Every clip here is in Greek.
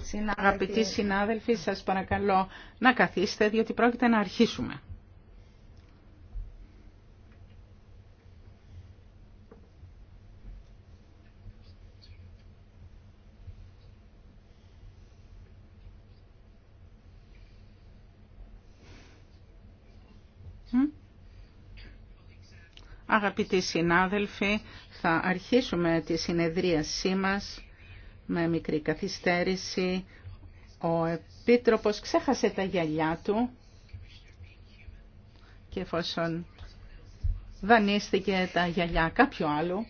Συναγαπητοί uh, συνάδελφοι, σας παρακαλώ να καθίστε, διότι πρόκειται να αρχίσουμε. Hm? Αγαπητοί συνάδελφοι, θα αρχίσουμε τη συνεδρίασή μας με μικρή καθυστέρηση. Ο Επίτροπος ξέχασε τα γυαλιά του και εφόσον δανείστηκε τα γυαλιά κάποιου άλλου,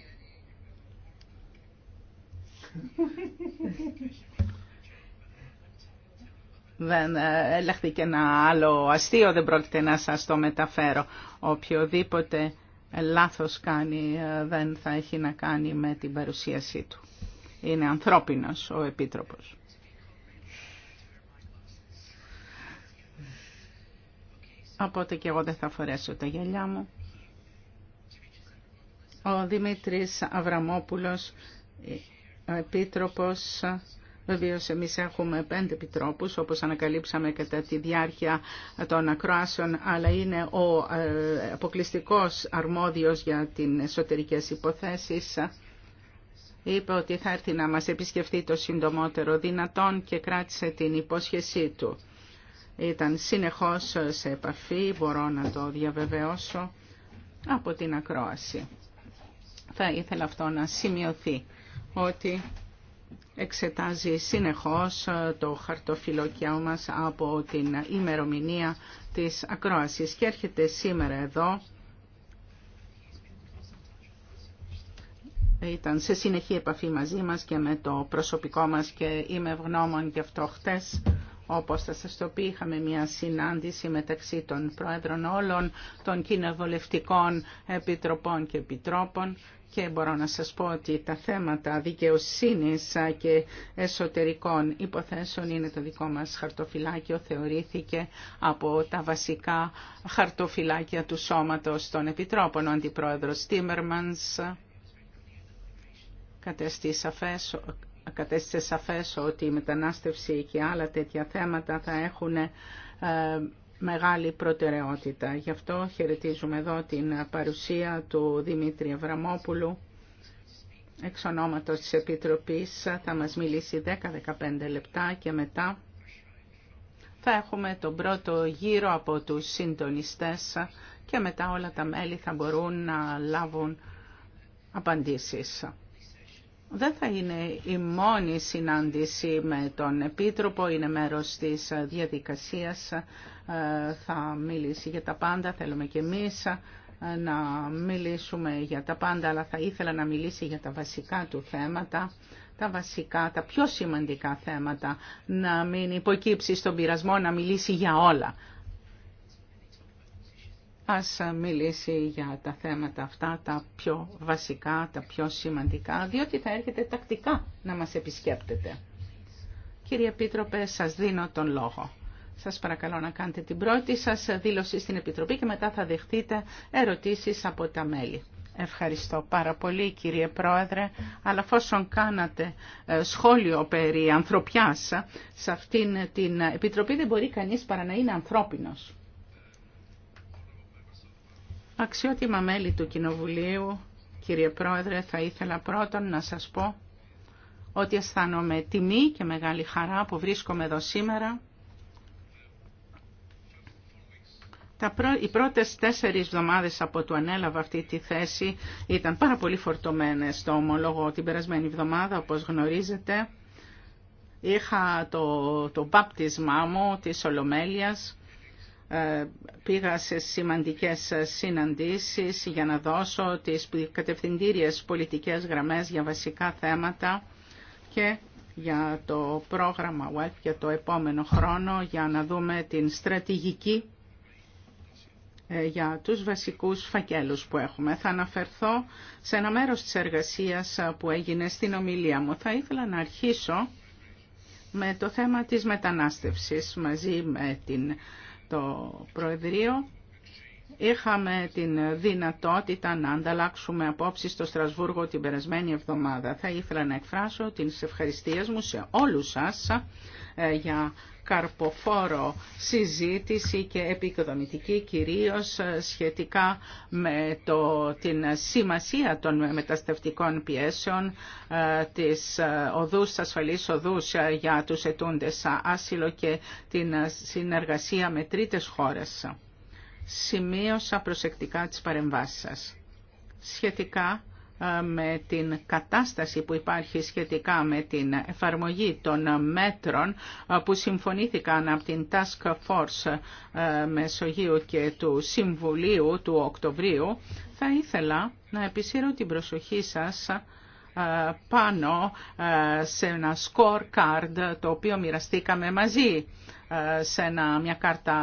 δεν ε, και ένα άλλο αστείο, δεν πρόκειται να σας το μεταφέρω. Οποιοδήποτε λάθος κάνει ε, δεν θα έχει να κάνει με την παρουσίασή του. Είναι ανθρώπινος ο Επίτροπος. Οπότε και εγώ δεν θα φορέσω τα γυαλιά μου. Ο Δημήτρης Αβραμόπουλος, ο Επίτροπος, Βεβαίω, εμεί έχουμε πέντε επιτρόπους, όπω ανακαλύψαμε κατά τη διάρκεια των ακροάσεων, αλλά είναι ο ε, αποκλειστικό αρμόδιο για την εσωτερικέ υποθέσει είπε ότι θα έρθει να μας επισκεφτεί το συντομότερο δυνατόν και κράτησε την υπόσχεσή του. Ήταν συνεχώς σε επαφή, μπορώ να το διαβεβαιώσω, από την ακρόαση. Θα ήθελα αυτό να σημειωθεί, ότι εξετάζει συνεχώς το χαρτοφυλλοκιά μας από την ημερομηνία της ακρόασης και έρχεται σήμερα εδώ ήταν σε συνεχή επαφή μαζί μας και με το προσωπικό μας και είμαι ευγνώμων γι' αυτό χτες. Όπως θα σας το πει, είχαμε μια συνάντηση μεταξύ των Πρόεδρων όλων των κοινοβουλευτικών επιτροπών και επιτρόπων και μπορώ να σας πω ότι τα θέματα δικαιοσύνης και εσωτερικών υποθέσεων είναι το δικό μας χαρτοφυλάκιο, θεωρήθηκε από τα βασικά χαρτοφυλάκια του Σώματος των Επιτρόπων, ο Αντιπρόεδρος Τίμερμανς, κατέστησε σαφές ότι η μετανάστευση και άλλα τέτοια θέματα θα έχουν ε, μεγάλη προτεραιότητα. Γι' αυτό χαιρετίζουμε εδώ την παρουσία του Δημήτρη Ευραμόπουλου. Εξ ονόματος της Επιτροπής θα μας μιλήσει 10-15 λεπτά και μετά θα έχουμε τον πρώτο γύρο από τους συντονιστές και μετά όλα τα μέλη θα μπορούν να λάβουν απαντήσεις δεν θα είναι η μόνη συνάντηση με τον Επίτροπο, είναι μέρος της διαδικασίας, ε, θα μιλήσει για τα πάντα, θέλουμε και εμείς ε, να μιλήσουμε για τα πάντα, αλλά θα ήθελα να μιλήσει για τα βασικά του θέματα, τα βασικά, τα πιο σημαντικά θέματα, να μην υποκύψει στον πειρασμό να μιλήσει για όλα ας μιλήσει για τα θέματα αυτά, τα πιο βασικά, τα πιο σημαντικά, διότι θα έρχεται τακτικά να μας επισκέπτεται. Κύριε Επίτροπε, σας δίνω τον λόγο. Σας παρακαλώ να κάνετε την πρώτη σας δήλωση στην Επιτροπή και μετά θα δεχτείτε ερωτήσεις από τα μέλη. Ευχαριστώ πάρα πολύ κύριε Πρόεδρε, αλλά φόσον κάνατε ε, σχόλιο περί ανθρωπιάς σε αυτήν την Επιτροπή δεν μπορεί κανείς παρά να είναι ανθρώπινος. Αξιότιμα μέλη του Κοινοβουλίου, κύριε Πρόεδρε, θα ήθελα πρώτον να σας πω ότι αισθάνομαι τιμή και μεγάλη χαρά που βρίσκομαι εδώ σήμερα. Οι πρώτες τέσσερις εβδομάδες από το ανέλαβα αυτή τη θέση ήταν πάρα πολύ φορτωμένες. Το ομολόγο την περασμένη εβδομάδα, όπως γνωρίζετε, είχα το, το μπάπτισμά μου της Ολομέλειας ε, πήγα σε σημαντικές συναντήσεις για να δώσω τις κατευθυντήριες πολιτικές γραμμές για βασικά θέματα και για το πρόγραμμα WELF για το επόμενο χρόνο για να δούμε την στρατηγική ε, για τους βασικούς φακέλους που έχουμε. Θα αναφερθώ σε ένα μέρος της εργασίας που έγινε στην ομιλία μου. Θα ήθελα να αρχίσω με το θέμα της μετανάστευσης μαζί με την το Προεδρείο Είχαμε την δυνατότητα να ανταλλάξουμε απόψει στο Στρασβούργο την περασμένη εβδομάδα. Θα ήθελα να εκφράσω την ευχαριστίες μου σε όλους σας ε, για καρποφόρο συζήτηση και επικοδομητική κυρίως ε, σχετικά με το, την σημασία των μεταστευτικών πιέσεων ε, της οδούς, ασφαλής οδούς για τους ετούντες άσυλο και την συνεργασία με τρίτες χώρες σημείωσα προσεκτικά τις παρεμβάσεις σας. Σχετικά ε, με την κατάσταση που υπάρχει σχετικά με την εφαρμογή των μέτρων ε, που συμφωνήθηκαν από την Task Force ε, Μεσογείου και του Συμβουλίου του Οκτωβρίου, θα ήθελα να επισύρω την προσοχή σας πάνω σε ένα scorecard το οποίο μοιραστήκαμε μαζί σε μια κάρτα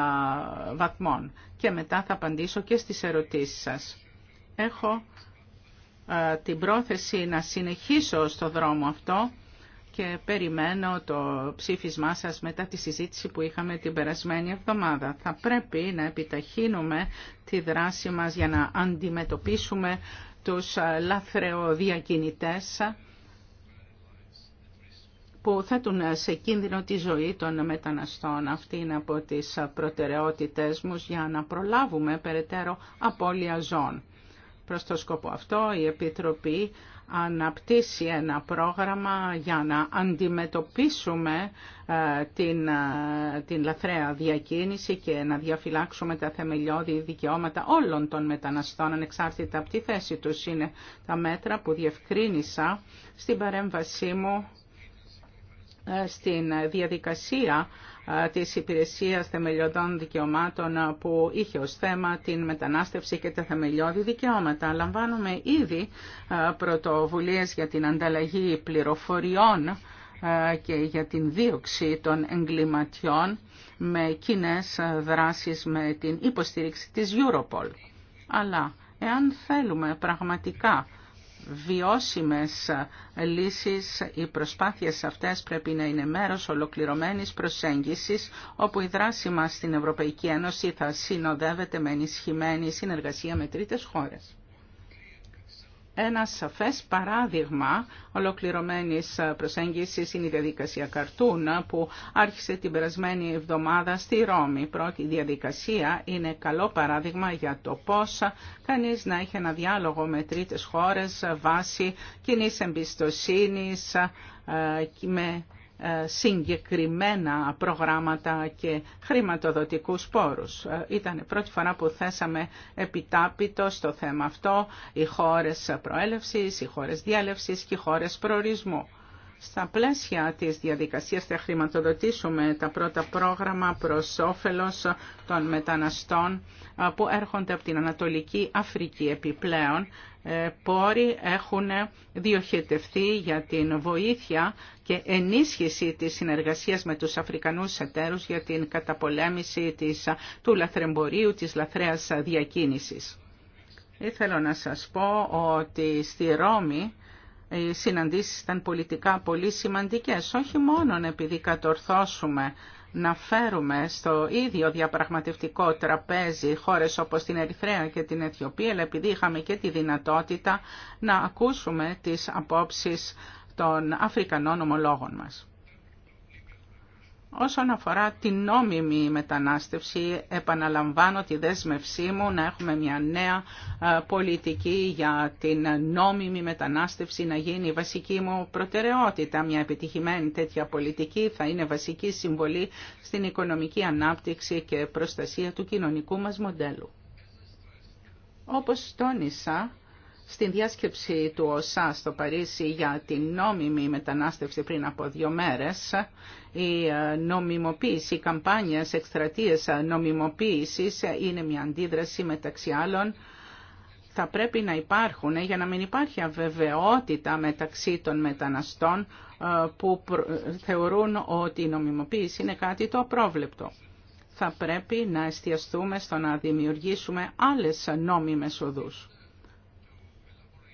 βαθμών και μετά θα απαντήσω και στις ερωτήσεις σας. Έχω ε, την πρόθεση να συνεχίσω στο δρόμο αυτό και περιμένω το ψήφισμά σας μετά τη συζήτηση που είχαμε την περασμένη εβδομάδα. Θα πρέπει να επιταχύνουμε τη δράση μας για να αντιμετωπίσουμε τους ε, λαθρεοδιακινητές που θέτουν σε κίνδυνο τη ζωή των μεταναστών. Αυτή από τις προτεραιότητες μου για να προλάβουμε περαιτέρω απώλεια ζών. Προς το σκοπό αυτό η Επιτροπή αναπτύσσει ένα πρόγραμμα για να αντιμετωπίσουμε ε, την, ε, την λαθρέα διακίνηση και να διαφυλάξουμε τα θεμελιώδη δικαιώματα όλων των μεταναστών ανεξάρτητα από τη θέση τους. Είναι τα μέτρα που διευκρίνησα στην παρέμβασή μου στην διαδικασία της Υπηρεσίας Θεμελιωδών Δικαιωμάτων που είχε ως θέμα την μετανάστευση και τα θεμελιώδη δικαιώματα. Λαμβάνουμε ήδη πρωτοβουλίες για την ανταλλαγή πληροφοριών και για την δίωξη των εγκληματιών με κοινέ δράσεις με την υποστήριξη της Europol. Αλλά εάν θέλουμε πραγματικά βιώσιμες λύσεις, οι προσπάθειες αυτές πρέπει να είναι μέρος ολοκληρωμένης προσέγγισης, όπου η δράση μας στην Ευρωπαϊκή Ένωση θα συνοδεύεται με ενισχυμένη συνεργασία με τρίτες χώρες. Ένα σαφές παράδειγμα ολοκληρωμένης προσέγγισης είναι η διαδικασία Καρτούν που άρχισε την περασμένη εβδομάδα στη Ρώμη. Η διαδικασία είναι καλό παράδειγμα για το πώς κανείς να έχει ένα διάλογο με τρίτες χώρες βάσει κοινή εμπιστοσύνη. Ε, με ε, συγκεκριμένα προγράμματα και χρηματοδοτικούς πόρους. Ε, ήταν πρώτη φορά που θέσαμε επιτάπητο στο θέμα αυτό οι χώρες προέλευσης, οι χώρες διάλευσης και οι χώρες προορισμού. Στα πλαίσια της διαδικασίας θα χρηματοδοτήσουμε τα πρώτα πρόγραμμα προς όφελος των μεταναστών ε, που έρχονται από την Ανατολική Αφρική επιπλέον. Ε, πόροι έχουν διοχετευθεί για την βοήθεια και ενίσχυση της συνεργασίας με τους Αφρικανούς εταίρους για την καταπολέμηση της, του λαθρεμπορίου, της λαθρέας διακίνησης. Ήθελα να σας πω ότι στη Ρώμη οι συναντήσεις ήταν πολιτικά πολύ σημαντικές, όχι μόνο επειδή κατορθώσουμε να φέρουμε στο ίδιο διαπραγματευτικό τραπέζι χώρες όπως την Ερυθρέα και την Αιθιοπία, αλλά επειδή είχαμε και τη δυνατότητα να ακούσουμε τις απόψεις των Αφρικανών ομολόγων μας. Όσον αφορά την νόμιμη μετανάστευση, επαναλαμβάνω τη δέσμευσή μου να έχουμε μια νέα πολιτική για την νόμιμη μετανάστευση να γίνει βασική μου προτεραιότητα. Μια επιτυχημένη τέτοια πολιτική θα είναι βασική συμβολή στην οικονομική ανάπτυξη και προστασία του κοινωνικού μας μοντέλου. Όπως τόνισα, στην διάσκεψη του ΟΣΑ στο Παρίσι για την νόμιμη μετανάστευση πριν από δύο μέρες, η ε, νομιμοποίηση, οι καμπάνιες εκστρατείες νομιμοποίησης είναι μια αντίδραση μεταξύ άλλων θα πρέπει να υπάρχουν ε, για να μην υπάρχει αβεβαιότητα μεταξύ των μεταναστών ε, που θεωρούν ότι η νομιμοποίηση είναι κάτι το απρόβλεπτο. Θα πρέπει να εστιαστούμε στο να δημιουργήσουμε άλλες νόμιμες οδούς.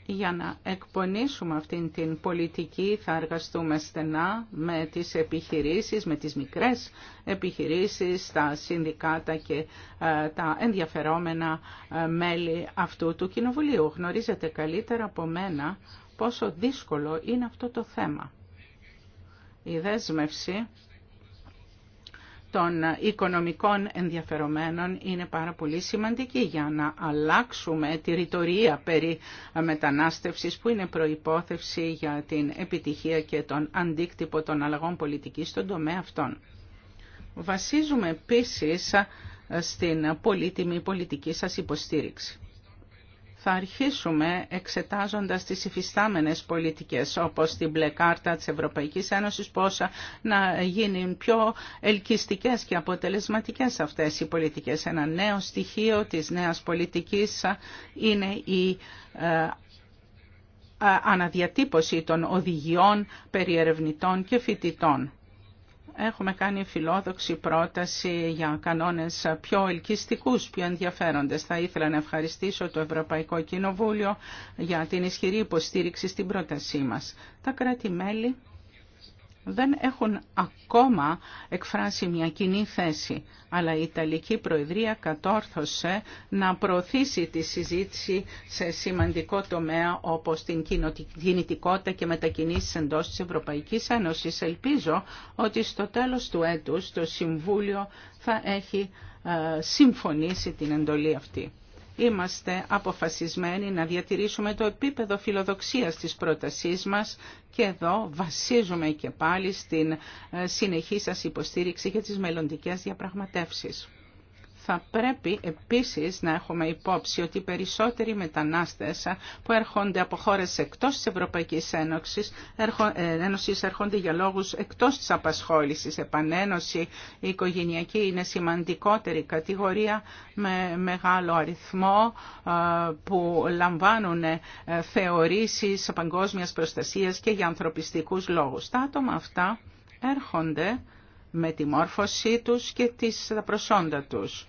Για να εκπονήσουμε αυτήν την πολιτική θα εργαστούμε στενά με τις επιχειρήσεις, με τις μικρές επιχειρήσεις, τα συνδικάτα και ε, τα ενδιαφερόμενα ε, μέλη αυτού του Κοινοβουλίου. Γνωρίζετε καλύτερα από μένα πόσο δύσκολο είναι αυτό το θέμα. Η δέσμευση των οικονομικών ενδιαφερομένων είναι πάρα πολύ σημαντική για να αλλάξουμε τη ρητορία περί μετανάστευσης που είναι προϋπόθεση για την επιτυχία και τον αντίκτυπο των αλλαγών πολιτικής στον τομέα αυτών. Βασίζουμε επίσης στην πολύτιμη πολιτική σας υποστήριξη θα αρχίσουμε εξετάζοντας τις υφιστάμενες πολιτικές όπως την μπλε κάρτα της Ευρωπαϊκής Ένωσης πόσα να γίνουν πιο ελκυστικές και αποτελεσματικές αυτές οι πολιτικές. Ένα νέο στοιχείο της νέας πολιτικής είναι η ε, ε, αναδιατύπωση των οδηγιών περιερευνητών και φοιτητών. Έχουμε κάνει φιλόδοξη πρόταση για κανόνες πιο ελκυστικούς, πιο ενδιαφέροντες. Θα ήθελα να ευχαριστήσω το Ευρωπαϊκό Κοινοβούλιο για την ισχυρή υποστήριξη στην πρότασή μας. Τα κράτη-μέλη δεν έχουν ακόμα εκφράσει μια κοινή θέση, αλλά η Ιταλική Προεδρία κατόρθωσε να προωθήσει τη συζήτηση σε σημαντικό τομέα όπως την κινητικότητα και μετακινήσεις εντός της Ευρωπαϊκής Ένωσης. Ελπίζω ότι στο τέλος του έτους το Συμβούλιο θα έχει ε, συμφωνήσει την εντολή αυτή. Είμαστε αποφασισμένοι να διατηρήσουμε το επίπεδο φιλοδοξίας της πρότασής μας και εδώ βασίζουμε και πάλι στην ε, συνεχή σας υποστήριξη για τις μελλοντικές διαπραγματεύσεις. Θα πρέπει επίσης να έχουμε υπόψη ότι οι περισσότεροι μετανάστες που έρχονται από χώρες εκτός της Ευρωπαϊκής Ένωσης, ε, Ένωσης έρχονται για λόγους εκτός της απασχόλησης. Επανένωση, η οικογενειακή είναι σημαντικότερη κατηγορία με μεγάλο αριθμό ε, που λαμβάνουν ε, θεωρήσεις παγκόσμιας προστασίας και για ανθρωπιστικούς λόγους. Τα άτομα αυτά έρχονται με τη μόρφωσή τους και τις προσόντα τους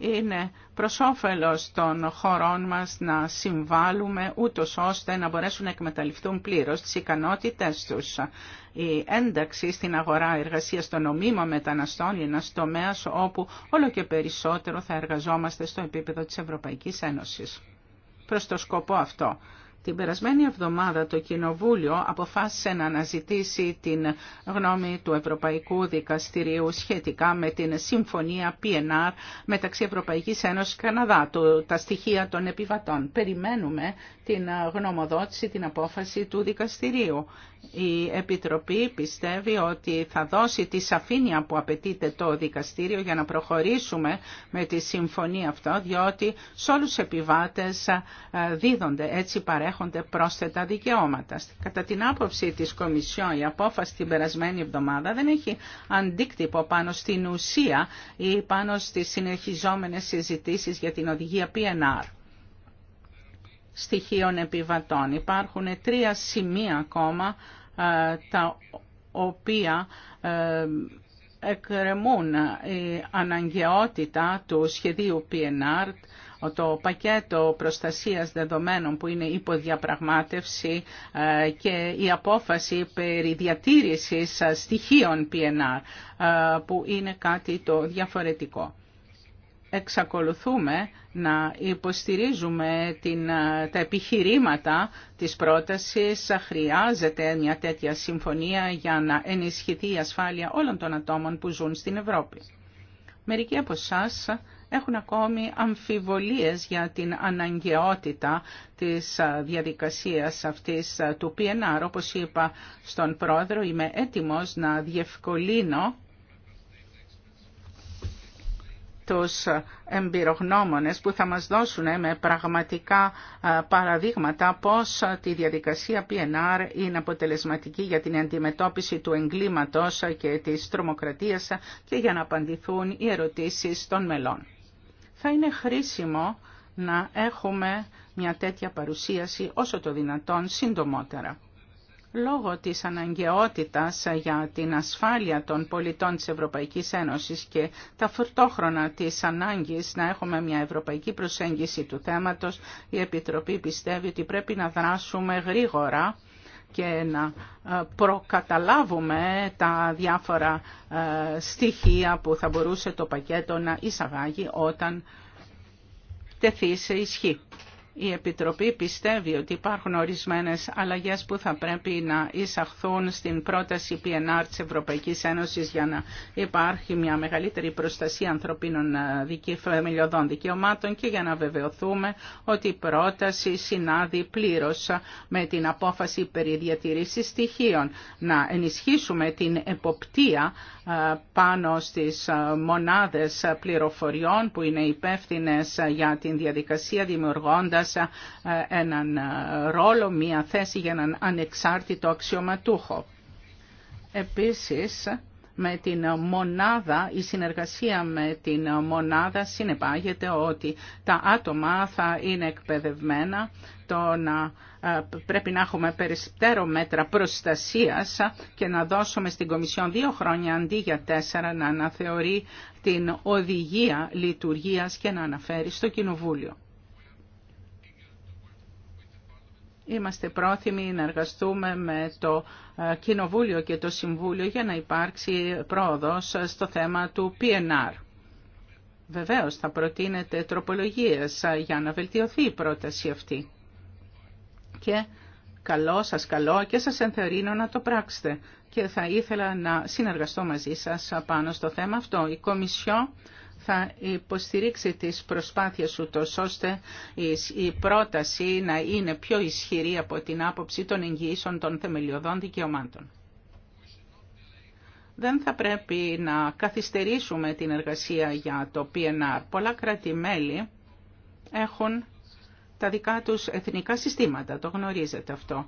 είναι προς όφελος των χωρών μας να συμβάλλουμε ούτως ώστε να μπορέσουν να εκμεταλλευτούν πλήρως τις ικανότητες τους. Η ένταξη στην αγορά εργασίας των νομίμων μεταναστών είναι ένας τομέας όπου όλο και περισσότερο θα εργαζόμαστε στο επίπεδο της Ευρωπαϊκής Ένωσης. Προς το σκοπό αυτό την περασμένη εβδομάδα το Κοινοβούλιο αποφάσισε να αναζητήσει την γνώμη του Ευρωπαϊκού Δικαστηρίου σχετικά με την Συμφωνία PNR μεταξύ Ευρωπαϊκής Ένωσης και Καναδά, τα στοιχεία των επιβατών. Περιμένουμε την γνωμοδότηση, την απόφαση του δικαστηρίου. Η Επιτροπή πιστεύει ότι θα δώσει τη σαφήνεια που απαιτείται το δικαστήριο για να προχωρήσουμε με τη συμφωνία αυτό, διότι σε όλους τους επιβάτες ε, δίδονται, έτσι παρέχονται πρόσθετα δικαιώματα. Κατά την άποψη της Κομισιόν, η απόφαση την περασμένη εβδομάδα δεν έχει αντίκτυπο πάνω στην ουσία ή πάνω στις συνεχιζόμενες συζητήσεις για την οδηγία PNR στοιχείων επιβατών. Υπάρχουν τρία σημεία ακόμα ε, τα οποία ε, εκκρεμούν ε, η αναγκαιότητα του σχεδίου PNR, το πακέτο προστασίας δεδομένων που είναι υποδιαπραγμάτευση και η απόφαση περί διατήρησης στοιχείων PNR που είναι κάτι το διαφορετικό. Εξακολουθούμε να υποστηρίζουμε την, τα επιχειρήματα της πρότασης. Χρειάζεται μια τέτοια συμφωνία για να ενισχυθεί η ασφάλεια όλων των ατόμων που ζουν στην Ευρώπη. Μερικοί από εσά έχουν ακόμη αμφιβολίες για την αναγκαιότητα της διαδικασίας αυτής του PNR. Όπως είπα στον πρόεδρο, είμαι έτοιμος να διευκολύνω τους εμπειρογνώμονες που θα μας δώσουν ε, με πραγματικά ε, παραδείγματα πώς ε, τη διαδικασία PNR είναι αποτελεσματική για την αντιμετώπιση του εγκλήματος και της τρομοκρατίας και για να απαντηθούν οι ερωτήσεις των μελών. Θα είναι χρήσιμο να έχουμε μια τέτοια παρουσίαση όσο το δυνατόν συντομότερα λόγω της αναγκαιότητας για την ασφάλεια των πολιτών της Ευρωπαϊκής Ένωσης και τα φορτόχρονα της ανάγκης να έχουμε μια ευρωπαϊκή προσέγγιση του θέματος, η Επιτροπή πιστεύει ότι πρέπει να δράσουμε γρήγορα και να ε, προκαταλάβουμε τα διάφορα ε, στοιχεία που θα μπορούσε το πακέτο να εισαγάγει όταν τεθεί σε ισχύ. Η Επιτροπή πιστεύει ότι υπάρχουν ορισμένες αλλαγές που θα πρέπει να εισαχθούν στην πρόταση PNR της Ευρωπαϊκής Ένωσης για να υπάρχει μια μεγαλύτερη προστασία ανθρωπίνων ε, δικαιωμάτων και για να βεβαιωθούμε ότι η πρόταση συνάδει πλήρως με την απόφαση περί διατηρήσης στοιχείων. Να ενισχύσουμε την εποπτεία ε, πάνω στις ε, μονάδες πληροφοριών που είναι υπεύθυνε για την διαδικασία δημιουργώντας ε, έναν ε, ρόλο, μία θέση για έναν ανεξάρτητο αξιωματούχο. Επίσης, με την μονάδα, η συνεργασία με την μονάδα συνεπάγεται ότι τα άτομα θα είναι εκπαιδευμένα, το να ε, πρέπει να έχουμε περισσότερο μέτρα προστασίας και να δώσουμε στην Κομισιόν δύο χρόνια αντί για τέσσερα να αναθεωρεί την οδηγία λειτουργίας και να αναφέρει στο Κοινοβούλιο. Είμαστε πρόθυμοι να εργαστούμε με το ε, Κοινοβούλιο και το Συμβούλιο για να υπάρξει πρόοδος στο θέμα του PNR. Βεβαίως θα προτείνετε τροπολογίες ε, για να βελτιωθεί η πρόταση αυτή. Και καλό σας καλό και σας ενθερίνω να το πράξετε. Και θα ήθελα να συνεργαστώ μαζί σας ε, πάνω στο θέμα αυτό. Η θα υποστηρίξει τις προσπάθειες ούτως ώστε η πρόταση να είναι πιο ισχυρή από την άποψη των εγγυήσεων των θεμελιωδών δικαιωμάτων. Δεν θα πρέπει να καθυστερήσουμε την εργασία για το PNR. Πολλά κράτη-μέλη έχουν τα δικά τους εθνικά συστήματα, το γνωρίζετε αυτό.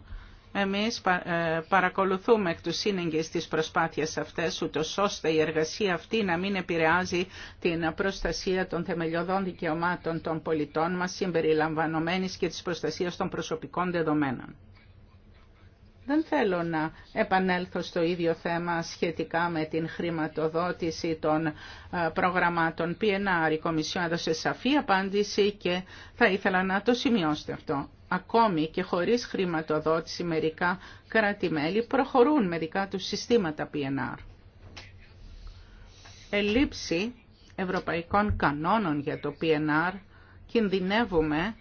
Εμείς ε, παρακολουθούμε εκ του σύνεγγες τις προσπάθειες αυτές, ούτως ώστε η εργασία αυτή να μην επηρεάζει την προστασία των θεμελιωδών δικαιωμάτων των πολιτών μας, συμπεριλαμβανομένης και της προστασίας των προσωπικών δεδομένων. Δεν θέλω να επανέλθω στο ίδιο θέμα σχετικά με την χρηματοδότηση των ε, προγραμμάτων PNR. Η Κομισιόν έδωσε σαφή απάντηση και θα ήθελα να το σημειώσετε αυτό ακόμη και χωρίς χρηματοδότηση μερικά κράτη-μέλη προχωρούν μερικά του συστήματα PNR. Ελήψη ευρωπαϊκών κανόνων για το PNR κινδυνεύουμε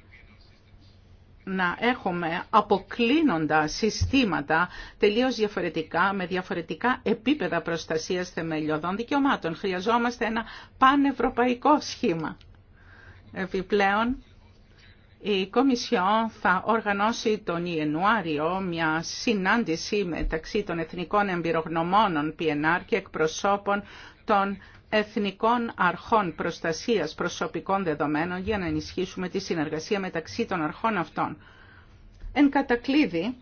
να έχουμε αποκλίνοντα συστήματα τελείως διαφορετικά, με διαφορετικά επίπεδα προστασίας θεμελιωδών δικαιωμάτων. Χρειαζόμαστε ένα πανευρωπαϊκό σχήμα. Επιπλέον, η Κομισιόν θα οργανώσει τον Ιανουάριο μια συνάντηση μεταξύ των Εθνικών Εμπειρογνωμόνων PNR και εκπροσώπων των Εθνικών Αρχών Προστασίας Προσωπικών Δεδομένων για να ενισχύσουμε τη συνεργασία μεταξύ των αρχών αυτών. Εν κατακλείδη,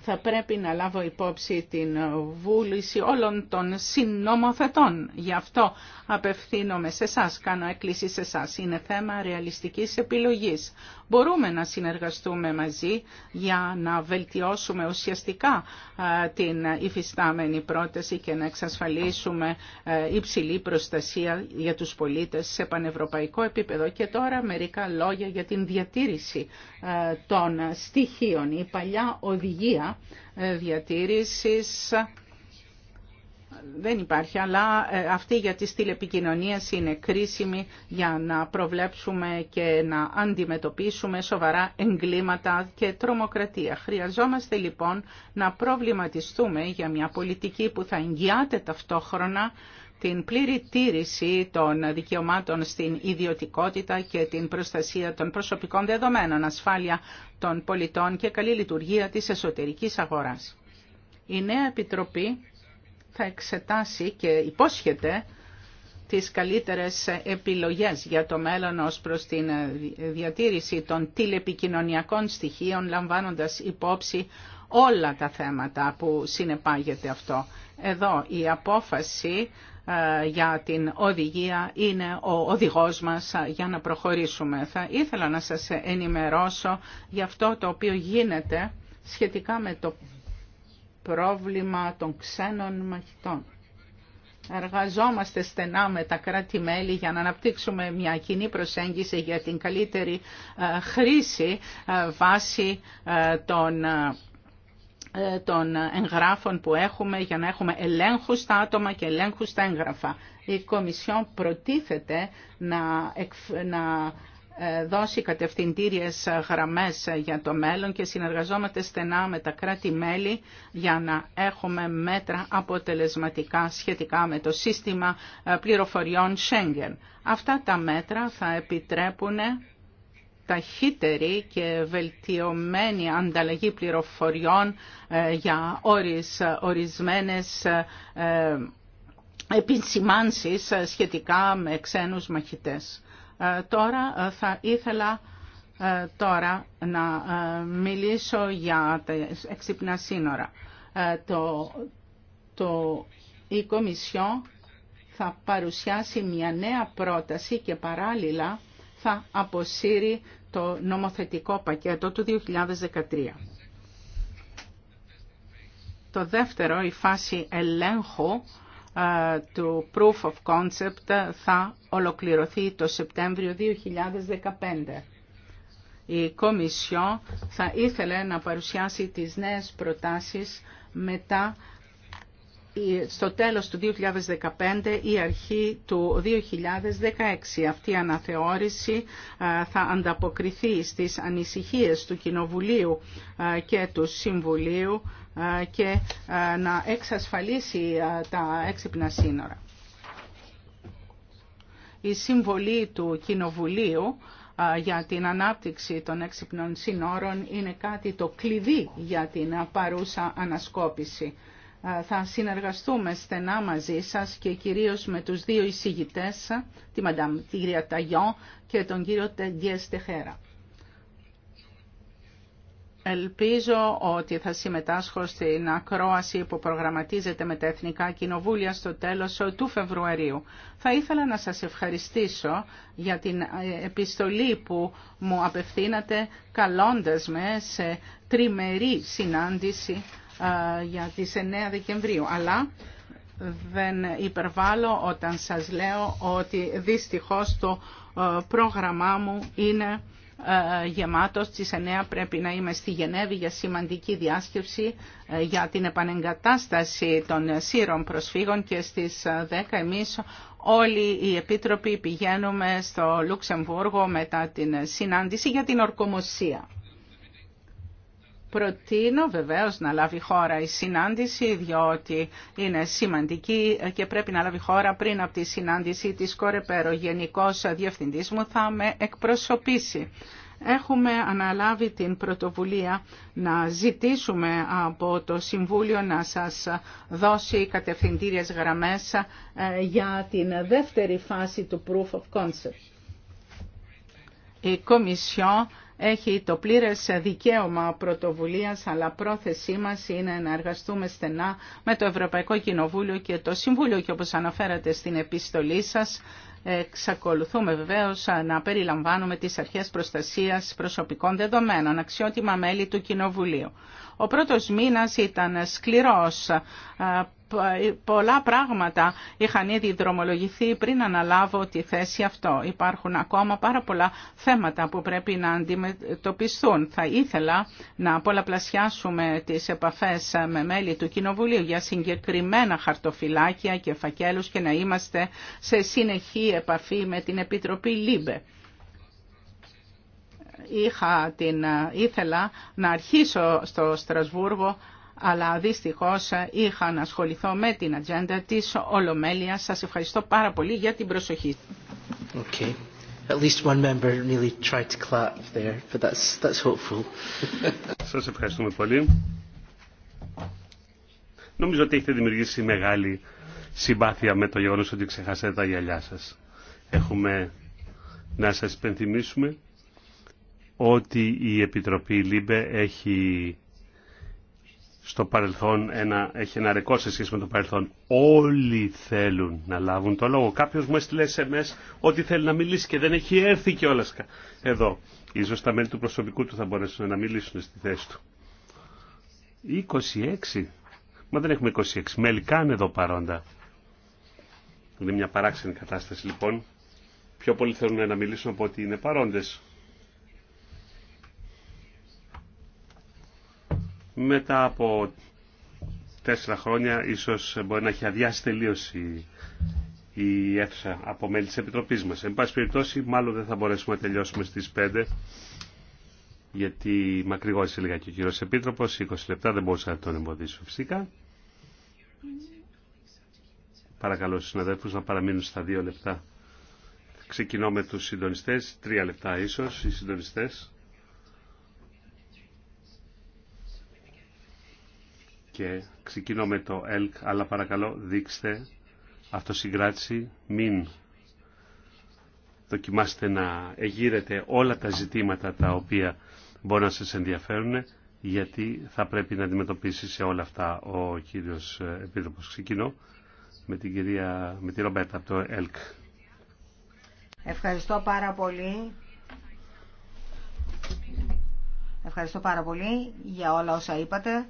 θα πρέπει να λάβω υπόψη την βούληση όλων των συνομοθετών. Γι' αυτό απευθύνομαι σε εσά, κάνω έκκληση σε εσά. Είναι θέμα ρεαλιστικής επιλογής μπορούμε να συνεργαστούμε μαζί για να βελτιώσουμε ουσιαστικά την υφιστάμενη πρόταση και να εξασφαλίσουμε υψηλή προστασία για τους πολίτες σε πανευρωπαϊκό επίπεδο. Και τώρα μερικά λόγια για την διατήρηση των στοιχείων. Η παλιά οδηγία ε, διατήρησης δεν υπάρχει, αλλά ε, αυτή για τις τηλεπικοινωνίες είναι κρίσιμη για να προβλέψουμε και να αντιμετωπίσουμε σοβαρά εγκλήματα και τρομοκρατία. Χρειαζόμαστε λοιπόν να προβληματιστούμε για μια πολιτική που θα εγγυάται ταυτόχρονα την πλήρη τήρηση των δικαιωμάτων στην ιδιωτικότητα και την προστασία των προσωπικών δεδομένων, ασφάλεια των πολιτών και καλή λειτουργία της εσωτερικής αγοράς. Η νέα Επιτροπή θα εξετάσει και υπόσχεται τις καλύτερες επιλογές για το μέλλον ως προς την ε, διατήρηση των τηλεπικοινωνιακών στοιχείων, λαμβάνοντας υπόψη όλα τα θέματα που συνεπάγεται αυτό. Εδώ η απόφαση ε, για την οδηγία είναι ο οδηγός μας ε, για να προχωρήσουμε. Θα ήθελα να σας ενημερώσω για αυτό το οποίο γίνεται σχετικά με το πρόβλημα των ξένων μαχητών. Εργαζόμαστε στενά με τα κράτη-μέλη για να αναπτύξουμε μια κοινή προσέγγιση για την καλύτερη ε, χρήση ε, βάσει των ε, των εγγράφων που έχουμε για να έχουμε ελέγχου στα άτομα και ελέγχου στα έγγραφα. Η Κομισιόν προτίθεται να, να ε, δώσει κατευθυντήριες ε, γραμμές ε, για το μέλλον και συνεργαζόμαστε στενά με τα κράτη-μέλη για να έχουμε μέτρα αποτελεσματικά σχετικά με το σύστημα πληροφοριών Schengen. Αυτά τα μέτρα θα επιτρέπουν ταχύτερη και βελτιωμένη ανταλλαγή πληροφοριών για ορισμένες επισημάνσεις σχετικά με ξένους μαχητές. Ε, τώρα ε, θα ήθελα ε, τώρα να μιλήσω για τα έξυπνα σύνορα. Το, το, η Κομισιό θα παρουσιάσει μια νέα πρόταση και παράλληλα θα αποσύρει το νομοθετικό πακέτο του 2013. Το δεύτερο, η φάση ελέγχου, του Proof of Concept θα ολοκληρωθεί το Σεπτέμβριο 2015. Η Κομισιό θα ήθελε να παρουσιάσει τις νέες προτάσεις μετά στο τέλος του 2015 ή αρχή του 2016. Αυτή η αναθεώρηση θα ανταποκριθεί στις ανησυχίες του Κοινοβουλίου και του Συμβουλίου και να εξασφαλίσει τα έξυπνα σύνορα. Η συμβολή του Κοινοβουλίου για την ανάπτυξη των έξυπνων σύνορων είναι κάτι το κλειδί για την παρούσα ανασκόπηση. Θα συνεργαστούμε στενά μαζί σας και κυρίως με τους δύο εισηγητές, τη Μαντάμ, Γυρια Ταγιό και τον κύριο Τεντιέ Στεχέρα. Ελπίζω ότι θα συμμετάσχω στην ακρόαση που προγραμματίζεται με τα Εθνικά Κοινοβούλια στο τέλος του Φεβρουαρίου. Θα ήθελα να σας ευχαριστήσω για την ε, επιστολή που μου απευθύνατε καλώντας με σε τριμερή συνάντηση ε, για τις 9 Δεκεμβρίου. Αλλά δεν υπερβάλλω όταν σας λέω ότι δυστυχώς το ε, πρόγραμμά μου είναι ε, γεμάτος. Στις 9 πρέπει να είμαι στη Γενέβη για σημαντική διάσκεψη ε, για την επανεγκατάσταση των σύρων προσφύγων και στις 10 ε, εμείς όλοι οι επίτροποι πηγαίνουμε στο Λουξεμβούργο μετά την συνάντηση για την ορκομοσία. Προτείνω βεβαίως να λάβει χώρα η συνάντηση, διότι είναι σημαντική και πρέπει να λάβει χώρα πριν από τη συνάντηση της Κορεπέρο. Ο Γενικός Διευθυντής μου θα με εκπροσωπήσει. Έχουμε αναλάβει την πρωτοβουλία να ζητήσουμε από το Συμβούλιο να σας δώσει κατευθυντήριες γραμμές ε, για την δεύτερη φάση του Proof of Concept. Η Κομισιό έχει το πλήρες δικαίωμα πρωτοβουλίας, αλλά πρόθεσή μας είναι να εργαστούμε στενά με το Ευρωπαϊκό Κοινοβούλιο και το Συμβούλιο και όπως αναφέρατε στην επιστολή σας, εξακολουθούμε βεβαίως να περιλαμβάνουμε τις αρχές προστασίας προσωπικών δεδομένων, αξιότιμα μέλη του Κοινοβουλίου. Ο πρώτος μήνας ήταν σκληρός πολλά πράγματα είχαν ήδη δρομολογηθεί πριν αναλάβω τη θέση αυτό. Υπάρχουν ακόμα πάρα πολλά θέματα που πρέπει να αντιμετωπιστούν. Θα ήθελα να πολλαπλασιάσουμε τις επαφές με μέλη του Κοινοβουλίου για συγκεκριμένα χαρτοφυλάκια και φακέλους και να είμαστε σε συνεχή επαφή με την Επιτροπή ΛΥΜΠΕ είχα την, ήθελα να αρχίσω στο Στρασβούργο αλλά δυστυχώς είχα να ασχοληθώ με την ατζέντα της Ολομέλειας. Σας ευχαριστώ πάρα πολύ για την προσοχή. Okay. Σας ευχαριστούμε πολύ. Νομίζω ότι έχετε δημιουργήσει μεγάλη συμπάθεια με το γεγονός ότι ξεχάσατε τα γυαλιά σας. Έχουμε να σας υπενθυμίσουμε ότι η Επιτροπή ΛΥΜΠΕ έχει στο παρελθόν ένα, έχει ένα ρεκόρ σε σχέση με το παρελθόν. Όλοι θέλουν να λάβουν το λόγο. Κάποιος μου έστειλε SMS ότι θέλει να μιλήσει και δεν έχει έρθει κιόλας εδώ. Ίσως τα μέλη του προσωπικού του θα μπορέσουν να μιλήσουν στη θέση του. 26. Μα δεν έχουμε 26. Μέλη καν εδώ παρόντα. Είναι μια παράξενη κατάσταση λοιπόν. Πιο πολλοί θέλουν να μιλήσουν από ότι είναι παρόντες. μετά από τέσσερα χρόνια ίσως μπορεί να έχει αδειάσει τελείωση η, η από μέλη της Επιτροπής μας. Εν πάση περιπτώσει μάλλον δεν θα μπορέσουμε να τελειώσουμε στις 5 γιατί μακρηγόρησε λίγα και ο κύριος Επίτροπος, 20 λεπτά δεν μπορούσα να τον εμποδίσω φυσικά. Παρακαλώ στους συναδέλφους να παραμείνουν στα δύο λεπτά. Ξεκινώ με τους συντονιστές, τρία λεπτά ίσως οι συντονιστές. και ξεκινώ με το ΕΛΚ, αλλά παρακαλώ δείξτε αυτοσυγκράτηση, μην δοκιμάστε να εγείρετε όλα τα ζητήματα τα οποία μπορεί να σας ενδιαφέρουν, γιατί θα πρέπει να αντιμετωπίσει σε όλα αυτά ο κύριος Επίτροπος. Ξεκινώ με την κυρία με τη Ρομπέτα από το ΕΛΚ. Ευχαριστώ πάρα πολύ. Ευχαριστώ πάρα πολύ για όλα όσα είπατε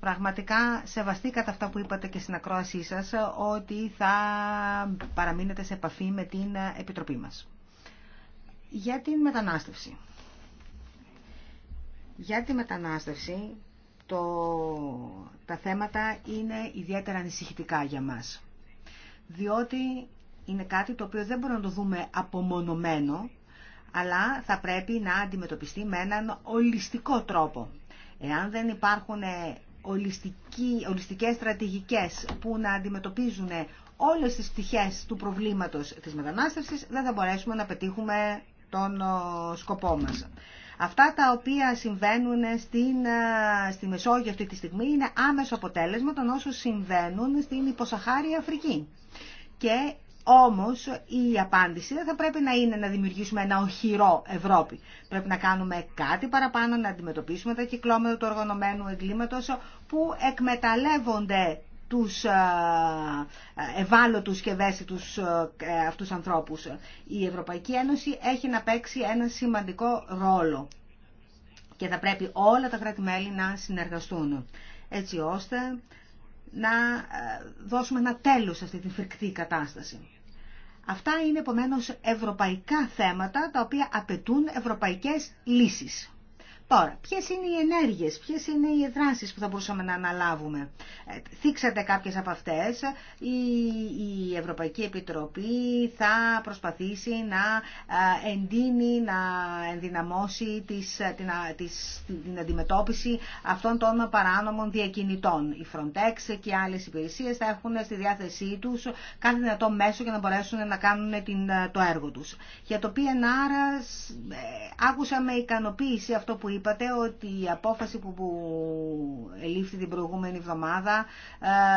πραγματικά σεβαστεί κατά αυτά που είπατε και στην ακρόασή σας ότι θα παραμείνετε σε επαφή με την Επιτροπή μας. Για την μετανάστευση. Για τη μετανάστευση το, τα θέματα είναι ιδιαίτερα ανησυχητικά για μας. Διότι είναι κάτι το οποίο δεν μπορούμε να το δούμε απομονωμένο, αλλά θα πρέπει να αντιμετωπιστεί με έναν ολιστικό τρόπο. Εάν δεν υπάρχουν ε, ολιστικές στρατηγικές που να αντιμετωπίζουν όλες τις πτυχές του προβλήματος της μετανάστευσης, δεν θα μπορέσουμε να πετύχουμε τον σκοπό μας. Αυτά τα οποία συμβαίνουν στην, ε, στη Μεσόγειο αυτή τη στιγμή είναι άμεσο αποτέλεσμα των όσων συμβαίνουν στην υποσαχάρια Αφρική. Όμως η απάντηση δεν θα πρέπει να είναι να δημιουργήσουμε ένα οχυρό Ευρώπη. Πρέπει να κάνουμε κάτι παραπάνω, να αντιμετωπίσουμε τα κυκλώματα του οργανωμένου εγκλήματος που εκμεταλλεύονται τους ε, ε, ευάλωτους και ευαίσθητους ε, αυτούς ανθρώπους. Η Ευρωπαϊκή Ένωση έχει να παίξει ένα σημαντικό ρόλο και θα πρέπει όλα τα κράτη-μέλη να συνεργαστούν έτσι ώστε να δώσουμε ένα τέλος σε αυτή την φρικτή κατάσταση. Αυτά είναι επομένως ευρωπαϊκά θέματα τα οποία απαιτούν ευρωπαϊκές λύσεις. Τώρα, ποιε είναι οι ενέργειε, ποιε είναι οι δράσει που θα μπορούσαμε να αναλάβουμε. Ε, θίξατε κάποιε από αυτέ. Η, Ευρωπαϊκή Επιτροπή θα προσπαθήσει να ε, εντείνει, να ενδυναμώσει τις, την, την αντιμετώπιση αυτών των παράνομων διακινητών. Η Frontex και άλλε υπηρεσίε θα έχουν στη διάθεσή του κάθε δυνατό μέσο για να μπορέσουν να κάνουν ε, το έργο του. Για το PNR άκουσα με ικανοποίηση αυτό που είπατε ότι η απόφαση που, που ελήφθη την προηγούμενη εβδομάδα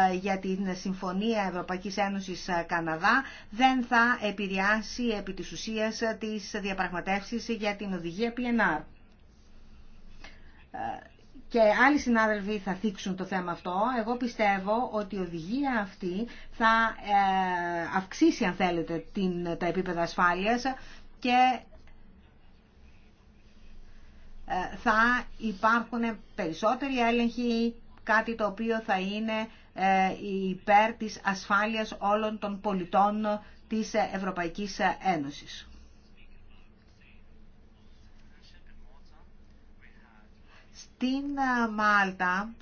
ε, για την Συμφωνία Ευρωπαϊκής Ένωσης ε, Καναδά δεν θα επηρεάσει επί της ουσίας τις διαπραγματεύσεις για την οδηγία PNR. Ε, και άλλοι συνάδελφοι θα θίξουν το θέμα αυτό. Εγώ πιστεύω ότι η οδηγία αυτή θα αυξήσει, αν θέλετε, την, τα επίπεδα ασφάλειας και ε, θα υπάρχουν περισσότεροι έλεγχοι, κάτι το οποίο θα είναι ε, υπέρ της ασφάλειας όλων των πολιτών της Ευρωπαϊκής Ένωσης. Στην ε, Μάλτα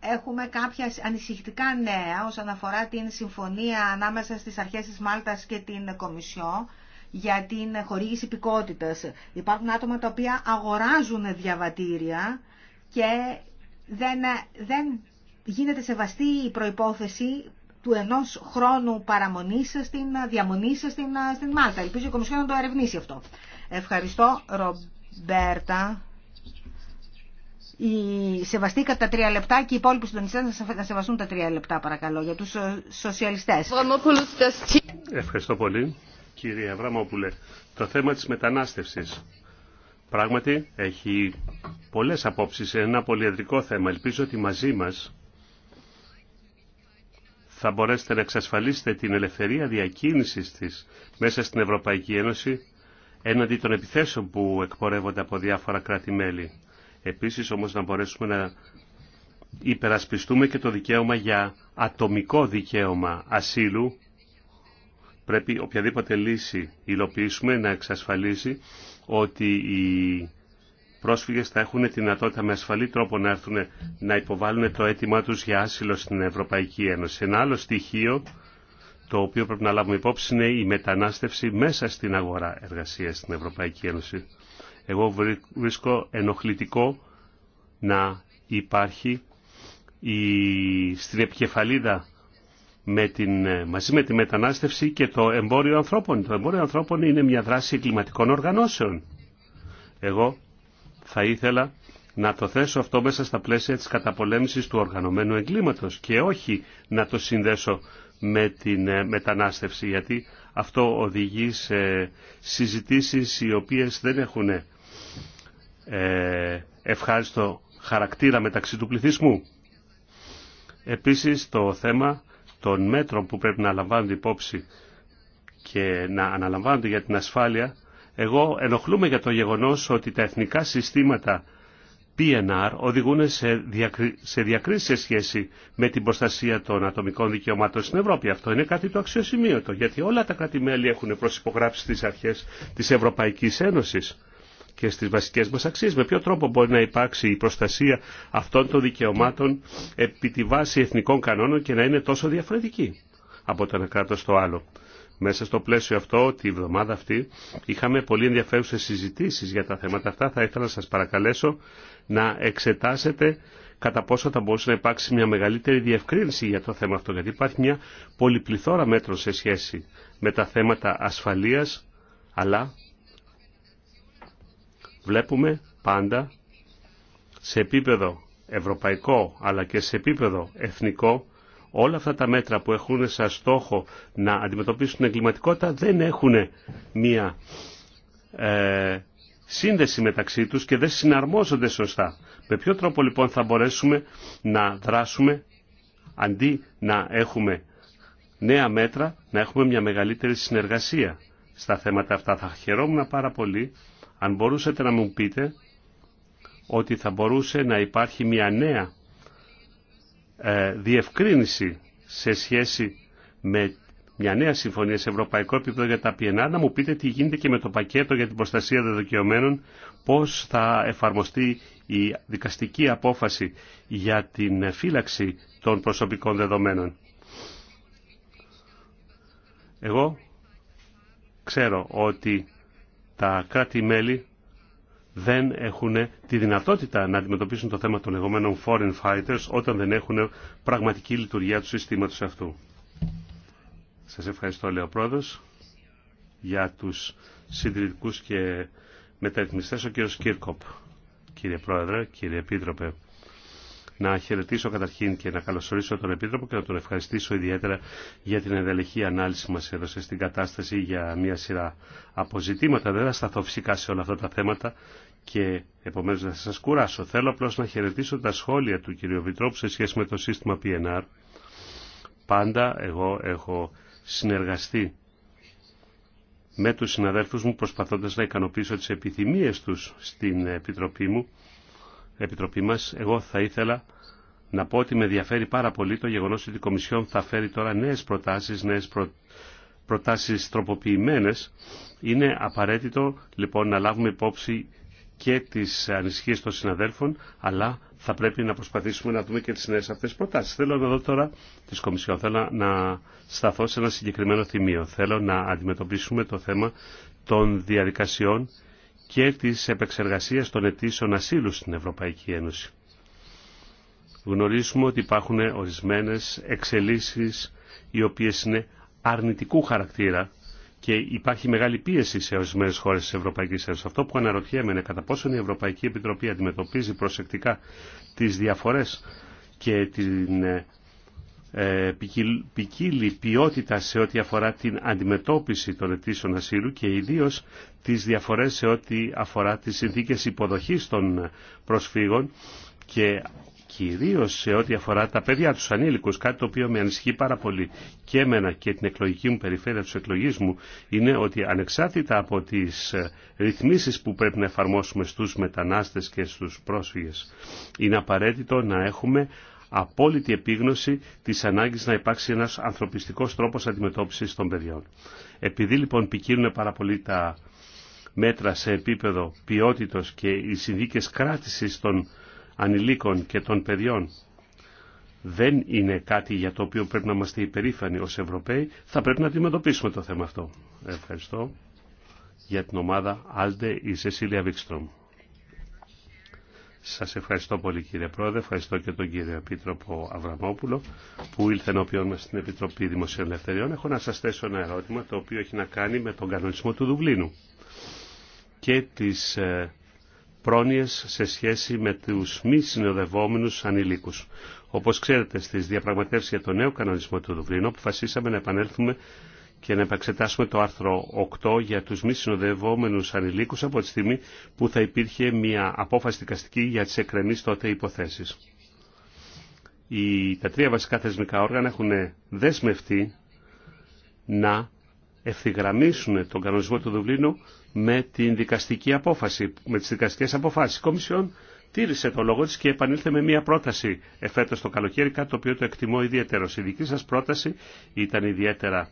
έχουμε κάποια ανησυχητικά νέα όσον αφορά την συμφωνία ανάμεσα στις αρχές της Μάλτας και την Κομισιό για την χορήγηση υπηκότητας. Υπάρχουν άτομα τα οποία αγοράζουν διαβατήρια και δεν, δεν γίνεται σεβαστή η προϋπόθεση του ενός χρόνου παραμονής στην διαμονή στην, στην Μάλτα. Ελπίζω η Κομισιόν να το ερευνήσει αυτό. Ευχαριστώ, Ρομπέρτα. Η... σεβαστή τα τρία λεπτά και οι υπόλοιποι συντονιστέ να σεβαστούν τα τρία λεπτά, παρακαλώ, για του ε, σοσιαλιστέ. Ευχαριστώ πολύ κύριε Αβραμόπουλε. Το θέμα της μετανάστευσης. Πράγματι έχει πολλές απόψεις, ένα πολυεδρικό θέμα. Ελπίζω ότι μαζί μας θα μπορέσετε να εξασφαλίσετε την ελευθερία διακίνησης της μέσα στην Ευρωπαϊκή Ένωση έναντι των επιθέσεων που εκπορεύονται από διάφορα κράτη-μέλη. Επίσης όμως να μπορέσουμε να υπερασπιστούμε και το δικαίωμα για ατομικό δικαίωμα ασύλου πρέπει οποιαδήποτε λύση υλοποιήσουμε να εξασφαλίσει ότι οι πρόσφυγες θα έχουν τη δυνατότητα με ασφαλή τρόπο να έρθουν να υποβάλουν το αίτημά τους για άσυλο στην Ευρωπαϊκή Ένωση. Ένα άλλο στοιχείο το οποίο πρέπει να λάβουμε υπόψη είναι η μετανάστευση μέσα στην αγορά εργασίας στην Ευρωπαϊκή Ένωση. Εγώ βρίσκω ενοχλητικό να υπάρχει η, στην επικεφαλίδα με την, ε, μαζί με τη μετανάστευση και το εμπόριο ανθρώπων. Το εμπόριο ανθρώπων είναι μια δράση κλιματικών οργανώσεων. Εγώ θα ήθελα να το θέσω αυτό μέσα στα πλαίσια της καταπολέμησης του οργανωμένου εγκλήματος και όχι να το συνδέσω με την ε, μετανάστευση γιατί αυτό οδηγεί σε συζητήσεις οι οποίες δεν έχουν ε, ευχάριστο χαρακτήρα μεταξύ του πληθυσμού. Επίσης το θέμα των μέτρων που πρέπει να λαμβάνονται υπόψη και να αναλαμβάνονται για την ασφάλεια, εγώ ενοχλούμαι για το γεγονός ότι τα εθνικά συστήματα PNR οδηγούν σε, διακρί... σε διακρίσεις σχέση με την προστασία των ατομικών δικαιωμάτων στην Ευρώπη. Αυτό είναι κάτι το αξιοσημείωτο, γιατί όλα τα κράτη-μέλη έχουν προσυπογράψει τις αρχές της Ευρωπαϊκής Ένωσης και στις βασικές μας αξίες. Με ποιο τρόπο μπορεί να υπάρξει η προστασία αυτών των δικαιωμάτων επί τη βάση εθνικών κανόνων και να είναι τόσο διαφορετική από το ένα κράτο στο άλλο. Μέσα στο πλαίσιο αυτό, τη βδομάδα αυτή, είχαμε πολύ ενδιαφέρουσες συζητήσεις για τα θέματα αυτά. Θα ήθελα να σας παρακαλέσω να εξετάσετε κατά πόσο θα μπορούσε να υπάρξει μια μεγαλύτερη διευκρίνηση για το θέμα αυτό, γιατί υπάρχει μια πολυπληθώρα μέτρων σε σχέση με τα θέματα ασφαλείας, αλλά βλέπουμε πάντα σε επίπεδο ευρωπαϊκό αλλά και σε επίπεδο εθνικό όλα αυτά τα μέτρα που έχουν σαν στόχο να αντιμετωπίσουν την εγκληματικότητα δεν έχουν μία ε, σύνδεση μεταξύ τους και δεν συναρμόζονται σωστά. Με ποιο τρόπο λοιπόν θα μπορέσουμε να δράσουμε αντί να έχουμε νέα μέτρα, να έχουμε μια μεγαλύτερη συνεργασία στα θέματα αυτά. Θα χαιρόμουν πάρα πολύ αν μπορούσατε να μου πείτε ότι θα μπορούσε να υπάρχει μια νέα ε, διευκρίνηση σε σχέση με μια νέα συμφωνία σε ευρωπαϊκό επίπεδο για τα πιενά, να μου πείτε τι γίνεται και με το πακέτο για την προστασία των δικαιωμένων, πώς θα εφαρμοστεί η δικαστική απόφαση για την φύλαξη των προσωπικών δεδομένων. Εγώ ξέρω ότι τα κράτη-μέλη δεν έχουν τη δυνατότητα να αντιμετωπίσουν το θέμα των λεγόμενων foreign fighters όταν δεν έχουν πραγματική λειτουργία του συστήματος αυτού. Σας ευχαριστώ, λέει ο Πρόεδρος, για τους συντηρητικούς και μεταρρυθμιστές, ο κύριος Κίρκοπ. Κύριε Πρόεδρε, κύριε Επίτροπε, να χαιρετήσω καταρχήν και να καλωσορίσω τον Επίτροπο και να τον ευχαριστήσω ιδιαίτερα για την ενδελεχή ανάλυση που μας έδωσε στην κατάσταση για μια σειρά αποζητήματα. Δεν θα σταθώ φυσικά σε όλα αυτά τα θέματα και επομένως θα σας κουράσω. Θέλω απλώς να χαιρετήσω τα σχόλια του κ. Βητρόπου σε σχέση με το σύστημα PNR. Πάντα εγώ έχω συνεργαστεί με τους συναδέλφους μου προσπαθώντας να ικανοποιήσω τις επιθυμίες τους στην Επιτροπή μου Επιτροπή μας. Εγώ θα ήθελα να πω ότι με ενδιαφέρει πάρα πολύ το γεγονός ότι η Κομισιόν θα φέρει τώρα νέες προτάσεις, νέες προ... προτάσεις τροποποιημένες. Είναι απαραίτητο λοιπόν να λάβουμε υπόψη και τις ανησυχίες των συναδέλφων, αλλά θα πρέπει να προσπαθήσουμε να δούμε και τις νέες αυτές προτάσεις. Θέλω να τώρα της Κομισιόν, θέλω να σταθώ σε ένα συγκεκριμένο θυμίο. Θέλω να αντιμετωπίσουμε το θέμα των διαδικασιών και της επεξεργασίας των αιτήσεων ασύλου στην Ευρωπαϊκή Ένωση. Γνωρίζουμε ότι υπάρχουν ορισμένες εξελίσεις οι οποίες είναι αρνητικού χαρακτήρα και υπάρχει μεγάλη πίεση σε ορισμένε χώρε τη Ευρωπαϊκή Ένωση. Αυτό που αναρωτιέμαι είναι κατά πόσον η Ευρωπαϊκή Επιτροπή αντιμετωπίζει προσεκτικά τι διαφορέ και την ε, ε, ποικίλη ποιότητα σε ό,τι αφορά την αντιμετώπιση των αιτήσεων ασύλου και ιδίως τις διαφορές σε ό,τι αφορά τις συνθήκες υποδοχής των προσφύγων και κυρίως σε ό,τι αφορά τα παιδιά τους ανήλικους, κάτι το οποίο με ανησυχεί πάρα πολύ και εμένα και την εκλογική μου περιφέρεια του εκλογής μου, είναι ότι ανεξάρτητα από τις ε, ρυθμίσεις που πρέπει να εφαρμόσουμε στους μετανάστες και στους πρόσφυγες, είναι απαραίτητο να έχουμε απόλυτη επίγνωση της ανάγκης να υπάρξει ένας ανθρωπιστικός τρόπος αντιμετώπισης των παιδιών. Επειδή λοιπόν ποικίλουν πάρα πολύ τα μέτρα σε επίπεδο ποιότητος και οι συνδίκες κράτησης των ανηλίκων και των παιδιών δεν είναι κάτι για το οποίο πρέπει να είμαστε υπερήφανοι ως Ευρωπαίοι, θα πρέπει να αντιμετωπίσουμε το θέμα αυτό. Ευχαριστώ για την ομάδα Άλτε η Σεσίλια Βίξτρομ. Σας ευχαριστώ πολύ κύριε Πρόεδρε, ευχαριστώ και τον κύριο Επίτροπο Αβραμόπουλο που ήλθε ενώπιον μας στην Επιτροπή Δημοσίων Ελευθεριών. Έχω να σας θέσω ένα ερώτημα το οποίο έχει να κάνει με τον κανονισμό του Δουβλίνου και τις ε, πρόνοιες σε σχέση με τους μη συνοδευόμενους ανηλίκους. Όπως ξέρετε στις διαπραγματεύσεις για τον νέο κανονισμό του Δουβλίνου αποφασίσαμε να επανέλθουμε και να επαξετάσουμε το άρθρο 8 για τους μη συνοδευόμενους ανηλίκους από τη στιγμή που θα υπήρχε μια απόφαση δικαστική για τις εκκρεμείς τότε υποθέσεις. Οι, τα τρία βασικά θεσμικά όργανα έχουν δεσμευτεί να ευθυγραμμίσουν τον κανονισμό του Δουβλίνου με την δικαστική απόφαση, με τις δικαστικές αποφάσεις. Η Κομισιόν τήρησε το λόγο της και επανήλθε με μια πρόταση εφέτος το καλοκαίρι, κάτι το οποίο το εκτιμώ ιδιαίτερο. Η δική σας πρόταση ήταν ιδιαίτερα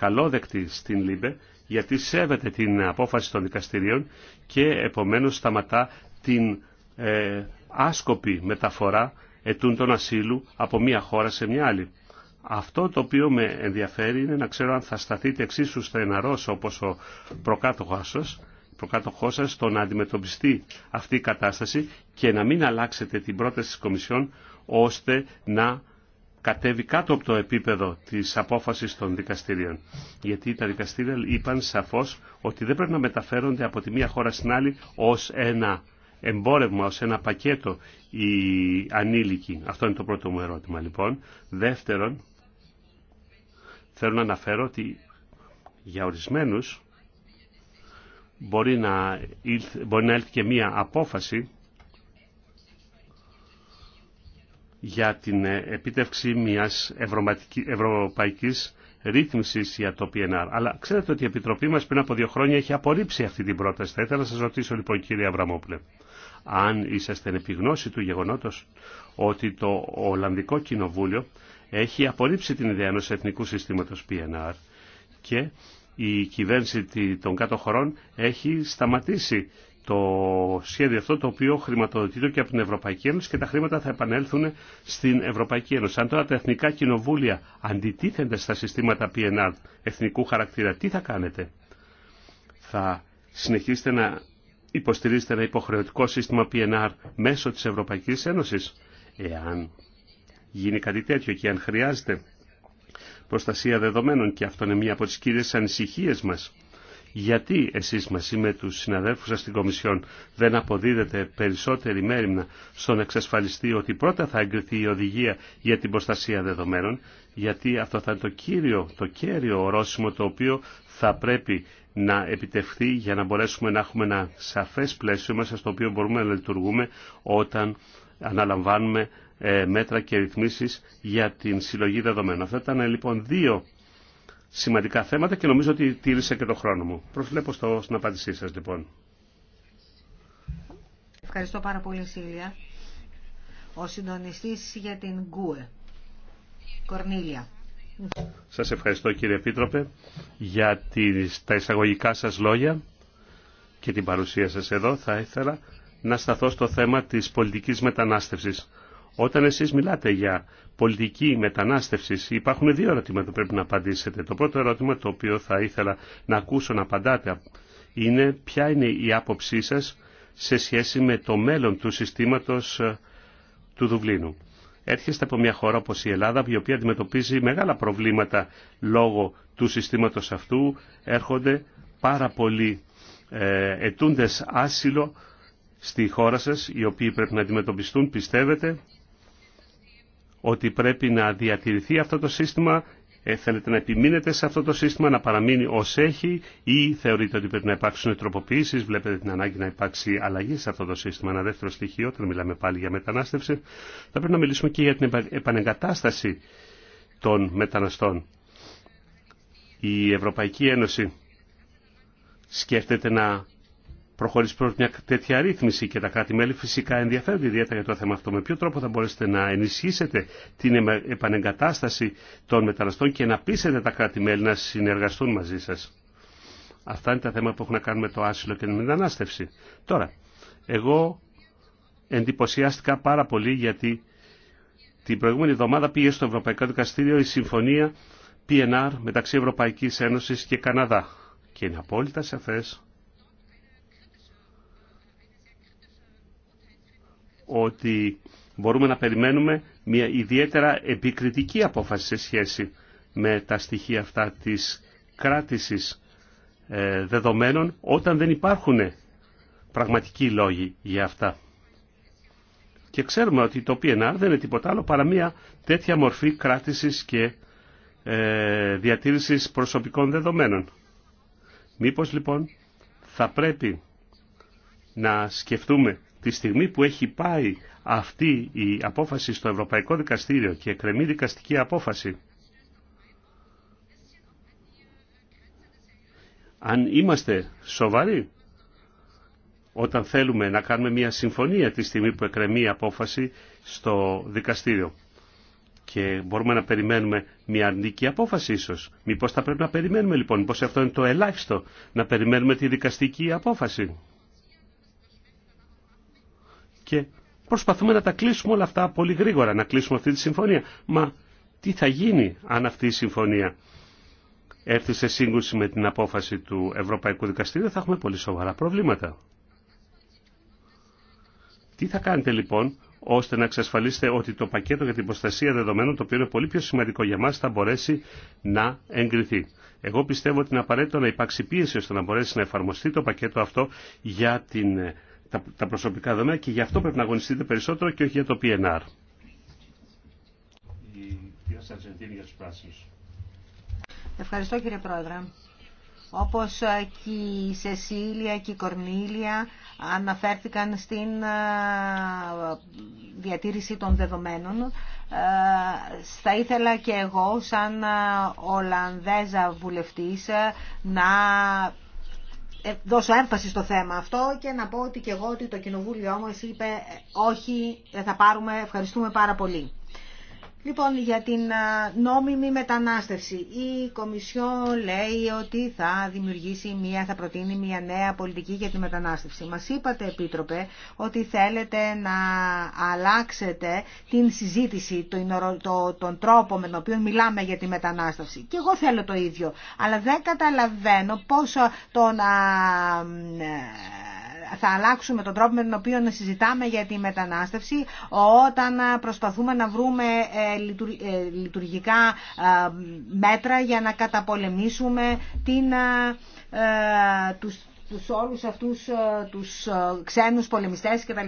καλόδεκτη στην ΛΥΜΠΕ γιατί σέβεται την απόφαση των δικαστηρίων και επομένως σταματά την ε, άσκοπη μεταφορά ετούντων ασύλου από μία χώρα σε μία άλλη. Αυτό το οποίο με ενδιαφέρει είναι να ξέρω αν θα σταθείτε εξίσου στεναρός όπως ο προκάτοχός σας, προκάτοχός σας το να αντιμετωπιστεί αυτή η κατάσταση και να μην αλλάξετε την πρόταση της Κομισιόν ώστε να κατέβει κάτω από το επίπεδο της απόφασης των δικαστηρίων. Γιατί τα δικαστήρια είπαν σαφώς ότι δεν πρέπει να μεταφέρονται από τη μία χώρα στην άλλη ως ένα εμπόρευμα, ως ένα πακέτο οι ανήλικοι. Αυτό είναι το πρώτο μου ερώτημα λοιπόν. Δεύτερον, θέλω να αναφέρω ότι για ορισμένους μπορεί να, μπορεί να έλθει και μία απόφαση για την επίτευξη μιας ευρωπαϊκής ρύθμισης για το PNR. Αλλά ξέρετε ότι η Επιτροπή μας πριν από δύο χρόνια έχει απορρίψει αυτή την πρόταση. Θα ήθελα να σας ρωτήσω λοιπόν κύριε Αβραμόπουλε, αν είσαστε επιγνώση του γεγονότος ότι το Ολλανδικό Κοινοβούλιο έχει απορρίψει την ιδέα ενός εθνικού συστήματος PNR και η κυβέρνηση των κάτω χωρών έχει σταματήσει το σχέδιο αυτό το οποίο χρηματοδοτείται και από την Ευρωπαϊκή Ένωση και τα χρήματα θα επανέλθουν στην Ευρωπαϊκή Ένωση. Αν τώρα τα εθνικά κοινοβούλια αντιτίθενται στα συστήματα PNR εθνικού χαρακτήρα, τι θα κάνετε. Θα συνεχίσετε να υποστηρίζετε ένα υποχρεωτικό σύστημα PNR μέσω της Ευρωπαϊκής Ένωσης. Εάν γίνει κάτι τέτοιο και αν χρειάζεται προστασία δεδομένων και αυτό είναι μία από τις κύριες ανησυχίες μας γιατί εσείς μαζί με τους συναδέλφους σας στην Κομισιόν δεν αποδίδετε περισσότερη μέρημνα στον εξασφαλιστή ότι πρώτα θα εγκριθεί η οδηγία για την προστασία δεδομένων, γιατί αυτό θα είναι το κύριο, το κέριο ορόσημο το οποίο θα πρέπει να επιτευχθεί για να μπορέσουμε να έχουμε ένα σαφές πλαίσιο μέσα στο οποίο μπορούμε να λειτουργούμε όταν αναλαμβάνουμε ε, μέτρα και ρυθμίσεις για την συλλογή δεδομένων. Αυτά ήταν λοιπόν δύο σημαντικά θέματα και νομίζω ότι τήρησε και το χρόνο μου. Προσβλέπω στο, στην απάντησή σας λοιπόν. Ευχαριστώ πάρα πολύ Σίλια. Ο συντονιστής για την ΓΚΟΕ. Κορνίλια. Σας ευχαριστώ κύριε Επίτροπε για τις, τα εισαγωγικά σας λόγια και την παρουσία σας εδώ. Θα ήθελα να σταθώ στο θέμα της πολιτικής μετανάστευσης. Όταν εσείς μιλάτε για πολιτική μετανάστευση, υπάρχουν δύο ερωτήματα που πρέπει να απαντήσετε. Το πρώτο ερώτημα το οποίο θα ήθελα να ακούσω να απαντάτε είναι ποια είναι η άποψή σας σε σχέση με το μέλλον του συστήματος ε, του Δουβλίνου. Έρχεστε από μια χώρα όπως η Ελλάδα, η οποία αντιμετωπίζει μεγάλα προβλήματα λόγω του συστήματος αυτού. Έρχονται πάρα πολλοί ε, ετούντες άσυλο στη χώρα σας, οι οποίοι πρέπει να αντιμετωπιστούν, πιστεύετε, ότι πρέπει να διατηρηθεί αυτό το σύστημα, ε, θέλετε να επιμείνετε σε αυτό το σύστημα, να παραμείνει ως έχει ή θεωρείτε ότι πρέπει να υπάρξουν τροποποιήσεις, βλέπετε την ανάγκη να υπάρξει αλλαγή σε αυτό το σύστημα. Ένα δεύτερο στοιχείο, όταν μιλάμε πάλι για μετανάστευση, θα πρέπει να μιλήσουμε και για την επανεγκατάσταση των μεταναστών. Η Ευρωπαϊκή Ένωση σκέφτεται να προχωρήσει προ μια τέτοια ρύθμιση και τα κράτη-μέλη φυσικά ενδιαφέρονται ιδιαίτερα για το θέμα αυτό. Με ποιο τρόπο θα μπορέσετε να ενισχύσετε την επανεγκατάσταση των μεταναστών και να πείσετε τα κράτη-μέλη να συνεργαστούν μαζί σα. Αυτά είναι τα θέματα που έχουν να κάνουν με το άσυλο και την μετανάστευση. Τώρα, εγώ εντυπωσιάστηκα πάρα πολύ γιατί την προηγούμενη εβδομάδα πήγε στο Ευρωπαϊκό Δικαστήριο η συμφωνία PNR μεταξύ Ευρωπαϊκή Ένωση και Καναδά. Και είναι απόλυτα σαφές ότι μπορούμε να περιμένουμε μια ιδιαίτερα επικριτική απόφαση σε σχέση με τα στοιχεία αυτά της κράτησης ε, δεδομένων όταν δεν υπάρχουν πραγματικοί λόγοι για αυτά. Και ξέρουμε ότι το PNR δεν είναι τίποτα άλλο παρά μια τέτοια μορφή κράτησης και ε, διατήρησης προσωπικών δεδομένων. Μήπως λοιπόν θα πρέπει να σκεφτούμε τη στιγμή που έχει πάει αυτή η απόφαση στο Ευρωπαϊκό Δικαστήριο και εκκρεμεί δικαστική απόφαση, αν είμαστε σοβαροί όταν θέλουμε να κάνουμε μια συμφωνία τη στιγμή που εκκρεμεί η απόφαση στο δικαστήριο. Και μπορούμε να περιμένουμε μια αρνητική απόφαση ίσως. Μήπως θα πρέπει να περιμένουμε λοιπόν, μήπως αυτό είναι το ελάχιστο, να περιμένουμε τη δικαστική απόφαση και προσπαθούμε να τα κλείσουμε όλα αυτά πολύ γρήγορα, να κλείσουμε αυτή τη συμφωνία. Μα τι θα γίνει αν αυτή η συμφωνία έρθει σε σύγκρουση με την απόφαση του Ευρωπαϊκού Δικαστήριου, θα έχουμε πολύ σοβαρά προβλήματα. Τι θα κάνετε λοιπόν ώστε να εξασφαλίσετε ότι το πακέτο για την προστασία δεδομένων, το οποίο είναι πολύ πιο σημαντικό για μας, θα μπορέσει να εγκριθεί. Εγώ πιστεύω ότι είναι απαραίτητο να υπάρξει πίεση ώστε να μπορέσει να εφαρμοστεί το πακέτο αυτό για την τα, προσωπικά δεδομένα και γι' αυτό πρέπει να αγωνιστείτε περισσότερο και όχι για το PNR. Ευχαριστώ κύριε Πρόεδρε. Όπως και η Σεσίλια και η Κορνίλια αναφέρθηκαν στην διατήρηση των δεδομένων, θα ήθελα και εγώ σαν Ολλανδέζα βουλευτής να ε, δώσω έμφαση στο θέμα αυτό και να πω ότι και εγώ ότι το κοινοβούλιο όμως είπε ε, όχι, δεν θα πάρουμε, ευχαριστούμε πάρα πολύ. Λοιπόν, για την νόμιμη μετανάστευση. Η Κομισιόν λέει ότι θα δημιουργήσει μια, θα προτείνει μια νέα πολιτική για τη μετανάστευση. Μα είπατε, Επίτροπε, ότι θέλετε να αλλάξετε την συζήτηση, τον τρόπο με τον οποίο μιλάμε για τη μετανάστευση. Και εγώ θέλω το ίδιο. Αλλά δεν καταλαβαίνω πόσο το να θα αλλάξουμε τον τρόπο με τον οποίο συζητάμε για τη μετανάστευση όταν προσπαθούμε να βρούμε ε, ε, λειτουργικά ε, μέτρα για να καταπολεμήσουμε την, τους, τους όλους αυτούς τους ξένους πολεμιστές κτλ.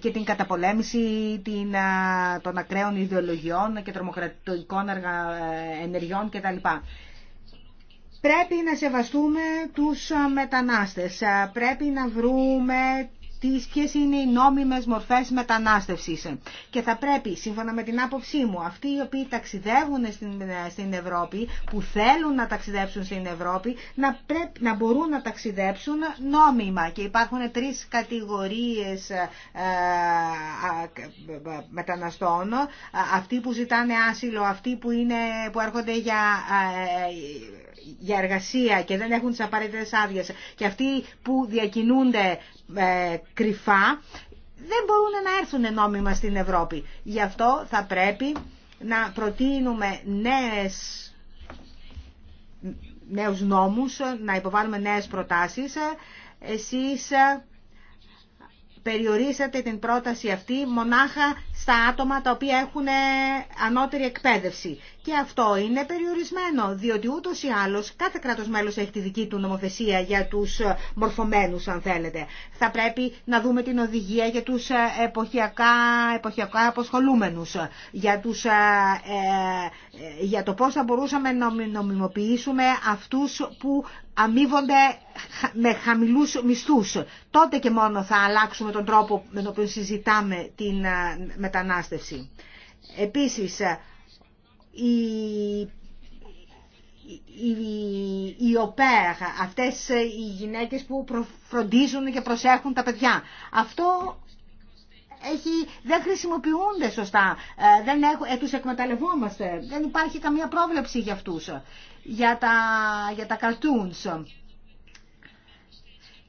και την καταπολέμηση την, των ακραίων ιδεολογιών και τρομοκρατικών ενεργειών κτλ. Πρέπει να σεβαστούμε τους ε, μετανάστες, ε, πρέπει να βρούμε τις, ποιες είναι οι νόμιμες μορφές μετανάστευσης. Και θα πρέπει, σύμφωνα με την άποψή μου, αυτοί οι οποίοι ταξιδεύουν στην, ε, Ευρώπη, που θέλουν να ταξιδέψουν στην Ευρώπη, να, να μπορούν να ταξιδέψουν νόμιμα. Και υπάρχουν τρεις κατηγορίες ε, μεταναστών, αυτοί που ζητάνε άσυλο, αυτοί που, είναι, που έρχονται για για εργασία και δεν έχουν τις απαραίτητες άδειες και αυτοί που διακινούνται ε, κρυφά δεν μπορούν να έρθουν νόμιμα στην Ευρώπη. Γι' αυτό θα πρέπει να προτείνουμε νέες νέους νόμους, να υποβάλουμε νέες προτάσεις. Εσείς ε, περιορίσατε την πρόταση αυτή μονάχα στα άτομα τα οποία έχουν ε, ανώτερη εκπαίδευση. Και αυτό είναι περιορισμένο, διότι ούτω ή άλλω κάθε κράτο μέλο έχει τη δική του νομοθεσία για του ε, μορφωμένου, αν θέλετε. Θα πρέπει να δούμε την οδηγία για του ε, εποχιακά, εποχιακά αποσχολούμενου, για, τους, για το πώ θα μπορούσαμε να νομιμοποιήσουμε αυτού που αμείβονται με χαμηλούς μισθούς. Τότε και μόνο θα αλλάξουμε τον τρόπο με τον οποίο συζητάμε την, μετανάστευση. Επίσης, η οι ΟΠΕΡ, αυτές οι γυναίκες που φροντίζουν και προσέχουν τα παιδιά. Αυτό έχει, δεν χρησιμοποιούνται σωστά, ε, δεν έχουν, ε, τους εκμεταλλευόμαστε, δεν υπάρχει καμία πρόβλεψη για αυτούς, για τα, για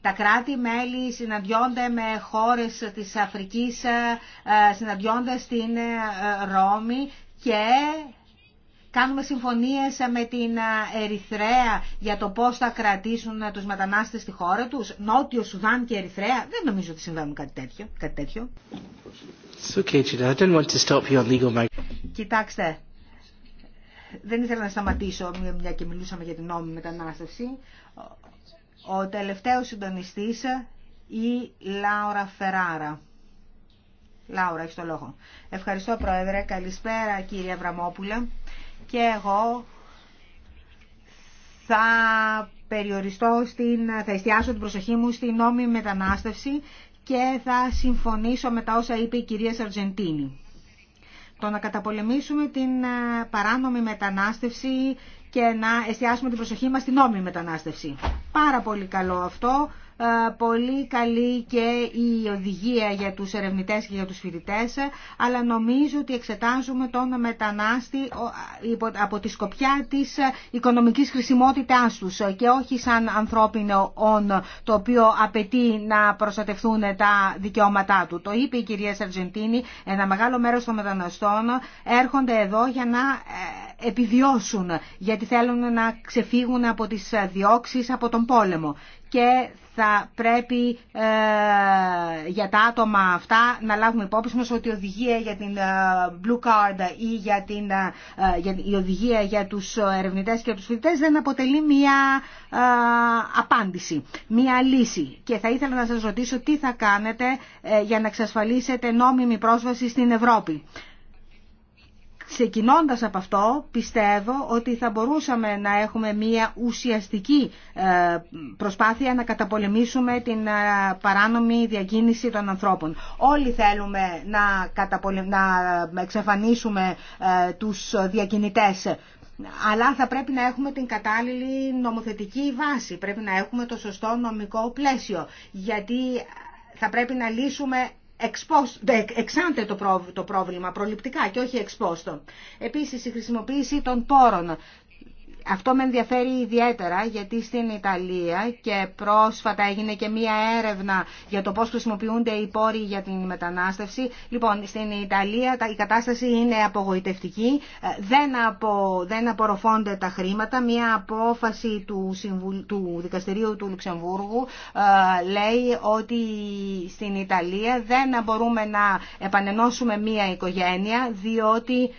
τα κράτη-μέλη συναντιόνται με χώρες της Αφρικής, ε, ε, συναντιόνται στην ε, Ρώμη και κάνουμε συμφωνίες με την Ερυθρέα για το πώς θα κρατήσουν τους μετανάστες στη χώρα τους, Νότιο Σουδάν και Ερυθρέα. Δεν νομίζω ότι συμβαίνουν κάτι τέτοιο. Κάτι τέτοιο. Κοιτάξτε, δεν ήθελα να σταματήσω μια και μιλούσαμε για την νόμιμη μετανάστευση. Ο τελευταίος συντονιστής η Λάουρα Φεράρα. Λάουρα, έχει το λόγο. Ευχαριστώ, Πρόεδρε. Καλησπέρα, κύριε Βραμόπουλα Και εγώ θα περιοριστώ, στην, θα εστιάσω την προσοχή μου στην νόμιμη μετανάστευση και θα συμφωνήσω με τα όσα είπε η κυρία Σαρτζεντίνη το να καταπολεμήσουμε την ε, παράνομη μετανάστευση και να εστιάσουμε την προσοχή μας στην νόμιμη μετανάστευση. Πάρα πολύ καλό αυτό. Ε, πολύ καλή και η οδηγία για τους ερευνητές και για τους φοιτητές, αλλά νομίζω ότι εξετάζουμε τον μετανάστη ε, από τη σκοπιά της ε, οικονομικής χρησιμότητάς τους και όχι σαν ανθρώπινο όν το οποίο απαιτεί να προστατευτούν τα δικαιώματά του. Το είπε η κυρία Σαρτζεντίνη, ένα μεγάλο μέρος των μεταναστών έρχονται εδώ για να επιβιώσουν, γιατί θέλουν να ξεφύγουν από τις διώξεις, από τον πόλεμο και θα πρέπει ε, για τα άτομα αυτά να λάβουμε υπόψη μας ότι η οδηγία για την ε, Blue Card ή για την, ε, η οδηγία για τους ερευνητές και τους φοιτητές δεν αποτελεί μια απάντηση, μια λύση. Και θα ήθελα να σας ρωτήσω τι θα κάνετε για να εξασφαλίσετε νόμιμη πρόσβαση στην Ευρώπη. Ξεκινώντας από αυτό, πιστεύω ότι θα μπορούσαμε να έχουμε μια ουσιαστική ε, προσπάθεια να καταπολεμήσουμε την ε, παράνομη διακίνηση των ανθρώπων. Όλοι θέλουμε να, καταπολε... να εξαφανίσουμε ε, τους διακινητές αλλά θα πρέπει να έχουμε την κατάλληλη νομοθετική βάση, πρέπει να έχουμε το σωστό νομικό πλαίσιο, γιατί θα πρέπει να λύσουμε εξάντε το, πρόβλημα προληπτικά και όχι εξπόστο. Επίσης η χρησιμοποίηση των πόρων. Αυτό με ενδιαφέρει ιδιαίτερα γιατί στην Ιταλία και πρόσφατα έγινε και μία έρευνα για το πώς χρησιμοποιούνται οι πόροι για την μετανάστευση. Λοιπόν, στην Ιταλία η κατάσταση είναι απογοητευτική, ε, δεν, απο, δεν απορροφώνται τα χρήματα. Μία απόφαση του, του Δικαστηρίου του Λουξεμβούργου ε, λέει ότι στην Ιταλία δεν μπορούμε να επανενώσουμε μία οικογένεια διότι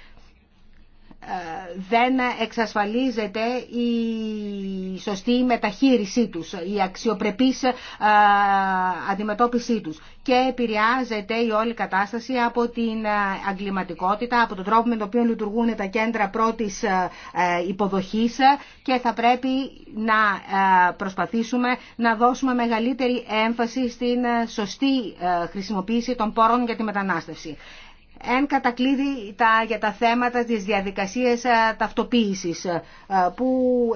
δεν εξασφαλίζεται η σωστή μεταχείρισή τους, η αξιοπρεπής ε, αντιμετώπιση τους και επηρεάζεται η όλη κατάσταση από την ε, αγκληματικότητα, από τον τρόπο με τον οποίο λειτουργούν τα κέντρα πρώτης ε, υποδοχής και θα πρέπει να προσπαθήσουμε να δώσουμε μεγαλύτερη έμφαση στην σωστή χρησιμοποίηση των πόρων για τη μετανάστευση εν κατακλείδη τα, για τα θέματα της διαδικασίας ε, ταυτοποίησης ε, που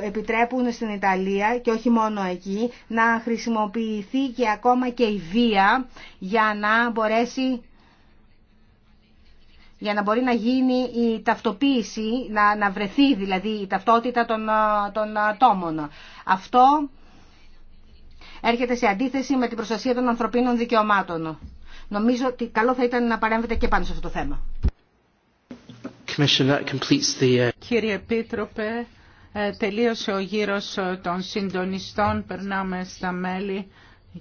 επιτρέπουν στην Ιταλία και όχι μόνο εκεί να χρησιμοποιηθεί και ακόμα και η βία για να μπορέσει για να μπορεί να γίνει η ταυτοποίηση, να, να βρεθεί δηλαδή η ταυτότητα των, ε, των ατόμων. Αυτό έρχεται σε αντίθεση με την προστασία των ανθρωπίνων δικαιωμάτων νομίζω ότι καλό θα ήταν να παρέμβετε και πάνω σε αυτό το θέμα. Uh, κύριε Επίτροπε, ε, τελείωσε ο γύρος ε, των συντονιστών, περνάμε στα μέλη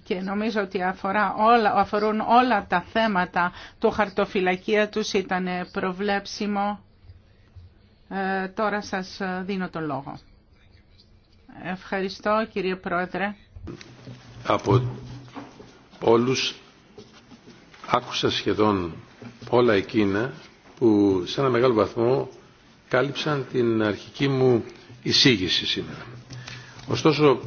και νομίζω ότι αφορά όλα, αφορούν όλα τα θέματα του χαρτοφυλακία τους, ήταν προβλέψιμο. Ε, τώρα σας δίνω το λόγο. Ευχαριστώ κύριε Πρόεδρε. Από όλους άκουσα σχεδόν όλα εκείνα που σε ένα μεγάλο βαθμό κάλυψαν την αρχική μου εισήγηση σήμερα. Ωστόσο,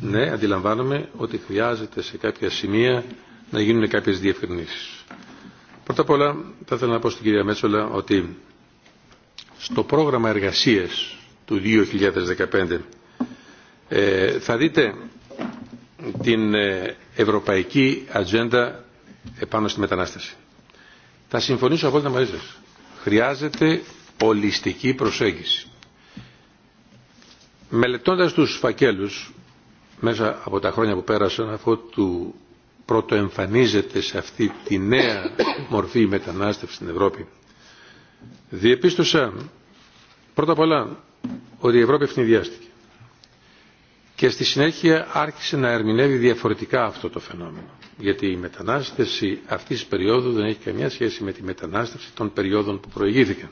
ναι, αντιλαμβάνομαι ότι χρειάζεται σε κάποια σημεία να γίνουν κάποιες διευκρινήσεις. Πρώτα απ' όλα θα ήθελα να πω στην κυρία Μέτσολα ότι στο πρόγραμμα εργασίες του 2015 ε, θα δείτε την ε, Ευρωπαϊκή Ατζέντα επάνω στη μετανάστευση. Θα συμφωνήσω απόλυτα μαζί σας. Χρειάζεται ολιστική προσέγγιση. Μελετώντας τους φακέλους μέσα από τα χρόνια που πέρασαν αφού του πρώτο εμφανίζεται σε αυτή τη νέα μορφή μετανάστευση στην Ευρώπη διεπίστωσα πρώτα απ' όλα ότι η Ευρώπη ευθυνδιάστηκε και στη συνέχεια άρχισε να ερμηνεύει διαφορετικά αυτό το φαινόμενο γιατί η μετανάστευση αυτής της περίοδου δεν έχει καμιά σχέση με τη μετανάστευση των περίοδων που προηγήθηκαν.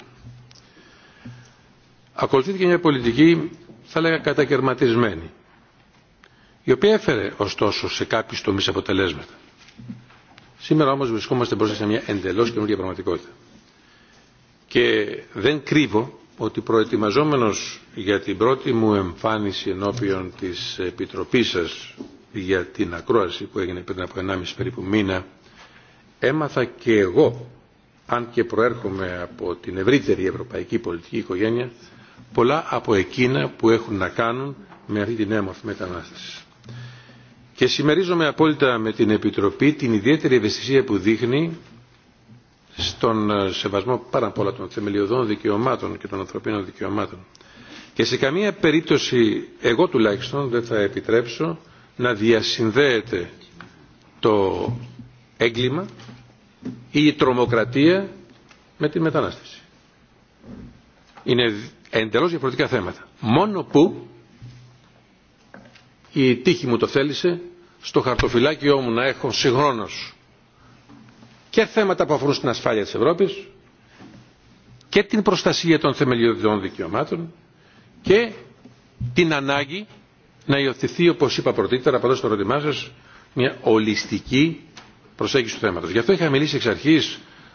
Ακολουθήθηκε μια πολιτική, θα λέγα κατακαιρματισμένη, η οποία έφερε ωστόσο σε κάποιους τομείς αποτελέσματα. Σήμερα όμως βρισκόμαστε μπροστά σε μια εντελώς καινούργια πραγματικότητα. Και δεν κρύβω ότι προετοιμαζόμενος για την πρώτη μου εμφάνιση ενώπιον της Επιτροπής σας για την ακρόαση που έγινε πριν από 1,5 περίπου μήνα έμαθα και εγώ αν και προέρχομαι από την ευρύτερη ευρωπαϊκή πολιτική οικογένεια πολλά από εκείνα που έχουν να κάνουν με αυτή τη νέα μορφή μετανάστευση. Και συμμερίζομαι απόλυτα με την Επιτροπή την ιδιαίτερη ευαισθησία που δείχνει στον ε, σεβασμό πάρα πολλά των θεμελιωδών δικαιωμάτων και των ανθρωπίνων δικαιωμάτων. Και σε καμία περίπτωση εγώ τουλάχιστον δεν θα επιτρέψω να διασυνδέεται το έγκλημα ή η τρομοκρατία με τη μετανάστευση. Είναι εντελώς διαφορετικά θέματα. Μόνο που η τύχη μου το θέλησε στο χαρτοφυλάκιό μου να έχω συγχρόνως και θέματα που αφορούν στην ασφάλεια της Ευρώπης και την προστασία των θεμελιωδών δικαιωμάτων και την ανάγκη να υιοθετηθεί, όπω είπα πρωτήτερα, απαντώ στο ερώτημά σα, μια ολιστική προσέγγιση του θέματο. Γι' αυτό είχα μιλήσει εξ αρχή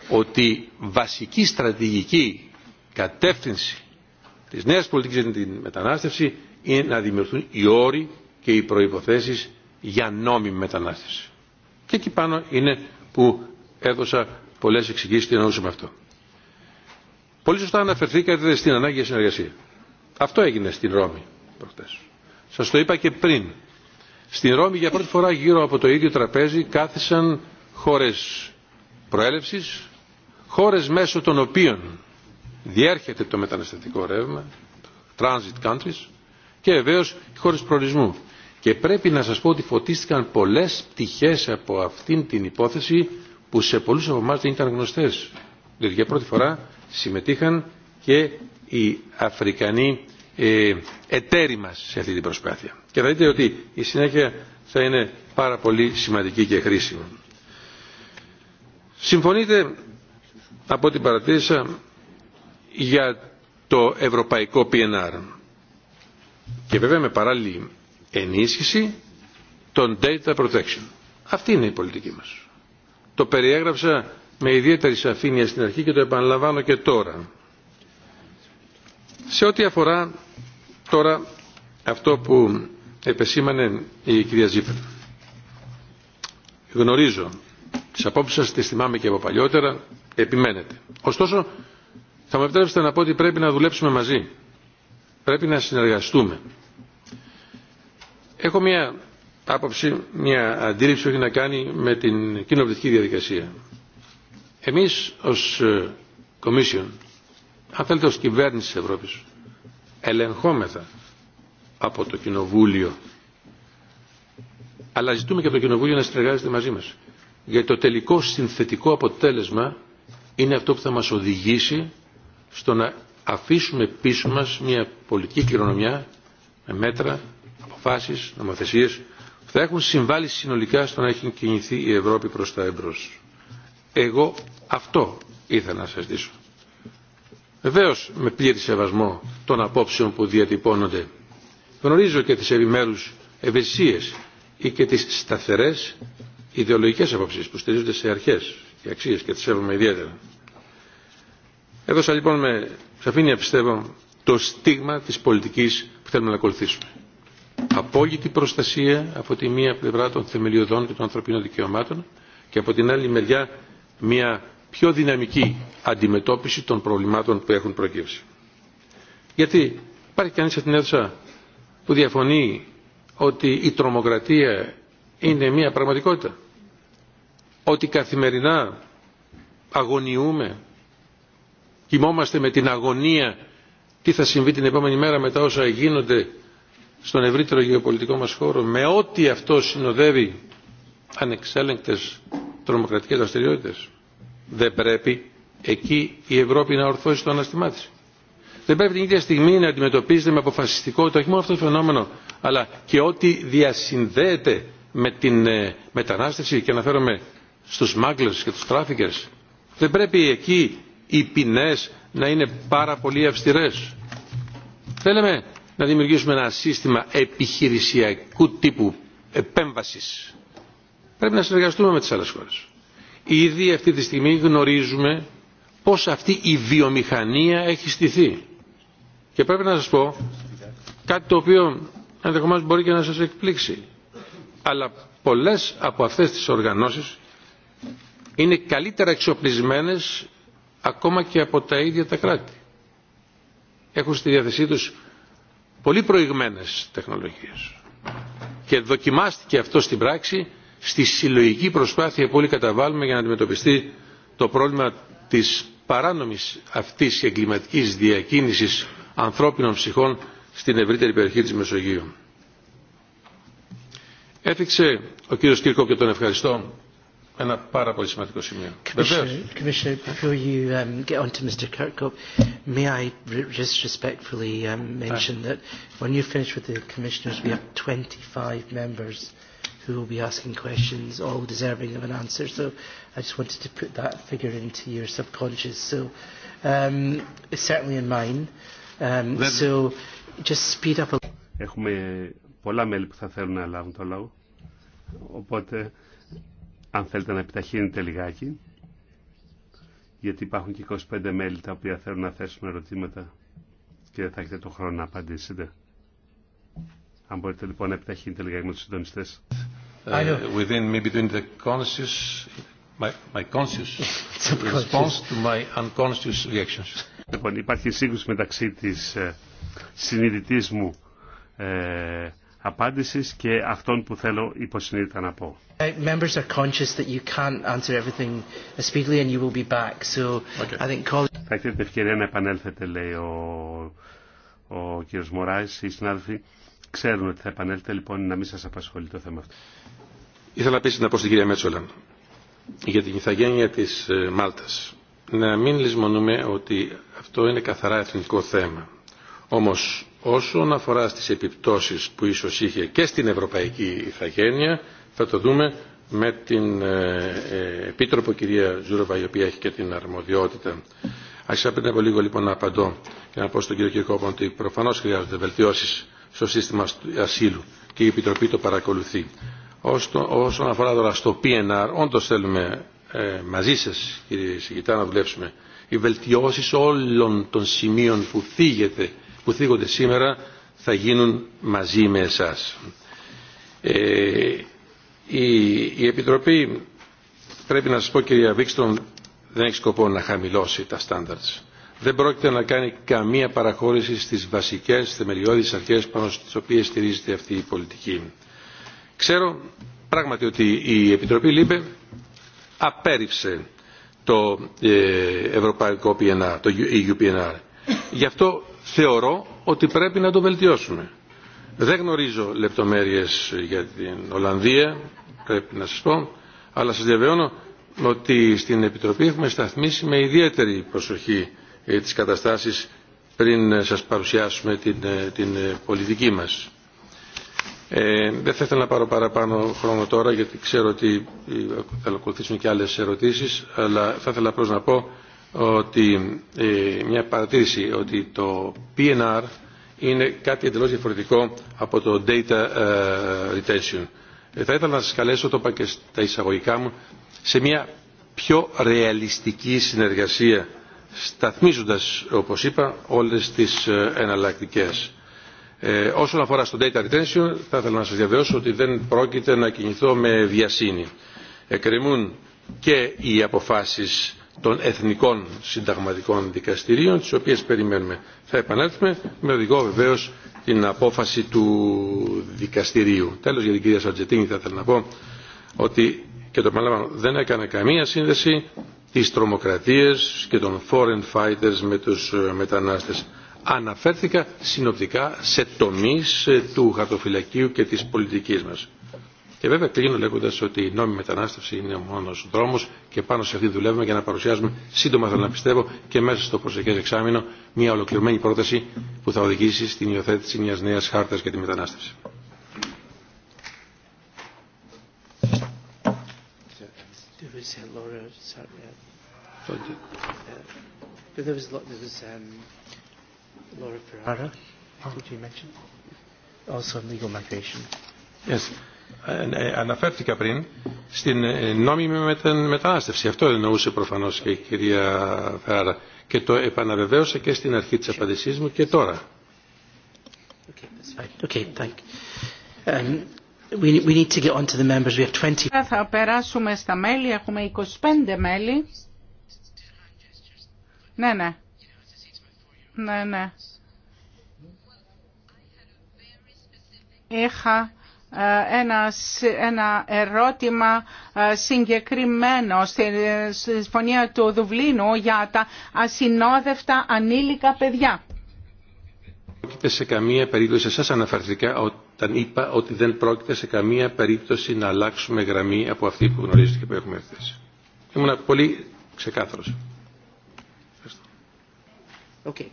ότι βασική στρατηγική κατεύθυνση τη νέα πολιτική για την μετανάστευση είναι να δημιουργηθούν οι όροι και οι προποθέσει για νόμιμη μετανάστευση. Και εκεί πάνω είναι που έδωσα πολλέ εξηγήσεις τι εννοούσαμε αυτό. Πολύ σωστά αναφερθήκατε στην ανάγκη για συνεργασία. Αυτό έγινε στην Ρώμη προχτές. Σας το είπα και πριν. Στην Ρώμη για πρώτη φορά γύρω από το ίδιο τραπέζι κάθισαν χώρες προέλευσης, χώρες μέσω των οποίων διέρχεται το μεταναστευτικό ρεύμα, transit countries, και βεβαίω οι χώρες προορισμού. Και πρέπει να σας πω ότι φωτίστηκαν πολλές πτυχές από αυτήν την υπόθεση που σε πολλούς από εμάς δεν ήταν γνωστές. Δηλαδή, για πρώτη φορά συμμετείχαν και οι Αφρικανοί ε, εταίροι μας σε αυτή την προσπάθεια. Και θα δείτε ότι η συνέχεια θα είναι πάρα πολύ σημαντική και χρήσιμη. Συμφωνείτε από ό,τι παρατήρησα για το ευρωπαϊκό PNR και βέβαια με παράλληλη ενίσχυση των data protection. Αυτή είναι η πολιτική μας. Το περιέγραψα με ιδιαίτερη σαφήνεια στην αρχή και το επαναλαμβάνω και τώρα. Σε ό,τι αφορά Τώρα αυτό που επεσήμανε η κυρία Ζήπερ. Γνωρίζω, τις απόψεις σας τις θυμάμαι και από παλιότερα, επιμένετε. Ωστόσο, θα μου επιτρέψετε να πω ότι πρέπει να δουλέψουμε μαζί. Πρέπει να συνεργαστούμε. Έχω μια άποψη, μια αντίληψη που να κάνει με την κοινοβουλευτική διαδικασία. Εμείς ως Commission, ε, αν θέλετε ως κυβέρνηση της Ευρώπης, ελεγχόμεθα από το Κοινοβούλιο. Αλλά ζητούμε και από το Κοινοβούλιο να συνεργάζεται μαζί μας. Γιατί το τελικό συνθετικό αποτέλεσμα είναι αυτό που θα μας οδηγήσει στο να αφήσουμε πίσω μας μια πολιτική κληρονομιά με μέτρα, αποφάσεις, νομοθεσίες που θα έχουν συμβάλει συνολικά στο να έχει κινηθεί η Ευρώπη προς τα εμπρός. Εγώ αυτό ήθελα να σας δείσω. Βεβαίω με πλήρη σεβασμό των απόψεων που διατυπώνονται. Γνωρίζω και τις επιμέρους ευαισθησίες ή και τις σταθερές ιδεολογικές απόψεις που στηρίζονται σε αρχές και αξίες και τις σέβομαι ιδιαίτερα. Έδωσα λοιπόν με σαφήνεια πιστεύω το στίγμα της πολιτικής που θέλουμε να ακολουθήσουμε. Απόλυτη προστασία από τη μία πλευρά των θεμελιωδών και των ανθρωπίνων δικαιωμάτων και από την άλλη μεριά μια πιο δυναμική αντιμετώπιση των προβλημάτων που έχουν προκύψει. Γιατί υπάρχει κανείς σε την αίθουσα που διαφωνεί ότι η τρομοκρατία είναι μια πραγματικότητα. Ότι καθημερινά αγωνιούμε, κοιμόμαστε με την αγωνία τι θα συμβεί την επόμενη μέρα μετά όσα γίνονται στον ευρύτερο γεωπολιτικό μας χώρο με ό,τι αυτό συνοδεύει ανεξέλεγκτες τρομοκρατικές δραστηριότητε δεν πρέπει εκεί η Ευρώπη να ορθώσει το αναστημά Δεν πρέπει την ίδια στιγμή να αντιμετωπίζεται με αποφασιστικότητα όχι μόνο αυτό το φαινόμενο, αλλά και ό,τι διασυνδέεται με την ε, μετανάστευση και αναφέρομαι στους μάγκλες και τους τράφικες, Δεν πρέπει εκεί οι ποινές να είναι πάρα πολύ αυστηρές. Θέλουμε να δημιουργήσουμε ένα σύστημα επιχειρησιακού τύπου επέμβασης. Πρέπει να συνεργαστούμε με τις άλλες χώρες. Ήδη αυτή τη στιγμή γνωρίζουμε πώς αυτή η βιομηχανία έχει στηθεί. Και πρέπει να σας πω κάτι το οποίο ενδεχομένως μπορεί και να σας εκπλήξει. Αλλά πολλές από αυτές τις οργανώσεις είναι καλύτερα εξοπλισμένες ακόμα και από τα ίδια τα κράτη. Έχουν στη διάθεσή τους πολύ προηγμένες τεχνολογίες. Και δοκιμάστηκε αυτό στην πράξη στη συλλογική προσπάθεια που όλοι καταβάλουμε για να αντιμετωπιστεί το πρόβλημα της παράνομης αυτής εγκληματικής διακίνησης ανθρώπινων ψυχών στην ευρύτερη περιοχή της Μεσογείου. Έθιξε ο κύριος Κύρκο και τον ευχαριστώ ένα πάρα πολύ σημαντικό σημείο. Commissioner, before you um, get on to Mr. Kirkhope, may I just respectfully um, mention that when you finish with the commissioners, we have 25 members who will be asking questions, all deserving of an answer. So I just wanted to put that figure into your subconscious. So um, it's certainly in mine. Um, so just speed up a Έχουμε πολλά μέλη που θα θέλουν να λάβουν το λόγο. Οπότε, αν θέλετε να επιταχύνετε λιγάκι, γιατί υπάρχουν και 25 μέλη τα οποία θέλουν να θέσουν ερωτήματα και δεν θα έχετε το χρόνο να απαντήσετε. Αν μπορείτε λοιπόν να επιταχύνετε λίγα με τους συντονιστές. Ε, within maybe within the conscious, my, my conscious response to my unconscious reactions. Λοιπόν, υπάρχει σύγκρουση μεταξύ της ε, συνειδητής μου ε, απάντησης και αυτών που θέλω υποσυνείδητα να πω. Uh, members are conscious that you can't answer everything speedily and you will be back. So I think call... Θα έχετε την ευκαιρία να επανέλθετε, λέει ο, ο κύριος Μωράης, οι συνάδελφοι ξέρουν ότι θα επανέλθετε λοιπόν να μην σα απασχολεί το θέμα αυτό. Ήθελα επίση να πω στην κυρία Μέτσολα για την ηθαγένεια της ε, Μάλτα. Να μην λησμονούμε ότι αυτό είναι καθαρά εθνικό θέμα. Όμω, όσον αφορά στι επιπτώσει που ίσω είχε και στην ευρωπαϊκή ηθαγένεια θα το δούμε με την ε, ε, Επίτροπο κυρία Ζούροβα η οποία έχει και την αρμοδιότητα. Άρχισα πριν από λίγο λοιπόν να απαντώ και να πω στον κύριο Κυρκόπον ότι προφανώ χρειάζονται βελτιώσει στο σύστημα ασύλου και η Επιτροπή το παρακολουθεί. Όσον αφορά τώρα στο PNR, όντως θέλουμε ε, μαζί σας κύριε Συγητά να δουλέψουμε. Οι βελτιώσεις όλων των σημείων που, θίγεται, που θίγονται σήμερα θα γίνουν μαζί με εσάς. Ε, η, η Επιτροπή, πρέπει να σας πω κυρία Βίξτον, δεν έχει σκοπό να χαμηλώσει τα στάνταρτς δεν πρόκειται να κάνει καμία παραχώρηση στις βασικές θεμελιώδεις αρχές πάνω στις οποίες στηρίζεται αυτή η πολιτική. Ξέρω πράγματι ότι η Επιτροπή ΛΥΜΠΕ απέρριψε το ε, Ευρωπαϊκό PNR, το EU Γι' αυτό θεωρώ ότι πρέπει να το βελτιώσουμε. Δεν γνωρίζω λεπτομέρειες για την Ολλανδία, πρέπει να σας πω, αλλά σας διαβεβαιώνω ότι στην Επιτροπή έχουμε σταθμίσει με ιδιαίτερη προσοχή ε, τις καταστάσεις πριν ε, σας παρουσιάσουμε την, ε, την πολιτική μας. Ε, δεν θα ήθελα να πάρω παραπάνω χρόνο τώρα γιατί ξέρω ότι θα ακολουθήσουν και άλλες ερωτήσεις αλλά θα ήθελα απλώς να πω ότι μια παρατήρηση ότι το PNR είναι κάτι εντελώς διαφορετικό από το data retention. θα ήθελα να σας καλέσω, το είπα και στα εισαγωγικά μου, σε μια πιο ρεαλιστική συνεργασία σταθμίζοντας, όπως είπα, όλες τις ε, εναλλακτικές. Ε, όσον αφορά στο data retention, θα ήθελα να σας διαβεβαιώσω ότι δεν πρόκειται να κινηθώ με βιασύνη. Εκκρεμούν και οι αποφάσεις των εθνικών συνταγματικών δικαστηρίων, τις οποίες περιμένουμε. Θα επανέλθουμε με οδηγό βεβαίω την απόφαση του δικαστηρίου. Τέλος για την κυρία Σαρτζετίνη θα ήθελα να πω ότι και το δεν έκανε καμία σύνδεση Τις τρομοκρατίες και των foreign fighters με τους ε, μετανάστες. Αναφέρθηκα συνοπτικά σε τομείς ε, του χαρτοφυλακίου και της πολιτικής μας. Και βέβαια κλείνω λέγοντας ότι η νόμιμη μετανάστευση είναι ο μόνος δρόμος και πάνω σε αυτή δουλεύουμε για να παρουσιάσουμε σύντομα θέλω να πιστεύω και μέσα στο προσεχές εξάμεινο μια ολοκληρωμένη πρόταση που θα οδηγήσει στην υιοθέτηση μιας νέας χάρτας για τη μετανάστευση. was Laura uh, uh, But there was there was um, Laura Ferrara. oh. Did you mention? Also in legal migration. Yes. Αναφέρθηκα πριν στην ε, νόμιμη μετανάστευση. Αυτό εννοούσε προφανώς και η κυρία Φεράρα. Και το επαναβεβαίωσα και στην αρχή της απαντησής μου και τώρα. Okay, um, θα περάσουμε στα μέλη. Έχουμε 25 μέλη. Ναι, ναι. Ναι, ναι. Είχα ε, ένα, ένα ερώτημα ε, συγκεκριμένο στη συμφωνία του Δουβλίνου για τα ασυνόδευτα ανήλικα παιδιά. Σε καμία περίπτωση σας αναφερθήκα ότι όταν είπα ότι δεν πρόκειται σε καμία περίπτωση να αλλάξουμε γραμμή από αυτή που γνωρίζετε και που έχουμε θέσει. Ήμουν πολύ ξεκάθαρος. Okay.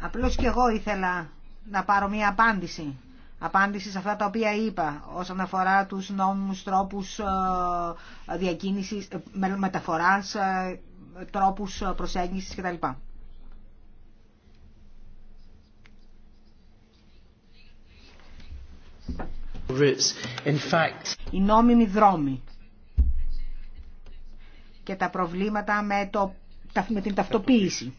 Απλώς και εγώ ήθελα να πάρω μία απάντηση. Απάντηση σε αυτά τα οποία είπα όσον αφορά τους νόμους, τρόπους ε, διακίνησης, ε, μεταφοράς ε, τρόπους ε, προσέγγισης κτλ. In fact... Οι νόμιμοι δρόμοι και τα προβλήματα με, το, με την ταυτοποίηση.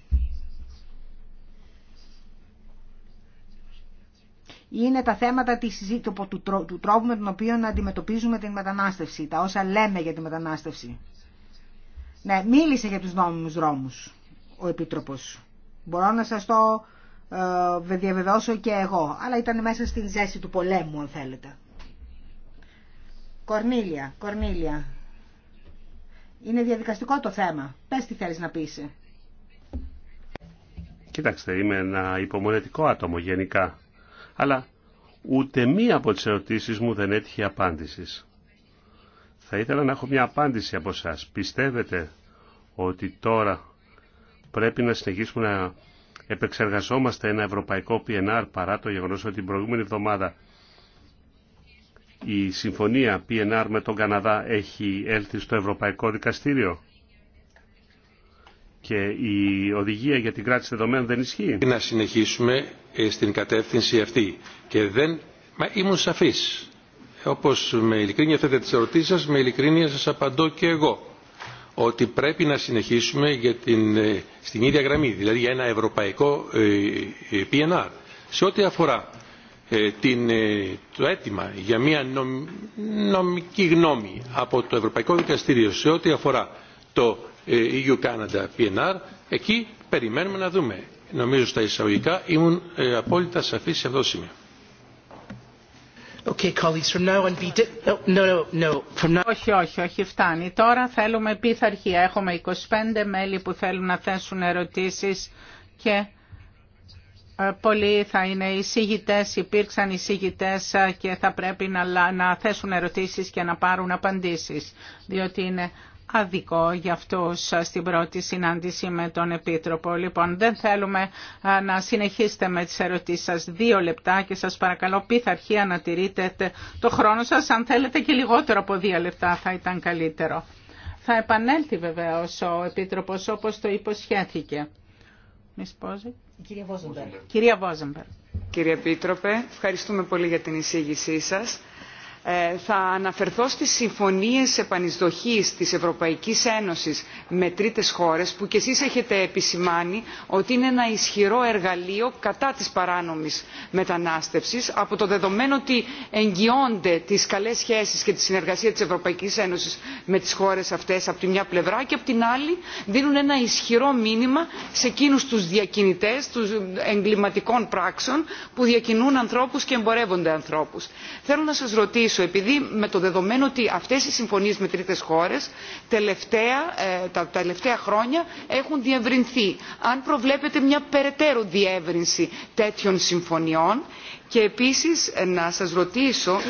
είναι τα θέματα της, του, του, του τρόπου με τον οποίο να αντιμετωπίζουμε την μετανάστευση, τα όσα λέμε για τη μετανάστευση. Ναι, μίλησε για τους νόμιμους δρόμους ο Επίτροπος. Μπορώ να σας το ε, διαβεβαιώσω και εγώ, αλλά ήταν μέσα στην ζέση του πολέμου, αν θέλετε. Κορνίλια, Κορνίλια. Είναι διαδικαστικό το θέμα. Πες τι θέλεις να πεις. Κοιτάξτε, είμαι ένα υπομονετικό άτομο γενικά, αλλά ούτε μία από τις ερωτήσεις μου δεν έτυχε απάντησης. Θα ήθελα να έχω μια απάντηση από εσά. Πιστεύετε ότι τώρα πρέπει να συνεχίσουμε να επεξεργαζόμαστε ένα ευρωπαϊκό PNR παρά το γεγονός ότι την προηγούμενη εβδομάδα η συμφωνία PNR με τον Καναδά έχει έλθει στο Ευρωπαϊκό Δικαστήριο και η οδηγία για την κράτηση δεδομένων δεν ισχύει. Να συνεχίσουμε ε, στην κατεύθυνση αυτή και δεν... Μα ήμουν σαφής όπως με ειλικρίνεια θέτε τις ερωτήσεις σας, με ειλικρίνεια σας απαντώ και εγώ ότι πρέπει να συνεχίσουμε για την, ε, στην ίδια γραμμή, δηλαδή για ένα ευρωπαϊκό ε, ε, PNR. Σε ό,τι αφορά την, το αίτημα για μια νομική γνώμη από το Ευρωπαϊκό Δικαστήριο σε ό,τι αφορά το EU Canada PNR, εκεί περιμένουμε να δούμε. Νομίζω στα εισαγωγικά ήμουν απόλυτα σαφής σε αυτό το σημείο. Όχι, όχι, όχι, φτάνει. Τώρα θέλουμε πειθαρχία. Έχουμε 25 μέλη που θέλουν να θέσουν ερωτήσεις και ε, πολλοί θα είναι εισηγητές, υπήρξαν εισηγητές ε, και θα πρέπει να, να θέσουν ερωτήσεις και να πάρουν απαντήσεις, διότι είναι αδικό για αυτούς στην πρώτη συνάντηση με τον Επίτροπο. Λοιπόν, δεν θέλουμε να συνεχίσετε με τις ερωτήσεις σας δύο λεπτά και σας παρακαλώ πειθαρχία να τηρείτε το χρόνο σας. Αν θέλετε και λιγότερο από δύο λεπτά θα ήταν καλύτερο. Θα επανέλθει βεβαίω ο Επίτροπος όπως το υποσχέθηκε. Κυρία Κυρία Κύριε Επίτροπε, ευχαριστούμε πολύ για την εισήγησή σας. Ε, θα αναφερθώ στις συμφωνίες επανεισδοχής της ευρωπαϊκής ένωσης με τρίτες χώρες που κι εσείς έχετε επισημάνει ότι είναι ένα ισχυρό εργαλείο κατά της παράνομης μετανάστευσης από το δεδομένο ότι εγγυώνται τις καλές σχέσεις και τη συνεργασία της ευρωπαϊκής ένωσης με τις χώρες αυτές από τη μια πλευρά και από την άλλη δίνουν ένα ισχυρό μήνυμα σε εκείνους τους διακινητές τους εγκληματικών πράξεων που διακινούν ανθρώπους και εμπορεύονται ανθρώπους. θέλω να σας ρωτήσω επειδή με το δεδομένο ότι αυτές οι συμφωνίες με τρίτες χώρες τελευταία, ε, τα τελευταία χρόνια έχουν διευρυνθεί αν προβλέπετε μια περαιτέρω διεύρυνση τέτοιων συμφωνιών και επίσης ε, να σας ρωτήσω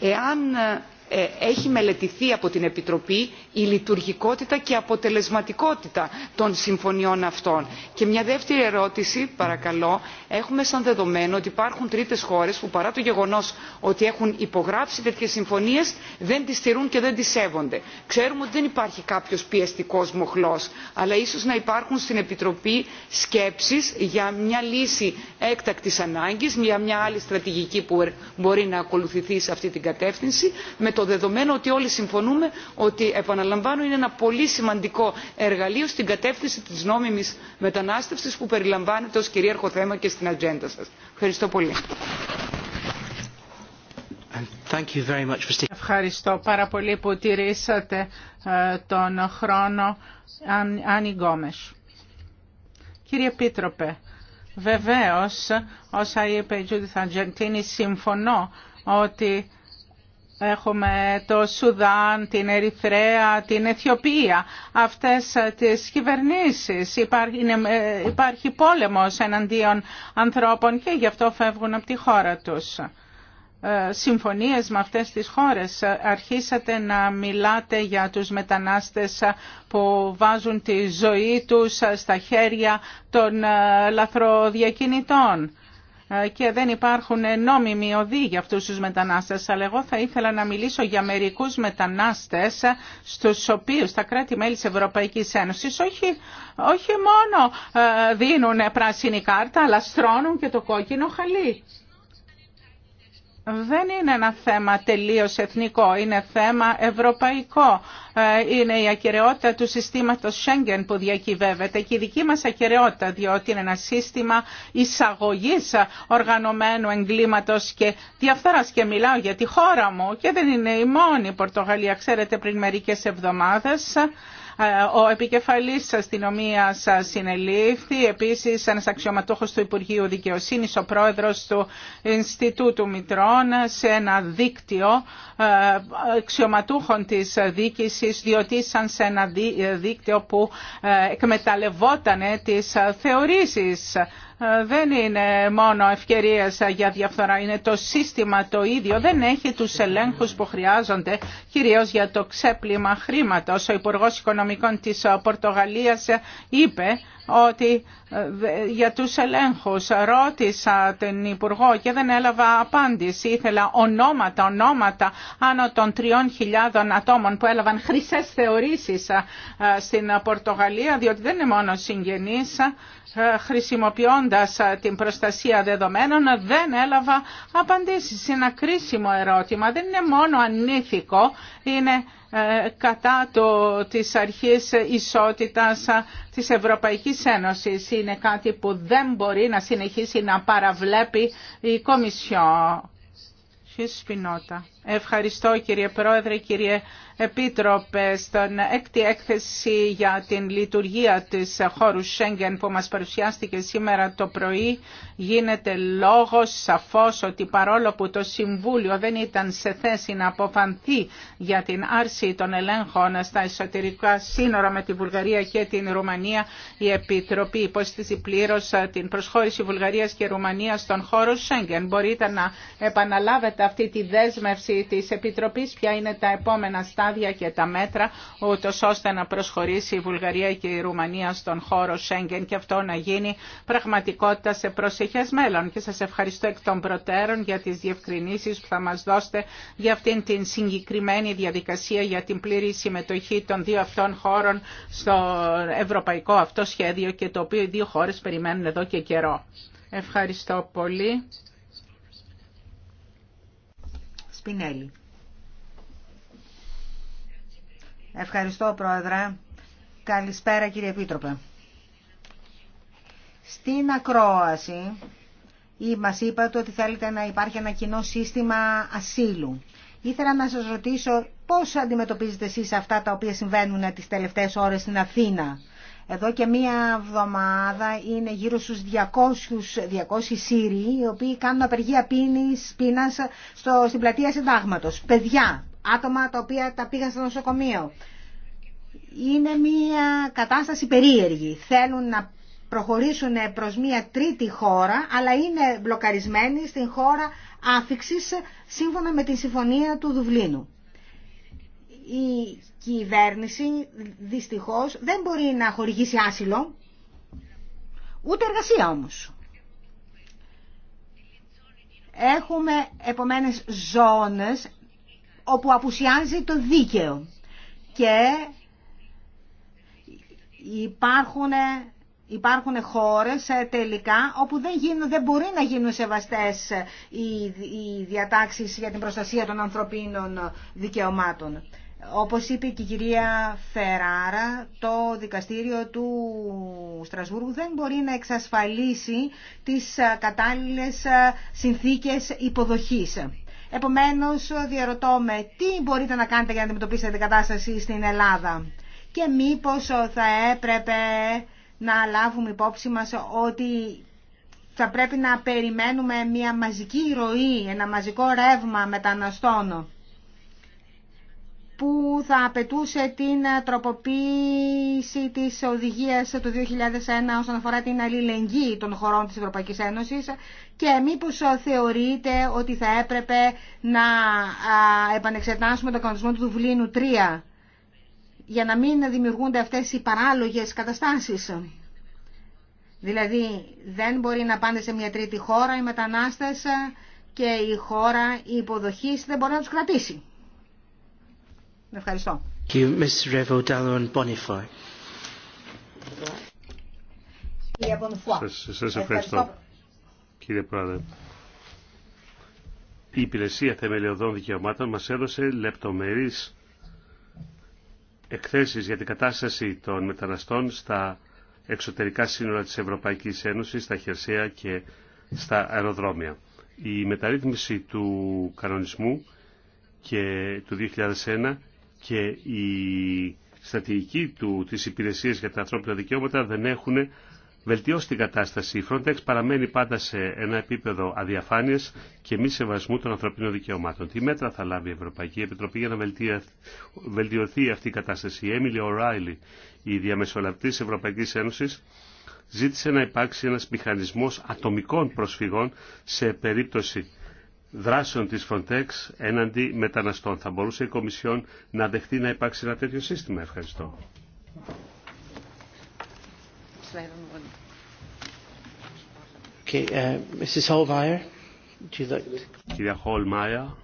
εάν ε, ε, έχει μελετηθεί από την επιτροπή η λειτουργικότητα και αποτελεσματικότητα των συμφωνιών αυτών. και μια δεύτερη ερώτηση παρακαλώ έχουμε σαν δεδομένο ότι υπάρχουν τρίτες χώρες που παρά το γεγονός ότι έχουν υπογράψει τέτοιες συμφωνίες δεν τις στηρούν και δεν τις σέβονται. ξέρουμε ότι δεν υπάρχει κάποιος πιεστικός μοχλός αλλά ίσως να υπάρχουν στην επιτροπή σκέψεις για μια λύση έκτακτης ανάγκης για μια άλλη στρατηγική που μπορεί να ακολουθηθεί σε αυτή την κατεύθυνση το δεδομένο ότι όλοι συμφωνούμε ότι επαναλαμβάνω είναι ένα πολύ σημαντικό εργαλείο στην κατεύθυνση της νόμιμης μετανάστευσης που περιλαμβάνεται ως κυρίαρχο θέμα και στην ατζέντα σας. Ευχαριστώ πολύ. Ευχαριστώ πάρα πολύ που τηρήσατε ε, τον χρόνο Άννη Γκόμες. Κύριε Πίτροπε, βεβαίως όσα είπε η Τζούντιθ Αντζεντίνη συμφωνώ ότι Έχουμε το Σουδάν, την Ερυθρέα, την Αιθιοπία. Αυτές τις κυβερνήσεις υπάρχει, ε, υπάρχει πόλεμος εναντίον ανθρώπων και γι' αυτό φεύγουν από τη χώρα τους. Ε, συμφωνίες με αυτές τις χώρες. Αρχίσατε να μιλάτε για τους μετανάστες που βάζουν τη ζωή τους στα χέρια των ε, λαθροδιακινητών ε, και δεν υπάρχουν νόμιμοι οδοί για αυτούς τους μετανάστες. Αλλά εγώ θα ήθελα να μιλήσω για μερικούς μετανάστες στους οποίους τα κράτη-μέλη της Ευρωπαϊκής Ένωσης όχι, όχι μόνο ε, δίνουν πράσινη κάρτα αλλά στρώνουν και το κόκκινο χαλί δεν είναι ένα θέμα τελείως εθνικό, είναι θέμα ευρωπαϊκό. Ε, είναι η ακαιρεότητα του συστήματος Schengen που διακυβεύεται και η δική μας ακαιρεότητα, διότι είναι ένα σύστημα εισαγωγής οργανωμένου εγκλήματος και διαφθοράς. Και μιλάω για τη χώρα μου και δεν είναι η μόνη Πορτογαλία, ξέρετε πριν μερικές εβδομάδες, ο επικεφαλής αστυνομία αστυνομίας συνελήφθη, επίσης ένα αξιωματούχο του Υπουργείου Δικαιοσύνης, ο πρόεδρος του Ινστιτούτου Μητρών, σε ένα δίκτυο ε, αξιωματούχων της δίκησης, διότι ήσαν σε ένα δίκτυο που ε, εκμεταλλευόταν τις θεωρήσεις δεν είναι μόνο ευκαιρίες για διαφθορά, είναι το σύστημα το ίδιο. Δεν έχει τους ελέγχους που χρειάζονται, κυρίως για το ξέπλυμα χρήματο. Ο Υπουργός Οικονομικών της Πορτογαλίας είπε ότι ε, για τους ελέγχους ρώτησα τον Υπουργό και δεν έλαβα απάντηση. Ήθελα ονόματα, ονόματα άνω των 3.000 ατόμων που έλαβαν χρυσές θεωρήσεις ε, στην Πορτογαλία, διότι δεν είναι μόνο συγγενείς, ε, χρησιμοποιώντας ε, την προστασία δεδομένων δεν έλαβα απαντήσεις. Είναι ένα κρίσιμο ερώτημα. Δεν είναι μόνο ανήθικο, είναι ε, κατά το, της αρχής ισότητας της Ευρωπαϊκής Ένωσης. Είναι κάτι που δεν μπορεί να συνεχίσει να παραβλέπει η Κομισιό. Συσπινότα. Ευχαριστώ κύριε Πρόεδρε, κύριε Επίτροπε. Στον έκτη έκθεση για την λειτουργία της χώρου Σέγγεν που μας παρουσιάστηκε σήμερα το πρωί γίνεται λόγος σαφώς ότι παρόλο που το Συμβούλιο δεν ήταν σε θέση να αποφανθεί για την άρση των ελέγχων στα εσωτερικά σύνορα με τη Βουλγαρία και την Ρουμανία, η Επιτροπή υποστηρίζει πλήρω την προσχώρηση Βουλγαρίας και Ρουμανίας στον χώρο Σέγγεν. Μπορείτε να επαναλάβετε αυτή τη δέσμευση Τη της Επιτροπής, ποια είναι τα επόμενα στάδια και τα μέτρα, ούτως ώστε να προσχωρήσει η Βουλγαρία και η Ρουμανία στον χώρο Σέγγεν και αυτό να γίνει πραγματικότητα σε προσεχές μέλλον. Και σας ευχαριστώ εκ των προτέρων για τις διευκρινήσεις που θα μας δώσετε για αυτήν την συγκεκριμένη διαδικασία για την πλήρη συμμετοχή των δύο αυτών χώρων στο ευρωπαϊκό αυτό σχέδιο και το οποίο οι δύο χώρες περιμένουν εδώ και καιρό. Ευχαριστώ πολύ. Ευχαριστώ, Πρόεδρε. Καλησπέρα, κύριε Επίτροπε. Στην ακρόαση ή μας είπατε ότι θέλετε να υπάρχει ένα κοινό σύστημα ασύλου. Ήθελα να σας ρωτήσω πώς αντιμετωπίζετε εσείς αυτά τα οποία συμβαίνουν τις τελευταίες ώρες στην Αθήνα. Εδώ και μία εβδομάδα είναι γύρω στους 200, 200 Σύριοι οι οποίοι κάνουν απεργία πίνης πίνας στο, στην πλατεία συντάγματος. Παιδιά, άτομα τα οποία τα πήγαν στο νοσοκομείο. Είναι μία κατάσταση περίεργη. Θέλουν να προχωρήσουν προς μία τρίτη χώρα, αλλά είναι μπλοκαρισμένοι στην χώρα άφηξης σύμφωνα με τη συμφωνία του Δουβλίνου η κυβέρνηση δυστυχώς δεν μπορεί να χορηγήσει άσυλο, ούτε εργασία όμως. Έχουμε επομένες ζώνες όπου απουσιάζει το δίκαιο και υπάρχουν, υπάρχουν χώρες ε, τελικά όπου δεν, δεν μπορεί να γίνουν σεβαστές οι, οι διατάξεις για την προστασία των ανθρωπίνων δικαιωμάτων. Όπως είπε και η κυρία Φεράρα, το δικαστήριο του Στρασβούργου δεν μπορεί να εξασφαλίσει τις ε, κατάλληλες ε, συνθήκες υποδοχής. Επομένως, διαρωτώ με τι μπορείτε να κάνετε για να αντιμετωπίσετε την κατάσταση στην Ελλάδα και μήπως ε, θα έπρεπε να λάβουμε υπόψη μας ότι θα πρέπει να περιμένουμε μια μαζική ροή, ένα μαζικό ρεύμα μεταναστών που θα απαιτούσε την τροποποίηση της οδηγίας του 2001 όσον αφορά την αλληλεγγύη των χωρών της Ευρωπαϊκής Ένωσης και μήπως θεωρείτε ότι θα έπρεπε να επανεξετάσουμε τον κανονισμό του Δουβλίνου 3 για να μην δημιουργούνται αυτές οι παράλογες καταστάσεις. Δηλαδή δεν μπορεί να πάνε σε μια τρίτη χώρα οι μετανάστες και η χώρα υποδοχής δεν μπορεί να τους κρατήσει. Ευχαριστώ. Κυρία Σας Κύριε Πρόεδρε. Η Υπηρεσία Θεμελιωδών Δικαιωμάτων μας έδωσε λεπτομερείς εκθέσεις για την κατάσταση των μεταναστών στα εξωτερικά σύνορα της Ευρωπαϊκής Ένωσης, στα χερσαία και στα αεροδρόμια. Η μεταρρύθμιση του κανονισμού και του 2001 και η στρατηγική του, της υπηρεσίας για τα ανθρώπινα δικαιώματα δεν έχουν βελτιώσει την κατάσταση. Η Frontex παραμένει πάντα σε ένα επίπεδο αδιαφάνειας και μη σεβασμού των ανθρωπίνων δικαιωμάτων. Τι μέτρα θα λάβει η Ευρωπαϊκή Επιτροπή για να βελτιωθεί αυτή η κατάσταση. Η Έμιλι Οράιλι, η της Ευρωπαϊκής Ένωσης, ζήτησε να υπάρξει ένας μηχανισμός ατομικών προσφυγών σε περίπτωση δράσεων της Frontex έναντι μεταναστών. Θα μπορούσε η Κομισιόν να δεχτεί να υπάρξει ένα τέτοιο σύστημα. Ευχαριστώ. Uh, Κυρία Χολμάια.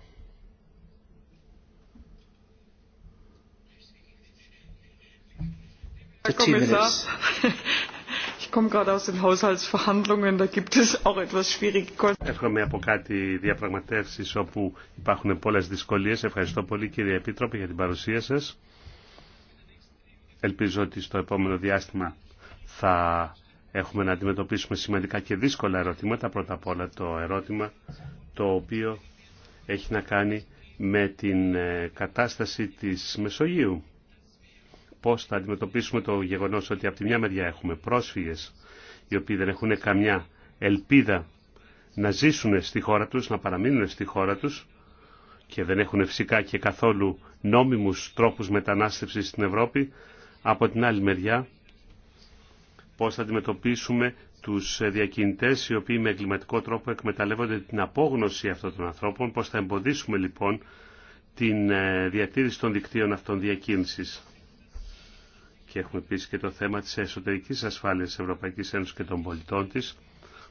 komme gerade aus den Haushaltsverhandlungen, da gibt es auch etwas schwierige Kosten. Έρχομαι από κάτι διαπραγματεύσεις όπου υπάρχουν πολλές δυσκολίες. Ευχαριστώ πολύ κύριε Επίτροπε για την παρουσία σα. Ελπίζω ότι στο επόμενο διάστημα θα έχουμε να αντιμετωπίσουμε σημαντικά και δύσκολα ερωτήματα. Πρώτα απ' όλα το ερώτημα το οποίο έχει να κάνει με την ε, κατάσταση της Μεσογείου πώς θα αντιμετωπίσουμε το γεγονός ότι από τη μια μεριά έχουμε πρόσφυγες οι οποίοι δεν έχουν καμιά ελπίδα να ζήσουν στη χώρα τους, να παραμείνουν στη χώρα τους και δεν έχουν φυσικά και καθόλου νόμιμους τρόπους μετανάστευσης στην Ευρώπη. Από την άλλη μεριά πώς θα αντιμετωπίσουμε τους διακινητές οι οποίοι με εγκληματικό τρόπο εκμεταλλεύονται την απόγνωση αυτών των ανθρώπων, πώς θα εμποδίσουμε λοιπόν την ε, διατήρηση των δικτύων αυτών διακίνησης. Και έχουμε επίσης και το θέμα της εσωτερικής ασφάλειας της Ευρωπαϊκής Ένωσης και των πολιτών της,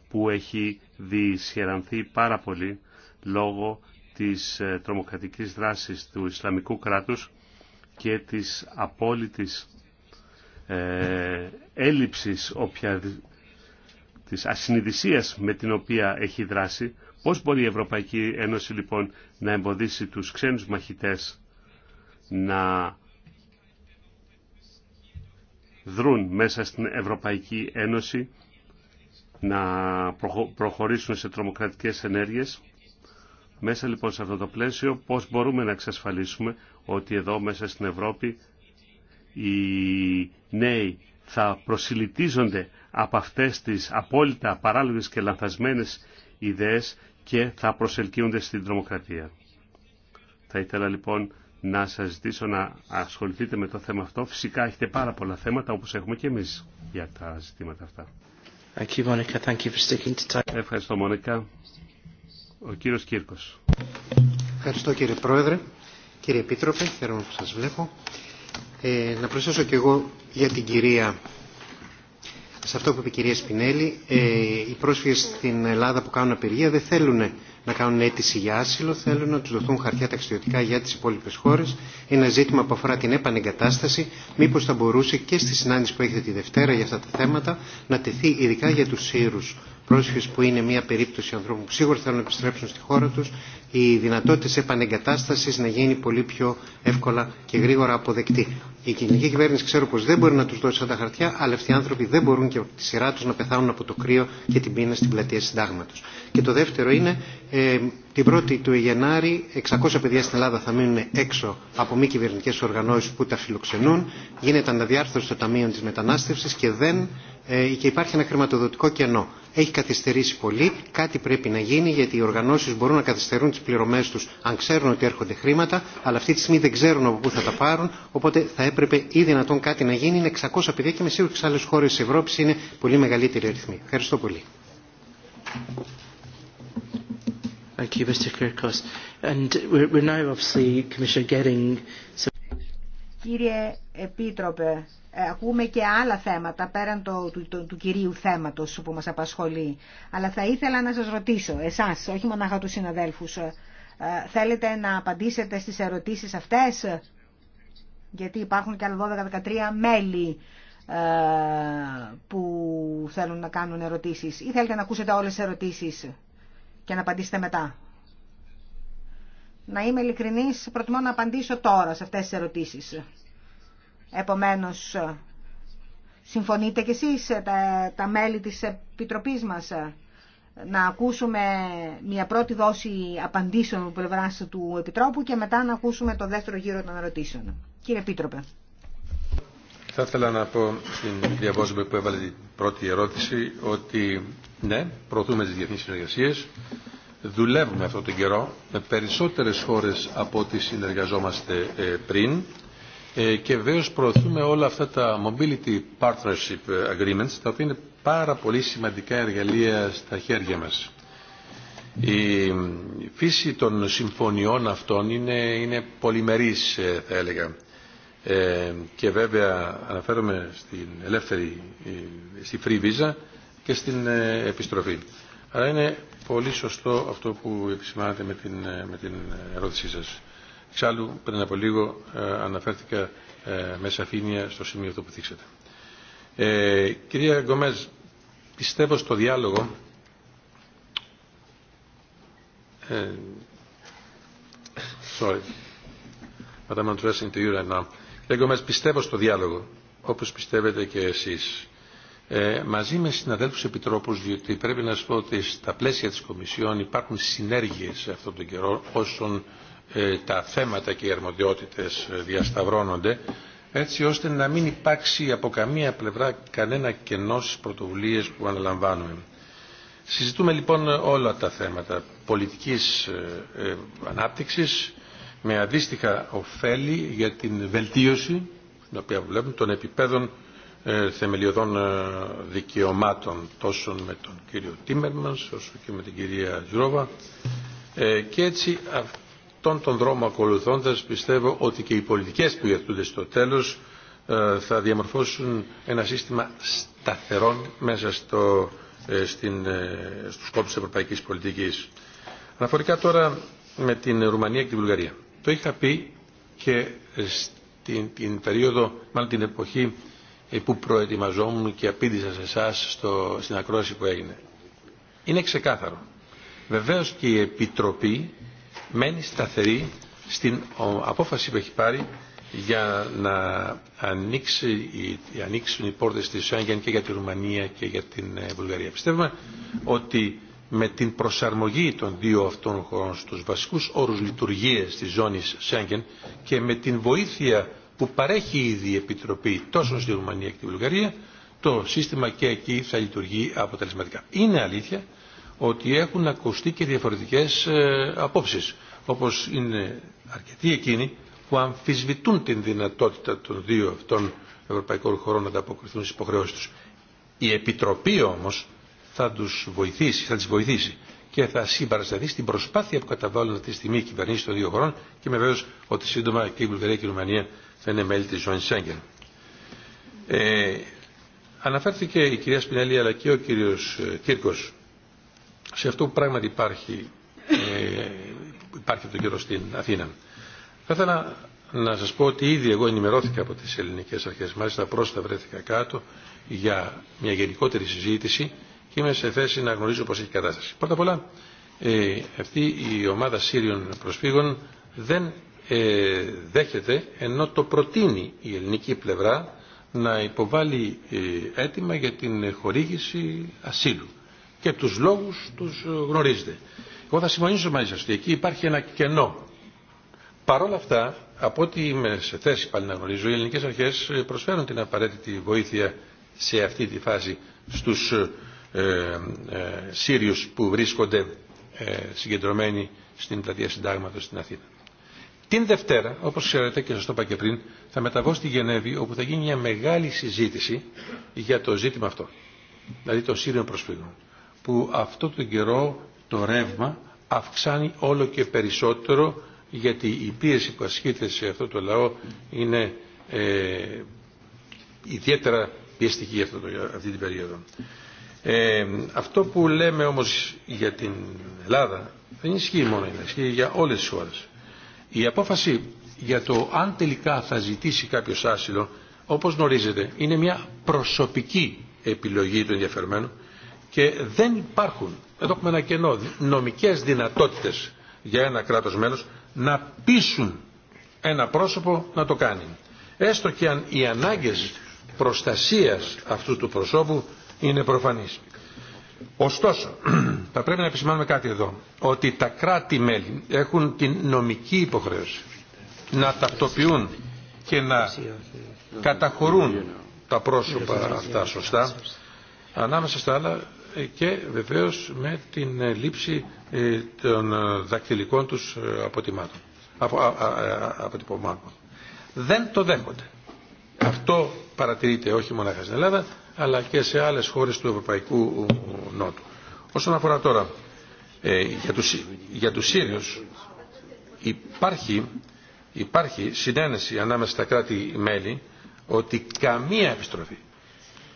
που έχει δυσχερανθεί πάρα πολύ λόγω της ε, τρομοκρατικής δράσης του Ισλαμικού κράτους και της απόλυτης ε, έλλειψης οποια, της ασυνειδησίας με την οποία έχει δράσει. Πώς μπορεί η Ευρωπαϊκή Ένωση λοιπόν να εμποδίσει τους ξένους μαχητές να δρούν μέσα στην Ευρωπαϊκή Ένωση να προχωρήσουν σε τρομοκρατικές ενέργειες. Μέσα λοιπόν σε αυτό το πλαίσιο πώς μπορούμε να εξασφαλίσουμε ότι εδώ μέσα στην Ευρώπη οι νέοι θα προσιλητίζονται από αυτές τις απόλυτα παράλογες και λανθασμένες ιδέες και θα προσελκύονται στην τρομοκρατία. Θα ήθελα λοιπόν να σας ζητήσω να ασχοληθείτε με το θέμα αυτό. Φυσικά έχετε πάρα πολλά θέματα όπως έχουμε και εμείς για τα ζητήματα αυτά. Thank you for sticking to time. Ευχαριστώ Μόνικα. Ο κύριος Κύρκος. Ευχαριστώ κύριε Πρόεδρε. Κύριε Επίτροπε, χαίρομαι που σας βλέπω. Ε, να προσθέσω και εγώ για την κυρία σε αυτό που είπε η κυρία Σπινέλη, ε, οι πρόσφυγες στην Ελλάδα που κάνουν απεργία δεν θέλουν να κάνουν αίτηση για άσυλο θέλουν να του δοθούν χαρτιά ταξιδιωτικά για τι υπόλοιπε χώρε. Ένα ζήτημα που αφορά την επανεγκατάσταση. Μήπω θα μπορούσε και στη συνάντηση που έχετε τη Δευτέρα για αυτά τα θέματα να τεθεί ειδικά για του Σύρου πρόσφυγες που είναι μια περίπτωση ανθρώπων που σίγουρα θέλουν να επιστρέψουν στη χώρα τους, οι δυνατότητες επανεγκατάστασης να γίνει πολύ πιο εύκολα και γρήγορα αποδεκτή. Η κοινωνική κυβέρνηση ξέρω πως δεν μπορεί να τους δώσει σαν τα χαρτιά, αλλά αυτοί οι άνθρωποι δεν μπορούν και από τη σειρά τους να πεθάνουν από το κρύο και την πείνα στην πλατεία συντάγματος. Και το δεύτερο είναι, ε, την 1η του Γενάρη 600 παιδιά στην Ελλάδα θα μείνουν έξω από μη κυβερνητικέ οργανώσει που τα φιλοξενούν. Γίνεται αναδιάρθρωση των ταμείων τη μετανάστευση και, ε, και υπάρχει ένα χρηματοδοτικό κενό. Έχει καθυστερήσει πολύ, κάτι πρέπει να γίνει γιατί οι οργανώσει μπορούν να καθυστερούν τι πληρωμέ του αν ξέρουν ότι έρχονται χρήματα, αλλά αυτή τη στιγμή δεν ξέρουν από πού θα τα πάρουν. Οπότε θα έπρεπε ή δυνατόν κάτι να γίνει. Είναι 600 παιδιά και με και άλλε χώρε τη Ευρώπη είναι πολύ μεγαλύτερη αριθμή. Ευχαριστώ πολύ. Thank you, Mr. Kirkos. And we're, we're now obviously Getting. Κύριε Επίτροπε, ε, ακούμε και άλλα θέματα πέραν του, του, κυρίου θέματος που μας απασχολεί. Αλλά θα ήθελα να σας ρωτήσω, εσάς, όχι μονάχα τους συναδέλφους, ε, ε, θέλετε να απαντήσετε στις ερωτήσεις αυτές, γιατί υπάρχουν και άλλα 12-13 μέλη που θέλουν να κάνουν ερωτήσεις. Ή θέλετε να ακούσετε όλες τις ερωτήσεις και να απαντήσετε μετά. Να είμαι ειλικρινής, προτιμώ να απαντήσω τώρα σε αυτές τις ερωτήσεις. Επομένως, συμφωνείτε κι εσείς ε, τα, τα μέλη της Επιτροπής μας ε, να ακούσουμε μια πρώτη δόση απαντήσεων από πλευρά του Επιτρόπου και μετά να ακούσουμε το δεύτερο γύρο των ερωτήσεων. Κύριε Επίτροπε. Θα ήθελα να πω στην κυρία που έβαλε την πρώτη ερώτηση ότι ναι, προωθούμε τις διεθνείς συνεργασίες, δουλεύουμε αυτόν τον καιρό με περισσότερες χώρες από ό,τι συνεργαζόμαστε ε, πριν ε, και βέβαια προωθούμε όλα αυτά τα mobility partnership agreements τα οποία είναι πάρα πολύ σημαντικά εργαλεία στα χέρια μας. Η φύση των συμφωνιών αυτών είναι, είναι πολυμερής ε, θα έλεγα ε, και βέβαια αναφέρομαι στην ελεύθερη, ε, στη free visa και στην ε, επιστροφή. Άρα είναι πολύ σωστό αυτό που επισημάνατε με την, με την ερώτησή σας. Εξάλλου πριν από λίγο αναφέρθηκα με σαφήνεια στο σημείο αυτό που θίξατε. κυρία Γκομέζ, πιστεύω στο διάλογο ε, sorry but I'm addressing to you right now εγώ μας πιστεύω στο διάλογο, όπως πιστεύετε και εσείς. Ε, μαζί με συναδέλφους επιτρόπους, διότι πρέπει να σας πω ότι στα πλαίσια της Κομισιόν υπάρχουν συνέργειες αυτόν τον καιρό όσον ε, τα θέματα και οι αρμοδιότητες ε, διασταυρώνονται, έτσι ώστε να μην υπάρξει από καμία πλευρά κανένα κενό στις πρωτοβουλίες που αναλαμβάνουμε. Συζητούμε λοιπόν όλα τα θέματα πολιτικής ε, ανάπτυξης, με αντίστοιχα ωφέλη για την βελτίωση την οποία βλέπουμε των επιπέδων ε, θεμελιωδών ε, δικαιωμάτων τόσο με τον κύριο Τίμερμανς όσο και με την κυρία ε, και έτσι αυτόν τον δρόμο ακολουθώντας πιστεύω ότι και οι πολιτικές που γερτούνται στο τέλος ε, θα διαμορφώσουν ένα σύστημα σταθερών μέσα στο, στην, στους κόπους της ευρωπαϊκής πολιτικής. Αναφορικά τώρα με την Ρουμανία και την Βουλγαρία. Το είχα πει και στην την περίοδο, μάλλον την εποχή που προετοιμαζόμουν και απήντησα σε εσά στην ακρόαση που έγινε. Είναι ξεκάθαρο. Βεβαίως και η Επιτροπή μένει σταθερή στην απόφαση που έχει πάρει για να ανοίξει, ανοίξουν οι πόρτες της Σέγγεν και για τη Ρουμανία και για την ε, Βουλγαρία. Πιστεύουμε ότι με την προσαρμογή των δύο αυτών χωρών στους βασικούς όρους λειτουργίας της ζώνης Σέγγεν και με την βοήθεια που παρέχει ήδη η Επιτροπή τόσο στη Ρουμανία και τη Βουλγαρία, το σύστημα και εκεί θα λειτουργεί αποτελεσματικά. Είναι αλήθεια ότι έχουν ακουστεί και διαφορετικές ε, απόψεις, όπως είναι αρκετοί εκείνοι που αμφισβητούν την δυνατότητα των δύο αυτών ευρωπαϊκών χωρών να ανταποκριθούν στις υποχρεώσεις τους. Η Επιτροπή όμως θα του βοηθήσει, θα τι βοηθήσει και θα συμπαρασταθεί στην προσπάθεια που καταβάλουν αυτή τη στιγμή οι κυβερνήσει των δύο χωρών και με βέβαιο ότι σύντομα και η Βουλγαρία και η Ρουμανία θα είναι μέλη τη ζώνη Σέγγεν. Ε, αναφέρθηκε η κυρία Σπινέλη αλλά και ο κύριο ε, Κύρκο σε αυτό που πράγματι υπάρχει, ε, υπάρχει από τον καιρό στην Αθήνα. Θα ήθελα να σας πω ότι ήδη εγώ ενημερώθηκα από τις ελληνικές αρχές. Μάλιστα πρόσφατα βρέθηκα κάτω για μια γενικότερη συζήτηση και είμαι σε θέση να γνωρίζω πώς έχει κατάσταση. Πρώτα απ' όλα, ε, αυτή η ομάδα Σύριων προσφύγων δεν ε, δέχεται, ενώ το προτείνει η ελληνική πλευρά, να υποβάλει ε, αίτημα για την χορήγηση ασύλου. Και τους λόγους τους γνωρίζετε. Εγώ θα συμφωνήσω μαζί σας ότι εκεί υπάρχει ένα κενό. Παρ' όλα αυτά, από ό,τι είμαι σε θέση πάλι να γνωρίζω, οι ελληνικές αρχές ε, προσφέρουν την απαραίτητη βοήθεια σε αυτή τη φάση στους ε, ε, ε, Σύριους που βρίσκονται ε, συγκεντρωμένοι στην πλατεία συντάγματος στην Αθήνα. Την Δευτέρα, όπως ξέρετε και σας το είπα και πριν, θα μεταβώ στη Γενέβη όπου θα γίνει μια μεγάλη συζήτηση για το ζήτημα αυτό, δηλαδή των Σύριων προσφύγων, που αυτό τον καιρό το ρεύμα αυξάνει όλο και περισσότερο γιατί η πίεση που ασκείται σε αυτό το λαό είναι ε, ιδιαίτερα πιεστική αυτή την περίοδο. Ε, αυτό που λέμε όμως για την Ελλάδα δεν ισχύει μόνο η ισχύει για όλες τις χώρες. Η απόφαση για το αν τελικά θα ζητήσει κάποιο άσυλο, όπως γνωρίζετε, είναι μια προσωπική επιλογή του ενδιαφερμένου και δεν υπάρχουν, εδώ έχουμε ένα κενό, νομικές δυνατότητες για ένα κράτος μέλος να πείσουν ένα πρόσωπο να το κάνει. Έστω και αν οι ανάγκες προστασίας αυτού του προσώπου είναι προφανής. Ωστόσο, θα πρέπει να επισημάνουμε κάτι εδώ, ότι τα κράτη-μέλη έχουν την νομική υποχρέωση να ταυτοποιούν και να καταχωρούν τα πρόσωπα αυτά σωστά, ανάμεσα στα άλλα ε, και βεβαίως με την ε, λήψη ε, των δακτυλικών τους αποτυπωμάτων. Δεν το δέχονται. Αυτό παρατηρείται όχι μόνο στην Ελλάδα, αλλά και σε άλλες χώρες του Ευρωπαϊκού Νότου. Όσον αφορά τώρα ε, για, τους, για Σύριους υπάρχει, υπάρχει συνένεση ανάμεσα στα κράτη-μέλη ότι καμία επιστροφή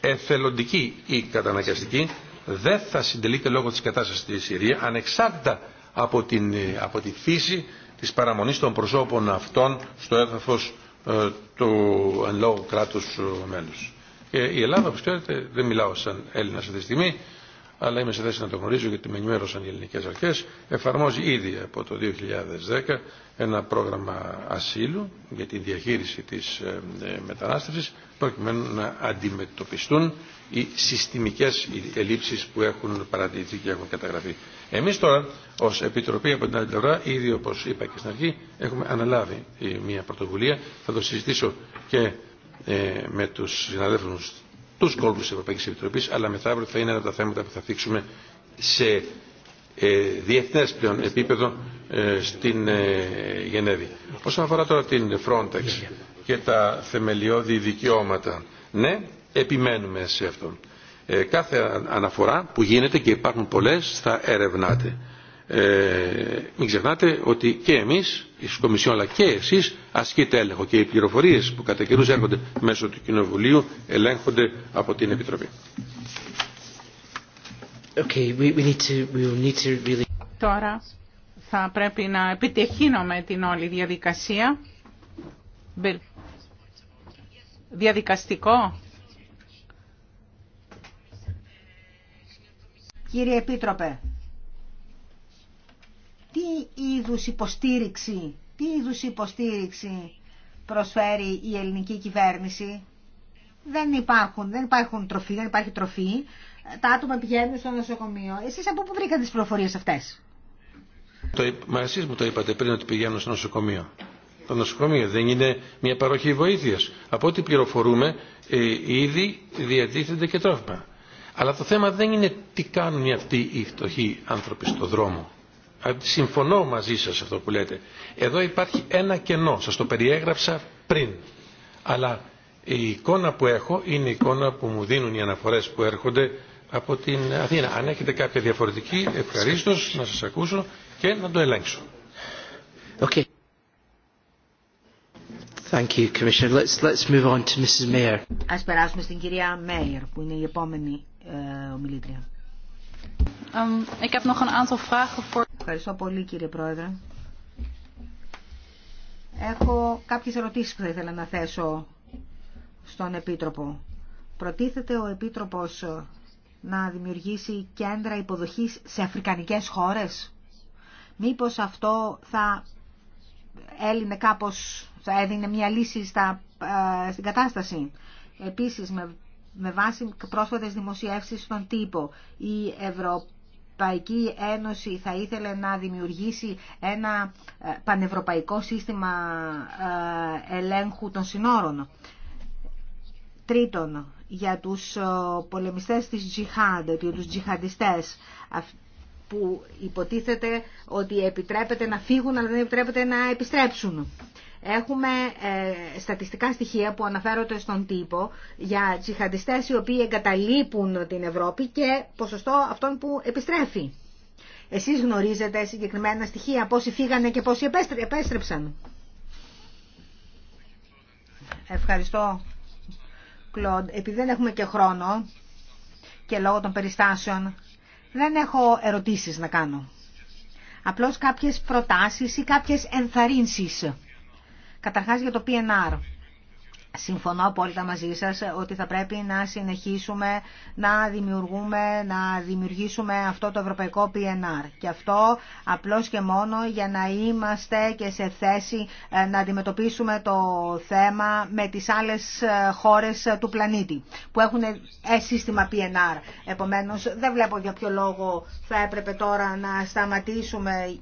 εθελοντική ή καταναγκαστική δεν θα συντελείται λόγω της κατάστασης στη Συρία ανεξάρτητα από, την, από τη φύση της παραμονής των προσώπων αυτών στο έδαφος ε, του εν λόγω κράτους ε, μέλους. Και η Ελλάδα, όπω ξέρετε, δεν μιλάω σαν Έλληνα αυτή τη στιγμή, αλλά είμαι σε θέση να το γνωρίζω γιατί με ενημέρωσαν οι ελληνικέ αρχέ. Εφαρμόζει ήδη από το 2010 ένα πρόγραμμα ασύλου για τη διαχείριση τη ε, ε, μετανάστευση, προκειμένου να αντιμετωπιστούν οι συστημικέ ελλείψεις που έχουν παρατηρηθεί και έχουν καταγραφεί. Εμεί τώρα, ω Επιτροπή από την άλλη πλευρά, ήδη όπω είπα και στην αρχή, έχουμε αναλάβει ε, μια πρωτοβουλία. Θα το συζητήσω και ε, με τους συναδέλφους τους κόλπους της Ευρωπαϊκής Επιτροπής αλλά μεθαύριο θα είναι ένα από τα θέματα που θα θίξουμε σε ε, διεθνές πλέον επίπεδο ε, στην Γενέβη. Όσον αφορά τώρα την Frontex και τα θεμελιώδη δικαιώματα, ναι, επιμένουμε σε αυτόν. Κάθε αναφορά που γίνεται και υπάρχουν πολλές θα ερευνάτε. Μην ξεχνάτε ότι και εμείς η Κομισιόν αλλά και εσεί ασκείτε έλεγχο και οι πληροφορίε που κατά καιρού έρχονται μέσω του Κοινοβουλίου ελέγχονται από την Επιτροπή. Okay, we, we need to, we need to really... Τώρα θα πρέπει να επιτεχύνουμε την όλη διαδικασία. Διαδικαστικό. Κύριε Επίτροπε, τι είδους υποστήριξη, τι είδους υποστήριξη προσφέρει η ελληνική κυβέρνηση. Δεν υπάρχουν, δεν υπάρχουν τροφή, δεν υπάρχει τροφή. Τα άτομα πηγαίνουν στο νοσοκομείο. Εσείς από πού βρήκατε τις πληροφορίες αυτές. Το, μα εσείς μου το είπατε πριν ότι πηγαίνουν στο νοσοκομείο. Το νοσοκομείο δεν είναι μια παροχή βοήθειας. Από ό,τι πληροφορούμε ε, ήδη διατίθενται και τρόφιμα. Αλλά το θέμα δεν είναι τι κάνουν αυτοί οι φτωχοί άνθρωποι στο δρόμο συμφωνώ μαζί σας αυτό που λέτε. Εδώ υπάρχει ένα κενό, σας το περιέγραψα πριν. Αλλά η εικόνα που έχω είναι η εικόνα που μου δίνουν οι αναφορές που έρχονται από την Αθήνα. Αν έχετε κάποια διαφορετική, ευχαρίστω να σας ακούσω και να το ελέγξω. Okay. Thank you, Commissioner. Let's, let's move on to Mrs. Ας περάσουμε στην κυρία Μέιερ, που είναι η επόμενη ε, ομιλήτρια. Ehm, Ευχαριστώ πολύ κύριε Πρόεδρε. Έχω κάποιες ερωτήσεις που θα ήθελα να θέσω στον Επίτροπο. Προτίθεται ο Επίτροπος ε, να δημιουργήσει κέντρα υποδοχής σε αφρικανικές χώρες. Μήπως αυτό θα έλυνε κάπως, θα έδινε μια λύση στα, ε, στην κατάσταση. Επίσης με με βάση πρόσφατες δημοσιεύσεις στον τύπο. Η Ευρωπαϊκή Ένωση θα ήθελε να δημιουργήσει ένα ε, πανευρωπαϊκό σύστημα ε, ελέγχου των συνόρων. Τρίτον, για τους ε, πολεμιστές της τζιχάντ, για τους τζιχαντιστές, που υποτίθεται ότι επιτρέπεται να φύγουν αλλά δεν επιτρέπεται να επιστρέψουν. Έχουμε ε, στατιστικά στοιχεία που αναφέρονται στον τύπο για τσιχαντιστές οι οποίοι εγκαταλείπουν την Ευρώπη και ποσοστό αυτών που επιστρέφει. Εσείς γνωρίζετε συγκεκριμένα στοιχεία πόσοι φύγανε και πόσοι επέστρεψαν. Ευχαριστώ, Κλοντ. Επειδή δεν έχουμε και χρόνο και λόγω των περιστάσεων, δεν έχω ερωτήσεις να κάνω. Απλώς κάποιες προτάσεις ή κάποιες ενθαρρύνσεις Καταρχάς για το PNR. Συμφωνώ απόλυτα μαζί σας ότι θα πρέπει να συνεχίσουμε να δημιουργούμε, να δημιουργήσουμε αυτό το ευρωπαϊκό PNR. Και αυτό απλώς και μόνο για να είμαστε και σε θέση ε, να αντιμετωπίσουμε το θέμα με τις άλλες ε, χώρες του πλανήτη που έχουν ε, σύστημα PNR. Επομένως δεν βλέπω για ποιο λόγο θα έπρεπε τώρα να σταματήσουμε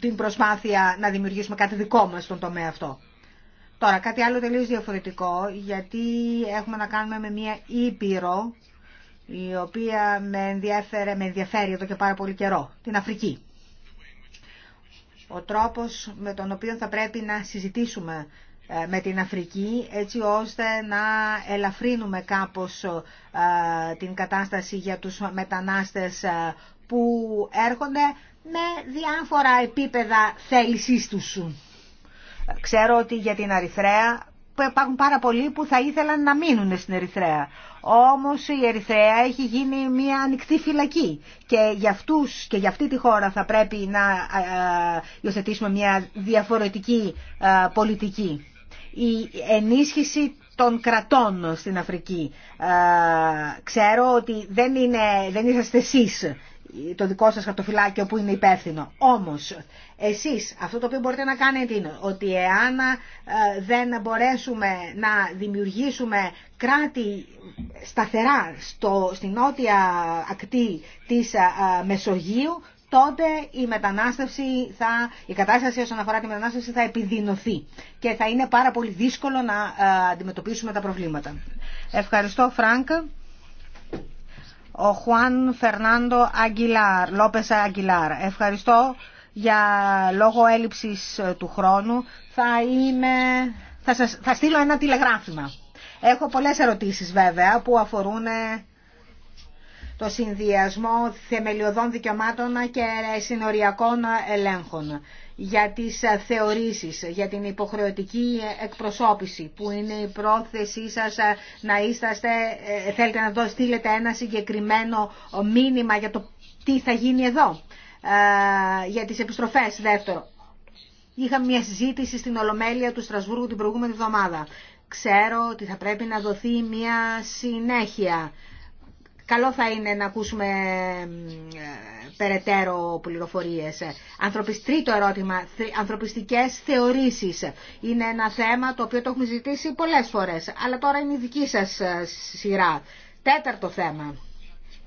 την προσπάθεια να δημιουργήσουμε κάτι δικό μας στον τομέα αυτό. Τώρα, κάτι άλλο τελείως διαφορετικό, γιατί έχουμε να κάνουμε με μια ήπειρο, η οποία με, ενδιαφέρε, με ενδιαφέρει εδώ και πάρα πολύ καιρό, την Αφρική. Ο τρόπος με τον οποίο θα πρέπει να συζητήσουμε ε, με την Αφρική, έτσι ώστε να ελαφρύνουμε κάπως ε, την κατάσταση για τους μετανάστες ε, που έρχονται με διάφορα επίπεδα θέλησής τους. Ξέρω ότι για την Αριθρέα υπάρχουν πάρα πολλοί που θα ήθελαν να μείνουν στην Ερυθρέα. Όμως η Ερυθρέα έχει γίνει μια ανοιχτή φυλακή και για, και για αυτή τη χώρα θα πρέπει να ε, ε, υιοθετήσουμε μια διαφορετική ε, πολιτική. Η ενίσχυση των κρατών στην Αφρική. ξέρω ότι δεν, είναι, δεν είσαστε εσείς το δικό σας χαρτοφυλάκιο που είναι υπεύθυνο. Όμως, εσείς αυτό το οποίο μπορείτε να κάνετε είναι ότι εάν ε, δεν μπορέσουμε να δημιουργήσουμε κράτη σταθερά στο, στην νότια ακτή της ε, Μεσογείου, τότε η μετανάστευση θα, η κατάσταση όσον αφορά τη μετανάστευση θα επιδεινωθεί και θα είναι πάρα πολύ δύσκολο να ε, αντιμετωπίσουμε τα προβλήματα. Ευχαριστώ Φρανκ ο Χουάν Φερνάντο Αγγιλάρ, Λόπες Αγγιλάρ. Ευχαριστώ για λόγω έλλειψης ε, του χρόνου. Θα, είμαι... θα, σας... θα στείλω ένα τηλεγράφημα. Έχω πολλές ερωτήσεις βέβαια που αφορούν ε, το συνδυασμό θεμελιωδών δικαιωμάτων και συνοριακών ελέγχων για τις ε, θεωρήσεις, για την υποχρεωτική εκπροσώπηση που είναι η πρόθεσή σας ε, να είσαστε, ε, θέλετε να το στείλετε ένα συγκεκριμένο μήνυμα για το τι θα γίνει εδώ, για τις επιστροφές δεύτερο. Είχαμε μια συζήτηση στην Ολομέλεια του Στρασβούργου την προηγούμενη εβδομάδα. Ξέρω ότι θα πρέπει να δοθεί μια συνέχεια καλό θα είναι να ακούσουμε περαιτέρω πληροφορίες. Τρίτο ερώτημα, ανθρωπιστικές θεωρήσεις. Είναι ένα θέμα το οποίο το έχουμε ζητήσει πολλές φορές, αλλά τώρα είναι η δική σας ε, σειρά. Τέταρτο θέμα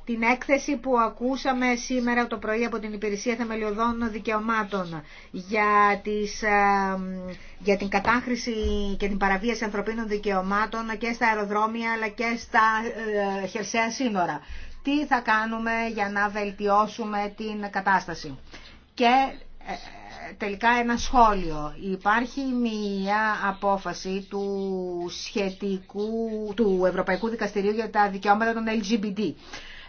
την έκθεση που ακούσαμε σήμερα το πρωί από την Υπηρεσία Θεμελιωδών Δικαιωμάτων για, τις, ε, για την κατάχρηση και την παραβίαση ανθρωπίνων δικαιωμάτων και στα αεροδρόμια αλλά και στα ε, χερσαία σύνορα. Τι θα κάνουμε για να βελτιώσουμε την κατάσταση. Και ε, τελικά ένα σχόλιο. Υπάρχει μία απόφαση του, σχετικού, του Ευρωπαϊκού Δικαστηρίου για τα δικαιώματα των LGBT.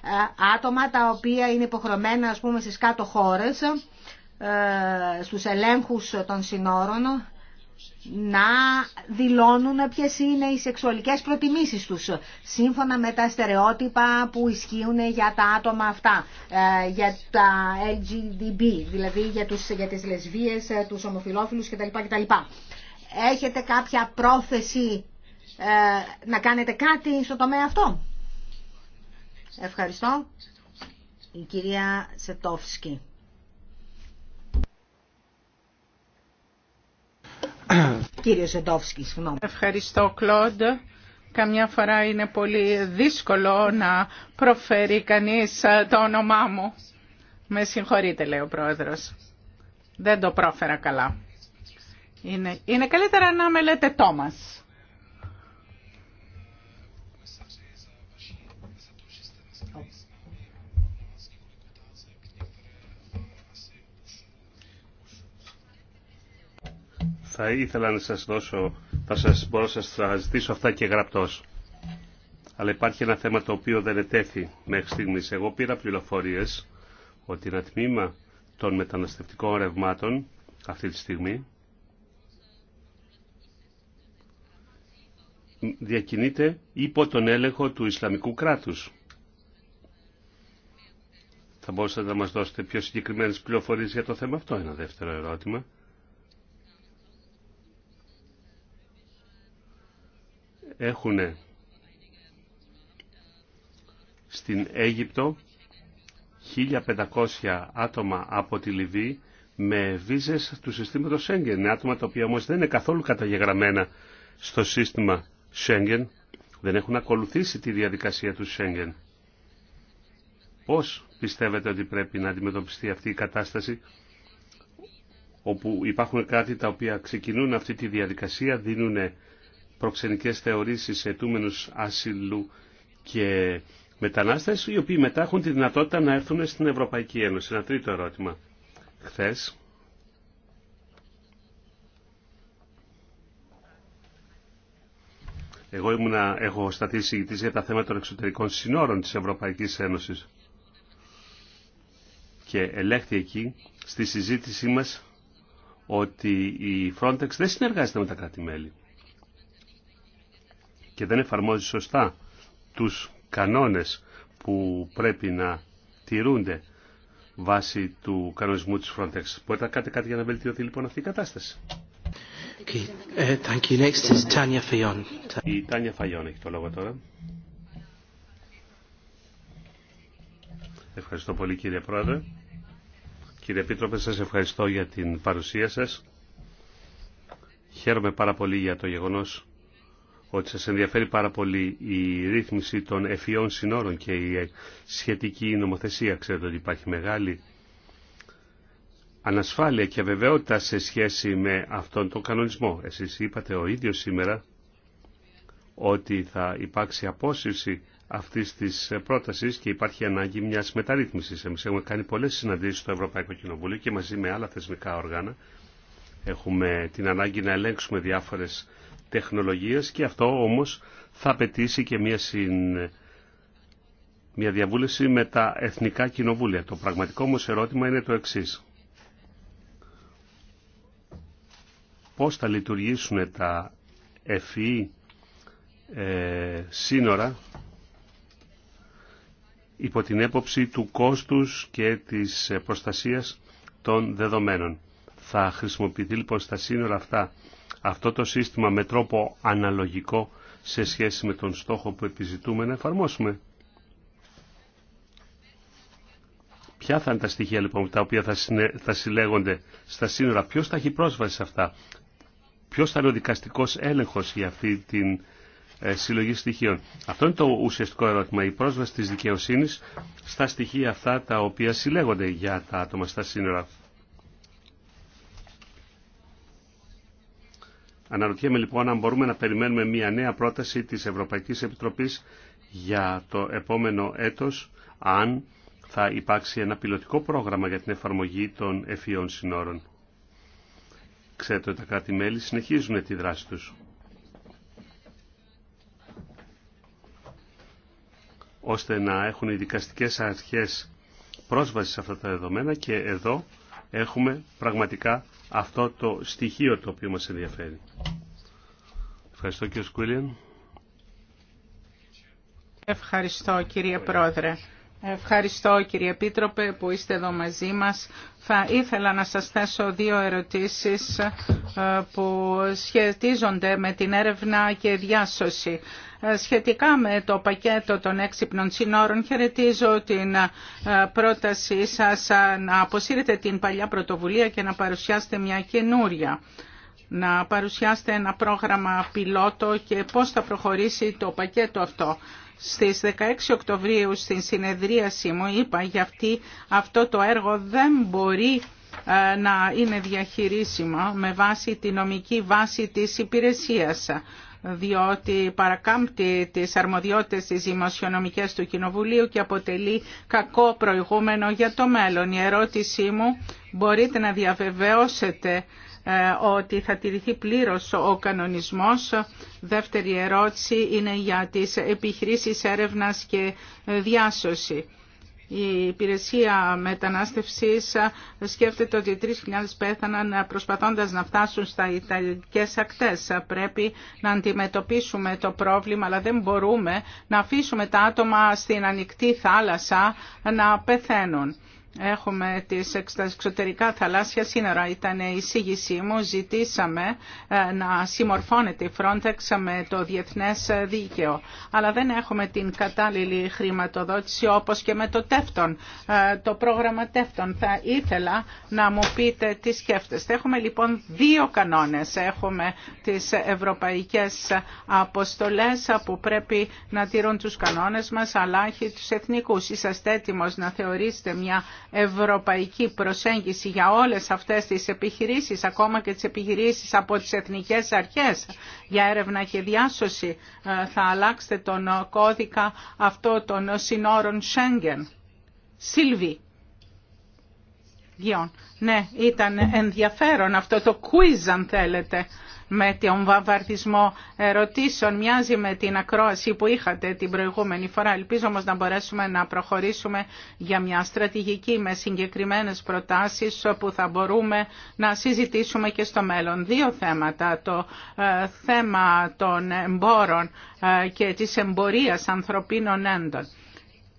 Ε, άτομα τα οποία είναι υποχρεωμένα ας πούμε στις κάτω χώρες, ε, στους ελέγχους των συνόρων, να δηλώνουν ποιες είναι οι σεξουαλικές προτιμήσεις τους σύμφωνα με τα στερεότυπα που ισχύουν για τα άτομα αυτά ε, για τα LGDB δηλαδή για, τους, για τις λεσβίες, τους ομοφιλόφιλους κτλ. κτλ. Έχετε κάποια πρόθεση να κάνετε κάτι στο τομέα αυτό. Ευχαριστώ. Η κυρία Σετόφσκι. Κύριε Σετόφσκι, συγγνώμη. Ευχαριστώ, Κλοντ. Καμιά φορά είναι πολύ δύσκολο να προφέρει κανείς ε, το όνομά μου. Με συγχωρείτε, λέει ο πρόεδρος. Δεν το πρόφερα καλά. Είναι, είναι καλύτερα να με λέτε Τόμας. θα ήθελα να σας δώσω, θα σας, μπορώ να σας ζητήσω αυτά και γραπτός. Αλλά υπάρχει ένα θέμα το οποίο δεν ετέθη μέχρι στιγμής. Εγώ πήρα πληροφορίες ότι ένα τμήμα των μεταναστευτικών ρευμάτων αυτή τη στιγμή διακινείται υπό τον έλεγχο του Ισλαμικού κράτους. Θα μπορούσατε να μας δώσετε πιο συγκεκριμένες πληροφορίες για το θέμα αυτό, ένα δεύτερο ερώτημα. έχουν στην Αίγυπτο 1.500 άτομα από τη Λιβύη με βίζες του συστήματος Σέγγεν. άτομα τα οποία όμως δεν είναι καθόλου καταγεγραμμένα στο σύστημα Σέγγεν. Δεν έχουν ακολουθήσει τη διαδικασία του Σέγγεν. Πώς πιστεύετε ότι πρέπει να αντιμετωπιστεί αυτή η κατάσταση όπου υπάρχουν κάτι τα οποία ξεκινούν αυτή τη διαδικασία, δίνουν προξενικές θεωρήσεις σε ασύλου και μετανάστες, οι οποίοι μετά έχουν τη δυνατότητα να έρθουν στην Ευρωπαϊκή Ένωση. Ένα τρίτο ερώτημα. Χθες, εγώ ήμουν έχω σταθεί συγητής για τα θέματα των εξωτερικών συνόρων της Ευρωπαϊκής Ένωσης και ελέγχθη εκεί στη συζήτησή μας ότι η Frontex δεν συνεργάζεται με τα κράτη-μέλη και δεν εφαρμόζει σωστά τους κανόνες που πρέπει να τηρούνται βάσει του κανονισμού της Frontex. Μπορείτε να κάνετε κάτι για να βελτιωθεί λοιπόν αυτή η κατάσταση. Ε, thank you. Next is Tanya Fayon. Η Τάνια Φαγιόν έχει το λόγο τώρα. Ευχαριστώ πολύ κύριε Πρόεδρε. Κύριε Επίτροπε, σας ευχαριστώ για την παρουσία σας. Χαίρομαι πάρα πολύ για το γεγονός ότι σας ενδιαφέρει πάρα πολύ η ρύθμιση των εφιών συνόρων και η σχετική νομοθεσία. Ξέρετε ότι υπάρχει μεγάλη ανασφάλεια και βεβαιότητα σε σχέση με αυτόν τον κανονισμό. Εσείς είπατε ο ίδιος σήμερα ότι θα υπάρξει απόσυρση αυτή τη πρόταση και υπάρχει ανάγκη μιας μεταρρύθμιση. Εμείς έχουμε κάνει πολλέ συναντήσει στο Ευρωπαϊκό Κοινοβούλιο και μαζί με άλλα θεσμικά όργανα έχουμε την ανάγκη να ελέγξουμε διάφορε τεχνολογίας και αυτό όμως θα απαιτήσει και μια, μια διαβούλευση με τα εθνικά κοινοβούλια. Το πραγματικό όμως ερώτημα είναι το εξής. Πώς θα λειτουργήσουν τα e, Εφή σύνορα υπό την έποψη του κόστους και της ε, προστασίας των δεδομένων. Θα χρησιμοποιηθεί λοιπόν στα σύνορα αυτά αυτό το σύστημα με τρόπο αναλογικό σε σχέση με τον στόχο που επιζητούμε να εφαρμόσουμε. Ποια θα είναι τα στοιχεία λοιπόν τα οποία θα, συνε... θα συλλέγονται στα σύνορα, ποιος θα έχει πρόσβαση σε αυτά, ποιος θα είναι ο δικαστικός έλεγχος για αυτή την ε, συλλογή στοιχείων. Αυτό είναι το ουσιαστικό ερώτημα, η πρόσβαση της δικαιοσύνης στα στοιχεία αυτά τα οποία συλλέγονται για τα άτομα στα σύνορα. Αναρωτιέμαι λοιπόν αν μπορούμε να περιμένουμε μια νέα πρόταση της Ευρωπαϊκής Επιτροπής για το επόμενο έτος, αν θα υπάρξει ένα πιλωτικό πρόγραμμα για την εφαρμογή των εφιών συνόρων. Ξέρετε ότι τα κράτη-μέλη συνεχίζουν τη δράση τους. ώστε να έχουν οι δικαστικές αρχές πρόσβαση σε αυτά τα δεδομένα και εδώ έχουμε πραγματικά αυτό το στοιχείο το οποίο μας ενδιαφέρει. Ευχαριστώ κύριε Σκούλιαν. Ευχαριστώ κύριε Πρόεδρε. Ευχαριστώ κύριε Επίτροπε που είστε εδώ μαζί μας. Θα ήθελα να σας θέσω δύο ερωτήσεις ε, που σχετίζονται με την έρευνα και διάσωση. Σχετικά με το πακέτο των έξυπνων συνόρων, χαιρετίζω την ε, πρότασή σας ε, να αποσύρετε την παλιά πρωτοβουλία και να παρουσιάσετε μια καινούρια. Να παρουσιάσετε ένα πρόγραμμα πιλότο και πώς θα προχωρήσει το πακέτο αυτό. Στις 16 Οκτωβρίου στην συνεδρίαση μου είπα γιατί αυτό το έργο δεν μπορεί ε, να είναι διαχειρίσιμο με βάση τη νομική βάση της υπηρεσίας διότι παρακάμπτει τις αρμοδιότητες της δημοσιονομικές του Κοινοβουλίου και αποτελεί κακό προηγούμενο για το μέλλον. Η ερώτησή μου μπορείτε να διαβεβαιώσετε ε, ότι θα τηρηθεί πλήρως ο κανονισμός. Δεύτερη ερώτηση είναι για τις επιχειρήσεις έρευνας και διάσωση. Η υπηρεσία μετανάστευσης σκέφτεται ότι 3.000 πέθαναν προσπαθώντας να φτάσουν στα Ιταλικές ακτές. Πρέπει να αντιμετωπίσουμε το πρόβλημα, αλλά δεν μπορούμε να αφήσουμε τα άτομα στην ανοιχτή θάλασσα να πεθαίνουν. Έχουμε τις εξωτερικά θαλάσσια σύνορα. Ήταν η εισήγησή μου. Ζητήσαμε ε, να συμμορφώνεται η Frontex με το διεθνές δίκαιο. Αλλά δεν έχουμε την κατάλληλη χρηματοδότηση όπως και με το τεύτον, το πρόγραμμα τεύτον. Θα ήθελα να μου πείτε τι σκέφτεστε. Έχουμε λοιπόν δύο κανόνες. Έχουμε τις ευρωπαϊκές αποστολές που πρέπει να τηρούν τους κανόνες μας αλλά και τους εθνικούς. Είσαστε έτοιμος να θεωρήσετε μια ευρωπαϊκή προσέγγιση για όλες αυτές τις επιχειρήσεις, ακόμα και τις επιχειρήσεις από τις εθνικές αρχές για έρευνα και διάσωση. Ε, θα αλλάξετε τον κώδικα αυτό των συνόρων Schengen. Σίλβι. Ναι, ήταν ενδιαφέρον αυτό το quiz αν θέλετε με τον βαμβαρδισμό ερωτήσεων. Μοιάζει με την ακρόαση που είχατε την προηγούμενη φορά. Ελπίζω όμως να μπορέσουμε να προχωρήσουμε για μια στρατηγική με συγκεκριμένες προτάσεις που θα μπορούμε να συζητήσουμε και στο μέλλον. Δύο θέματα. Το ε, θέμα των εμπόρων ε, και τη εμπορίας ανθρωπίνων έντων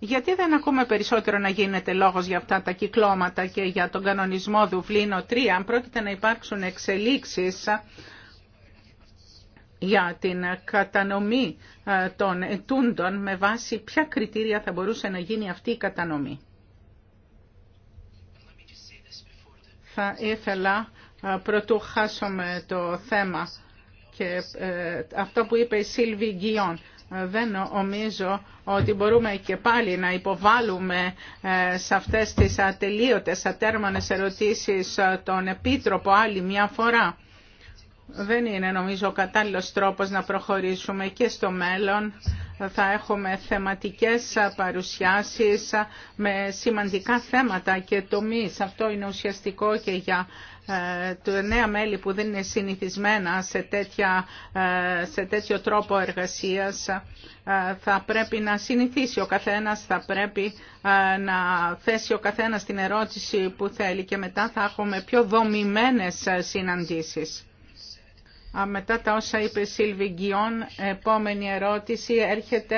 γιατί δεν ακούμε περισσότερο να γίνεται λόγος για αυτά τα κυκλώματα και για τον κανονισμό Δουβλίνο 3, αν πρόκειται να υπάρξουν εξελίξεις για την κατανομή ε, των ετούντων, με βάση ποια κριτήρια θα μπορούσε να γίνει αυτή η κατανομή. Θα ήθελα, ε, πρωτού χάσουμε το θέμα, και ε, αυτό που είπε η Σίλβη Γκιόν, δεν νομίζω ότι μπορούμε και πάλι να υποβάλουμε ε, σε αυτές τις ατελείωτες, ατέρμανες ερωτήσεις ε, τον Επίτροπο άλλη μια φορά. Δεν είναι νομίζω ο κατάλληλος τρόπος να προχωρήσουμε και στο μέλλον. Θα έχουμε θεματικές παρουσιάσεις με σημαντικά θέματα και τομείς. Αυτό είναι ουσιαστικό και για ε, νέα μέλη που δεν είναι συνηθισμένα σε, τέτοια, ε, σε τέτοιο τρόπο εργασίας ε, θα πρέπει να συνηθίσει ο καθένας, θα πρέπει να θέσει ο καθένας την ερώτηση που θέλει και μετά θα έχουμε πιο δομημένες συναντήσεις. Μετά τα όσα είπε η Σίλβη Γκιόν, επόμενη ερώτηση έρχεται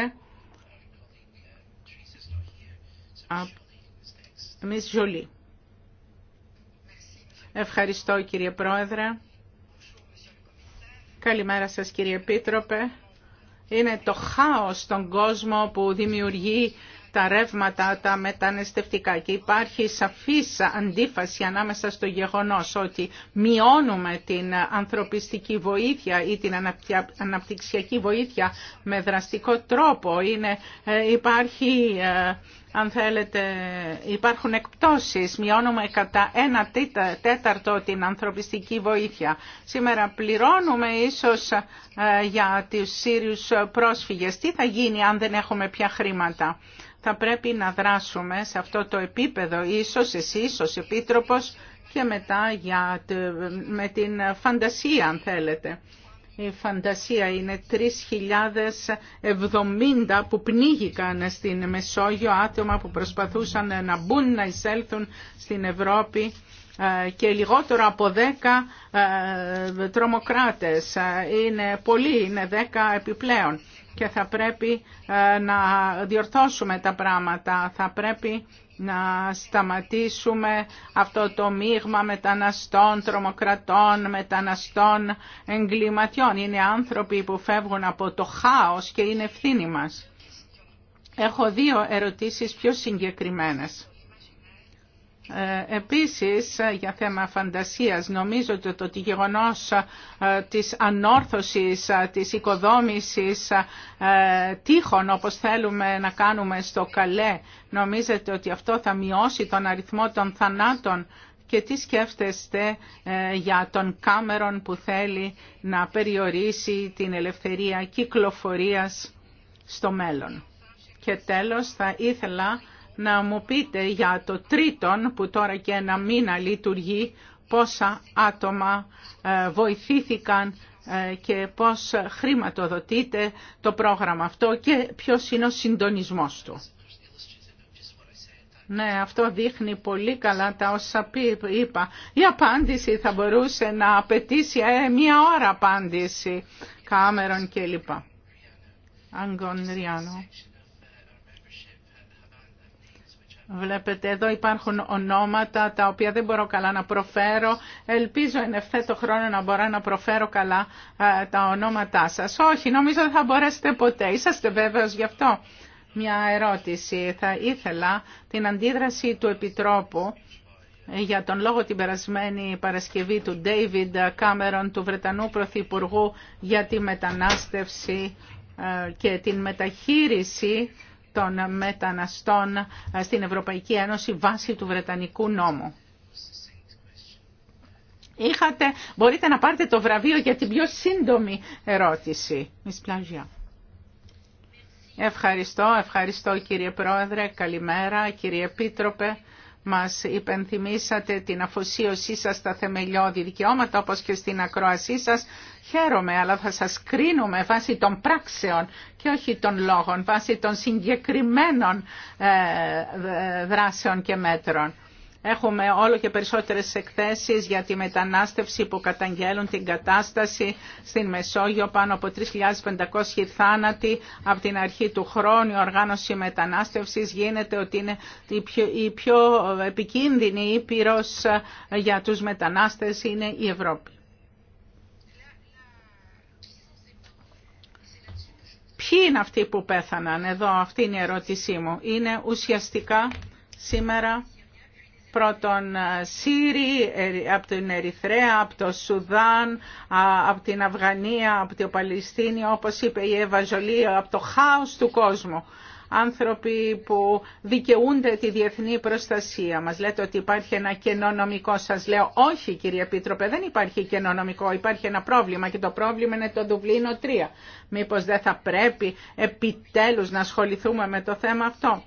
από ζουλή Ευχαριστώ κύριε Πρόεδρε. Καλημέρα σας κύριε Επίτροπε. Είναι το χάος στον κόσμο που δημιουργεί τα ρεύματα, τα μεταναστευτικά και υπάρχει σαφής αντίφαση ανάμεσα στο γεγονός ότι μειώνουμε την ανθρωπιστική βοήθεια ή την αναπτυξιακή βοήθεια με δραστικό τρόπο. Είναι, ε, υπάρχει ε, αν θέλετε, υπάρχουν εκπτώσεις, μειώνουμε κατά ένα τέταρτο την ανθρωπιστική βοήθεια. Σήμερα πληρώνουμε ίσως ε, για τους Σύριους πρόσφυγες. Τι θα γίνει αν δεν έχουμε πια χρήματα. Θα πρέπει να δράσουμε σε αυτό το επίπεδο, ίσως εσείς ως Επίτροπος και μετά για, με την φαντασία αν θέλετε. Η φαντασία είναι 3.070 που πνίγηκαν στην Μεσόγειο, άτομα που προσπαθούσαν να μπουν, να εισέλθουν στην Ευρώπη ε, και λιγότερο από 10 ε, τρομοκράτες. Είναι πολλοί, είναι 10 επιπλέον και θα πρέπει ε, να διορθώσουμε τα πράγματα. Θα πρέπει να σταματήσουμε αυτό το μείγμα μεταναστών, τρομοκρατών, μεταναστών, εγκληματιών. Είναι άνθρωποι που φεύγουν από το χάος και είναι ευθύνη μας. Έχω δύο ερωτήσεις πιο συγκεκριμένες. Ε, επίσης, ε, για θέμα φαντασίας, νομίζω ότι το γεγονός ε, της ανόρθωσης, της οικοδόμησης τείχων, όπως θέλουμε να κάνουμε στο Καλέ, νομίζετε ότι αυτό θα μειώσει τον αριθμό των θανάτων και τι σκέφτεστε για τον Κάμερον που θέλει να περιορίσει την ελευθερία κυκλοφορίας στο μέλλον. Και τέλος, θα ήθελα να μου πείτε για το τρίτον που τώρα και ένα μήνα λειτουργεί πόσα άτομα ε, βοηθήθηκαν ε, και πώς χρηματοδοτείται το πρόγραμμα αυτό και ποιος είναι ο συντονισμός του. Ναι, αυτό δείχνει πολύ καλά τα όσα είπα. Η απάντηση θα μπορούσε να απαιτήσει ε, μία ώρα απάντηση, Κάμερον κλπ. Ριάνο. Βλέπετε εδώ υπάρχουν ονόματα τα οποία δεν μπορώ καλά να προφέρω. Ελπίζω εν ευθέτω χρόνο να μπορώ να προφέρω καλά τα ονόματά σας. Όχι, νομίζω δεν θα μπορέσετε ποτέ. Είσαστε βέβαιος γι' αυτό. Μια ερώτηση. Θα ήθελα την αντίδραση του Επιτρόπου για τον λόγο την περασμένη Παρασκευή του David Cameron, του Βρετανού Πρωθυπουργού, για τη μετανάστευση και την μεταχείριση των μεταναστών ε, στην Ευρωπαϊκή Ένωση βάσει του Βρετανικού νόμου. Είχατε, μπορείτε να πάρετε το βραβείο για την πιο σύντομη ερώτηση. Ευχαριστώ, ευχαριστώ κύριε Πρόεδρε, καλημέρα κύριε Επίτροπε μας υπενθυμίσατε την αφοσίωσή σας στα θεμελιώδη δικαιώματα όπως και στην ακροασή σας. Χαίρομαι, αλλά θα σας κρίνουμε βάσει των πράξεων και όχι των λόγων, βάσει των συγκεκριμένων ε, δράσεων και μέτρων. Έχουμε όλο και περισσότερες εκθέσεις για τη μετανάστευση που καταγγέλουν την κατάσταση στην Μεσόγειο. Πάνω από 3.500 θάνατοι από την αρχή του χρόνου. Η οργάνωση μετανάστευσης γίνεται ότι είναι η πιο, η πιο επικίνδυνη ήπειρος ε, για τους μετανάστες είναι η Ευρώπη. Ποιοι είναι αυτοί που πέθαναν εδώ, αυτή είναι η ερώτησή μου. Είναι ουσιαστικά σήμερα πρώτον ε, Σύριοι, ε, από την Ερυθρέα, από το Σουδάν, από την Αυγανία, από την Παλαιστίνη, όπως είπε η Ευαζολία, από το χάος του κόσμου. Άνθρωποι που δικαιούνται τη διεθνή προστασία. Μας λέτε ότι υπάρχει ένα κενό νομικό. Σας λέω όχι κύριε Επίτροπε, δεν υπάρχει κενό νομικό. Υπάρχει ένα πρόβλημα και το πρόβλημα είναι το Δουβλίνο 3. Μήπως δεν θα πρέπει επιτέλους να ασχοληθούμε με το θέμα αυτό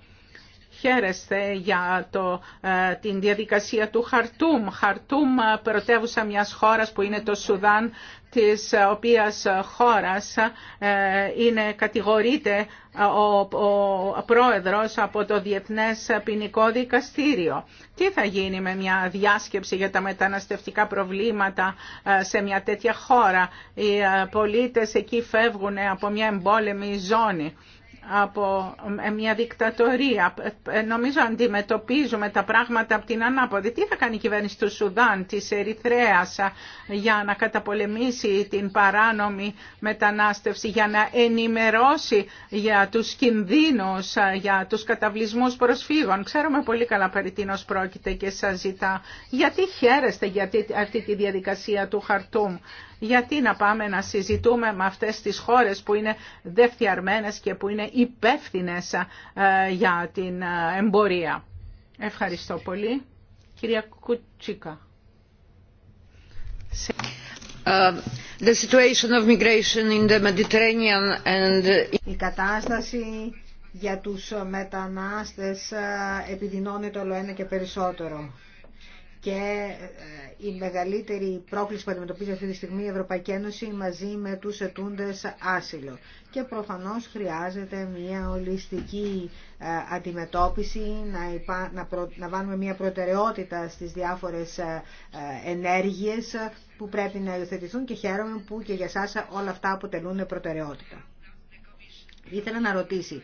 χαίρεστε για το, ε, την διαδικασία του Χαρτούμ. Χαρτούμ ε, πρωτεύουσα μιας χώρας που είναι το Σουδάν, της οποίας χώρας ε, είναι, κατηγορείται ο, ο πρόεδρος από το Διεθνές Ποινικό Δικαστήριο. Τι θα γίνει με μια διάσκεψη για τα μεταναστευτικά προβλήματα σε μια τέτοια χώρα. Οι πολίτες εκεί φεύγουν από μια εμπόλεμη ζώνη από ε, μια δικτατορία. Ε, νομίζω αντιμετωπίζουμε τα πράγματα από την ανάποδη. Τι θα κάνει η κυβέρνηση του Σουδάν, τη Ερυθρέας για να καταπολεμήσει την παράνομη μετανάστευση, για να ενημερώσει για τους κινδύνους, για τους καταβλισμούς προσφύγων. Ξέρουμε πολύ καλά περί τίνος πρόκειται και σας ζητά. Γιατί χαίρεστε για αυτή τη διαδικασία του χαρτούμ. Γιατί να πάμε να συζητούμε με αυτές τις χώρες που είναι δευτιαρμένες και που είναι υπεύθυνε ε, για την ε, εμπορία. Ευχαριστώ πολύ. Κυρία Κουτσίκα. Ε, the of in the Mediterranean and... Η κατάσταση για τους μετανάστες επιδεινώνεται όλο ένα και περισσότερο και ε, η μεγαλύτερη πρόκληση που αντιμετωπίζει αυτή τη στιγμή η Ευρωπαϊκή Ένωση μαζί με τους ετούντες άσυλο. Και προφανώς χρειάζεται μια ολιστική ε, αντιμετώπιση, να, υπά, να, βάλουμε μια προτεραιότητα στις διάφορες ε, ενέργειες που πρέπει να υιοθετηθούν και χαίρομαι που και για σας όλα αυτά αποτελούν προτεραιότητα. Ήθελα να ρωτήσει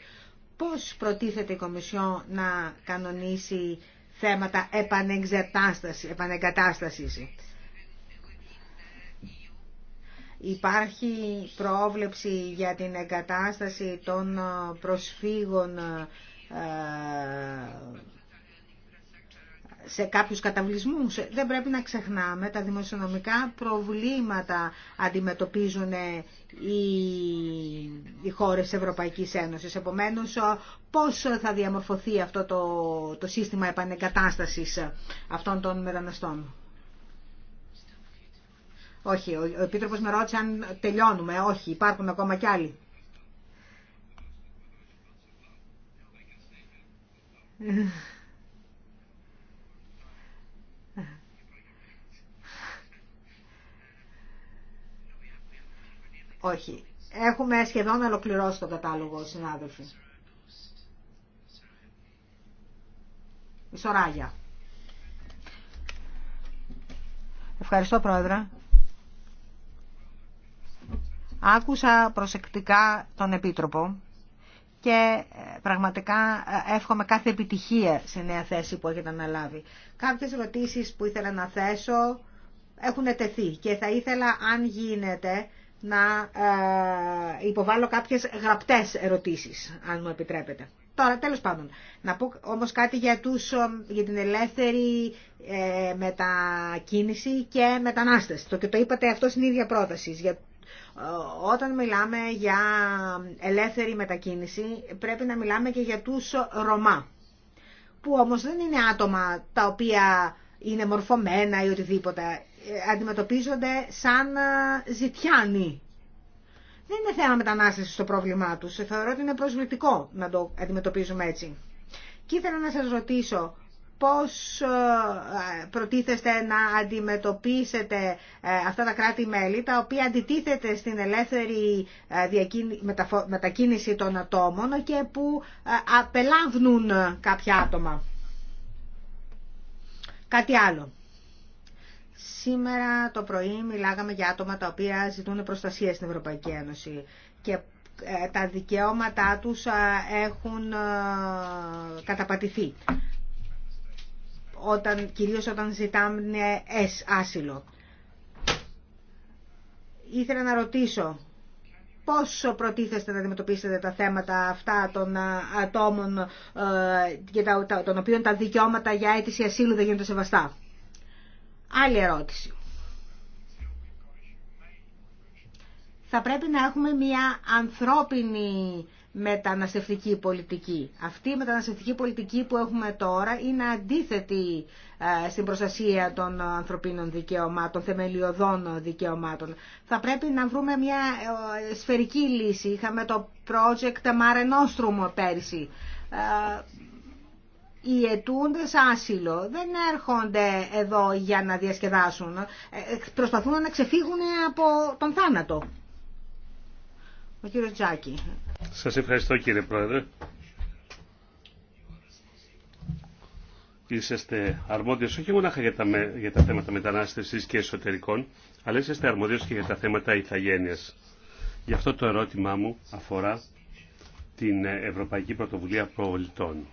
πώς προτίθεται η Κομισιόν να κανονίσει θέματα επανεγκατάστασης. Υπάρχει πρόβλεψη για την εγκατάσταση των προσφύγων ε, σε κάποιους καταβλισμούς. Ε, δεν πρέπει να ξεχνάμε τα δημοσιονομικά προβλήματα αντιμετωπίζουν ε, οι, οι χώρες της Ευρωπαϊκής Ένωσης. Επομένως, πώς θα διαμορφωθεί αυτό το, το σύστημα επανεγκατάστασης αυτών των μεταναστών. Όχι, ο Επίτροπος με ρώτησε αν τελειώνουμε. Όχι, υπάρχουν ακόμα κι άλλοι. Όχι. Έχουμε σχεδόν ολοκληρώσει τον κατάλογο, συνάδελφοι. Μισοράγια Ευχαριστώ, Πρόεδρε. Άκουσα προσεκτικά τον Επίτροπο και ε, πραγματικά ε, εύχομαι κάθε επιτυχία σε νέα θέση που έχετε αναλάβει. Κάποιες ερωτήσεις που ήθελα να θέσω έχουν τεθεί και θα ήθελα αν γίνεται να ε, υποβάλω κάποιες γραπτές ερωτήσεις, αν μου επιτρέπετε. Τώρα, τέλος πάντων, να πω όμως κάτι για, τους, ε, για την ελεύθερη ε, μετακίνηση και μετανάστες. Το, και το είπατε αυτό στην ίδια πρόταση. Για, όταν μιλάμε για ελεύθερη μετακίνηση, πρέπει να μιλάμε και για τους Ρωμά, που όμως δεν είναι άτομα τα οποία είναι μορφωμένα ή οτιδήποτε. Ε, αντιμετωπίζονται σαν ε, ζητιάνοι. Δεν είναι θέμα μετανάστευση το πρόβλημά τους. Θεωρώ ότι είναι προσβλητικό να το αντιμετωπίζουμε έτσι. Και ήθελα να σας ρωτήσω πώς ε, προτίθεστε να αντιμετωπίσετε αυτά τα κράτη-μέλη τα οποία αντιτίθεται στην ελεύθερη μετακίνηση των ατόμων και που απελάβνουν κάποια άτομα. Κάτι άλλο. Σήμερα το πρωί μιλάγαμε για άτομα τα οποία ζητούν προστασία στην Ευρωπαϊκή Ένωση και ε, τα δικαιώματά τους ε, έχουν ε, καταπατηθεί. Όταν, κυρίως όταν ζητάμε άσυλο. Ήθελα να ρωτήσω πόσο προτίθεστε να αντιμετωπίσετε τα θέματα αυτά των ατόμων των οποίων τα δικαιώματα για αίτηση ασύλου δεν γίνονται σεβαστά. Άλλη ερώτηση. Θα πρέπει να έχουμε μια ανθρώπινη μεταναστευτική πολιτική. Αυτή η μεταναστευτική πολιτική που έχουμε τώρα είναι αντίθετη ε, στην προστασία των ανθρωπίνων δικαιωμάτων, θεμελιωδών δικαιωμάτων. Θα πρέπει να βρούμε μια ε, σφαιρική λύση. Είχαμε το project Mare Nostrum πέρυσι. Ε, οι αιτούντες άσυλο δεν έρχονται εδώ για να διασκεδάσουν. Ε, προσπαθούν να ξεφύγουν από τον θάνατο. Ο κύριος Τζάκη. Σας ευχαριστώ κύριε Πρόεδρε. Είσαστε αρμόδιος όχι μόνο για τα, για τα θέματα μετανάστευσης και εσωτερικών, αλλά είσαστε αρμόδιος και για τα θέματα ηθαγένειας. Γι' αυτό το ερώτημά μου αφορά την Ευρωπαϊκή Πρωτοβουλία Προβλητών.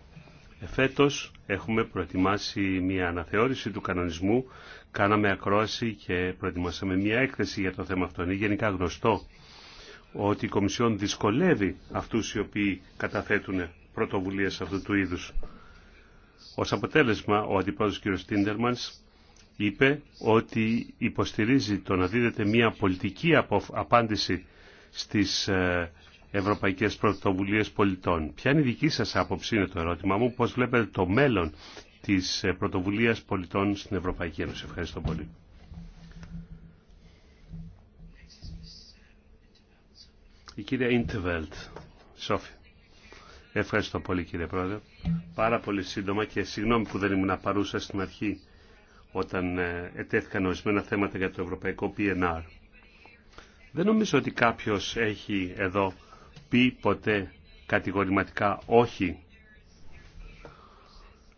Εφέτος έχουμε προετοιμάσει μια αναθεώρηση του κανονισμού, κάναμε ακρόαση και προετοιμάσαμε μια έκθεση για το θέμα αυτό. Είναι γενικά γνωστό ότι η Κομισιόν δυσκολεύει αυτούς οι οποίοι καταθέτουν πρωτοβουλίες αυτού του είδους. Ως αποτέλεσμα, ο αντιπρόεδρος κ. Τίντερμανς είπε ότι υποστηρίζει το να δίδεται μια πολιτική απάντηση στις ε, ευρωπαϊκές πρωτοβουλίες πολιτών. Ποια είναι η δική σας άποψη είναι το ερώτημά μου, πώς βλέπετε το μέλλον της ε, πρωτοβουλίας πολιτών στην Ευρωπαϊκή Ένωση. Ευχαριστώ πολύ. Η κυρία Ιντεβέλτ, Σόφη. Ευχαριστώ πολύ κύριε Πρόεδρε. Πάρα πολύ σύντομα και συγγνώμη που δεν ήμουν παρούσα στην αρχή όταν ε, ετέθηκαν ορισμένα θέματα για το ευρωπαϊκό PNR. Δεν νομίζω ότι κάποιος έχει εδώ πει ποτέ κατηγορηματικά όχι.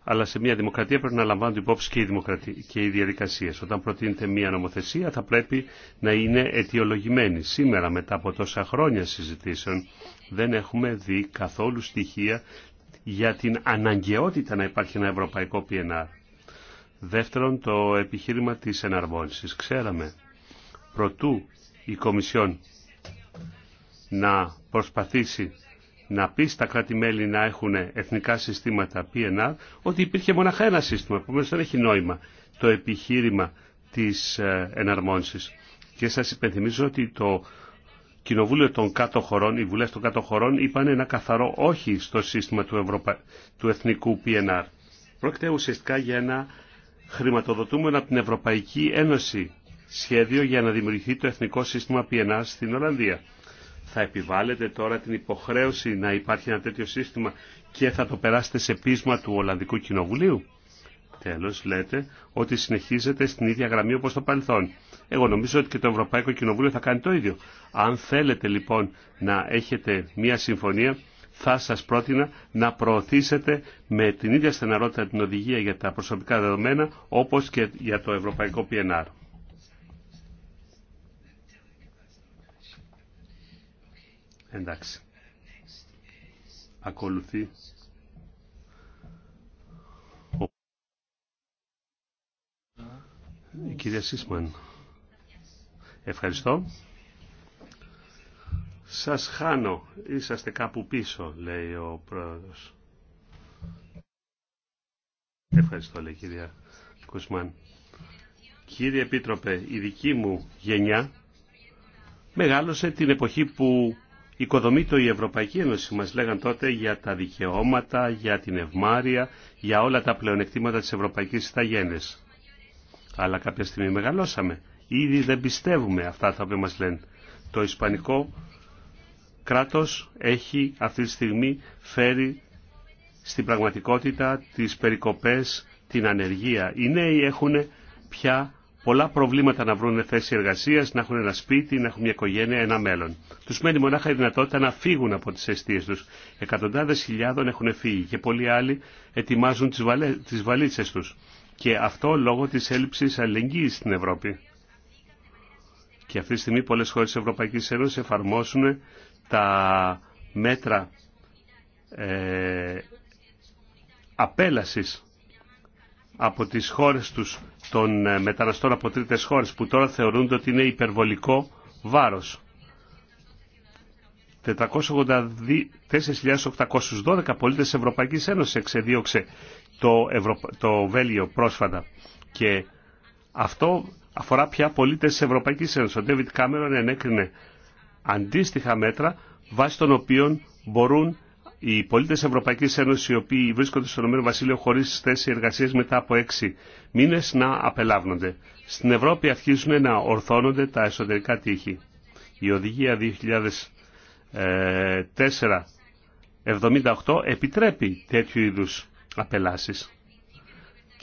Αλλά σε μια δημοκρατία πρέπει να λαμβάνουν υπόψη και οι, και οι διαδικασίες. Όταν προτείνεται μια νομοθεσία θα πρέπει να είναι αιτιολογημένη. Σήμερα μετά από τόσα χρόνια συζητήσεων δεν έχουμε δει καθόλου στοιχεία για την αναγκαιότητα να υπάρχει ένα ευρωπαϊκό PNR. Δεύτερον, το επιχείρημα της εναρμόνισης. Ξέραμε, προτού η Κομισιόν να προσπαθήσει να πει στα κράτη-μέλη να έχουν εθνικά συστήματα PNR ότι υπήρχε μοναχά ένα σύστημα, επομένως δεν έχει νόημα το επιχείρημα της ε, εναρμόνσης. Και σας υπενθυμίζω ότι το Κοινοβούλιο των Κάτω Χωρών, οι βουλές των Κάτω Χωρών είπαν ένα καθαρό όχι στο σύστημα του, Ευρωπα... του εθνικού PNR. Πρόκειται ουσιαστικά για ένα χρηματοδοτούμενο από την Ευρωπαϊκή Ένωση σχέδιο για να δημιουργηθεί το εθνικό σύστημα PNR στην Ολλανδία θα επιβάλλετε τώρα την υποχρέωση να υπάρχει ένα τέτοιο σύστημα και θα το περάσετε σε πείσμα του Ολλανδικού Κοινοβουλίου. Τέλος, λέτε ότι συνεχίζετε στην ίδια γραμμή όπως το παρελθόν. Εγώ νομίζω ότι και το Ευρωπαϊκό Κοινοβούλιο θα κάνει το ίδιο. Αν θέλετε λοιπόν να έχετε μια συμφωνία, θα σας πρότεινα να προωθήσετε με την ίδια στεναρότητα την οδηγία για τα προσωπικά δεδομένα, όπως και για το Ευρωπαϊκό PNR. Εντάξει. Ακολουθεί. Η κυρία Σίσμαν. Ευχαριστώ. Σας χάνω. Είσαστε κάπου πίσω, λέει ο πρόεδρος. Ευχαριστώ, λέει η κυρία Κουσμάν. Κύριε Επίτροπε, η δική μου γενιά μεγάλωσε την εποχή που η το η Ευρωπαϊκή Ένωση. Μας λέγαν τότε για τα δικαιώματα, για την ευμάρεια, για όλα τα πλεονεκτήματα της Ευρωπαϊκής Ιθαγένειας. Αλλά κάποια στιγμή μεγαλώσαμε. Ήδη δεν πιστεύουμε αυτά τα οποία μας λένε. Το Ισπανικό κράτος έχει αυτή τη στιγμή φέρει στην πραγματικότητα τις περικοπές, την ανεργία. Οι νέοι έχουν πια πολλά προβλήματα να βρουν θέση εργασία, να έχουν ένα σπίτι, να έχουν μια οικογένεια, ένα μέλλον. Του μένει μονάχα η δυνατότητα να φύγουν από τι αιστείε του. Εκατοντάδε χιλιάδων έχουν φύγει και πολλοί άλλοι ετοιμάζουν τι βαλίτσε του. Και αυτό λόγω τη έλλειψη αλληλεγγύη στην Ευρώπη. Και αυτή τη στιγμή πολλέ χώρε τη Ευρωπαϊκή Ένωση εφαρμόσουν τα μέτρα ε, απέλασης από τις χώρες τους των ε, μεταναστών από τρίτες χώρες που τώρα θεωρούνται ότι είναι υπερβολικό βάρος. 4.812 πολίτες Ευρωπαϊκής Ένωσης εξεδίωξε το, Ευρω... το πρόσφατα και αυτό αφορά πια πολίτες της Ευρωπαϊκής Ένωσης. Ο Ντέβιτ Κάμερον ενέκρινε αντίστοιχα μέτρα βάσει των οποίων μπορούν οι πολίτες Ευρωπαϊκής Ένωση, οι οποίοι βρίσκονται στο Ηνωμένο Βασίλειο χωρίς θέση εργασία μετά από έξι μήνες να απελάβνονται. Στην Ευρώπη αρχίζουν να ορθώνονται τα εσωτερικά τείχη. Η οδηγία 2004-78 επιτρέπει τέτοιου είδους απελάσεις.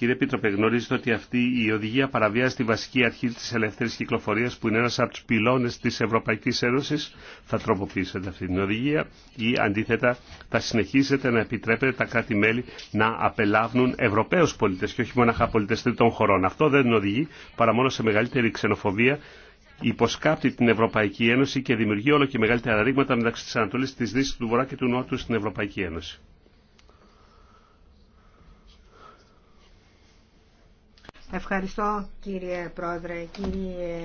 Κύριε Πίτροπε, γνωρίζετε ότι αυτή η οδηγία παραβιάζει τη βασική αρχή της ελεύθερης κυκλοφορίας που είναι ένας από τους πυλώνες της Ευρωπαϊκής Ένωσης. Θα τροποποιήσετε αυτή την οδηγία ή αντίθετα θα συνεχίσετε να επιτρέπετε τα κράτη-μέλη να απελάβουν Ευρωπαίους πολίτες και όχι μοναχά πολίτες τρίτων χωρών. Αυτό δεν οδηγεί παρά μόνο σε μεγαλύτερη ξενοφοβία υποσκάπτει την Ευρωπαϊκή Ένωση και δημιουργεί όλο και μεγαλύτερα ρήγματα μεταξύ της Ανατολής, της Δύσης, του Βορρά και του Νότου στην Ευρωπαϊκή Ένωση. Ευχαριστώ κύριε Πρόεδρε, κύριε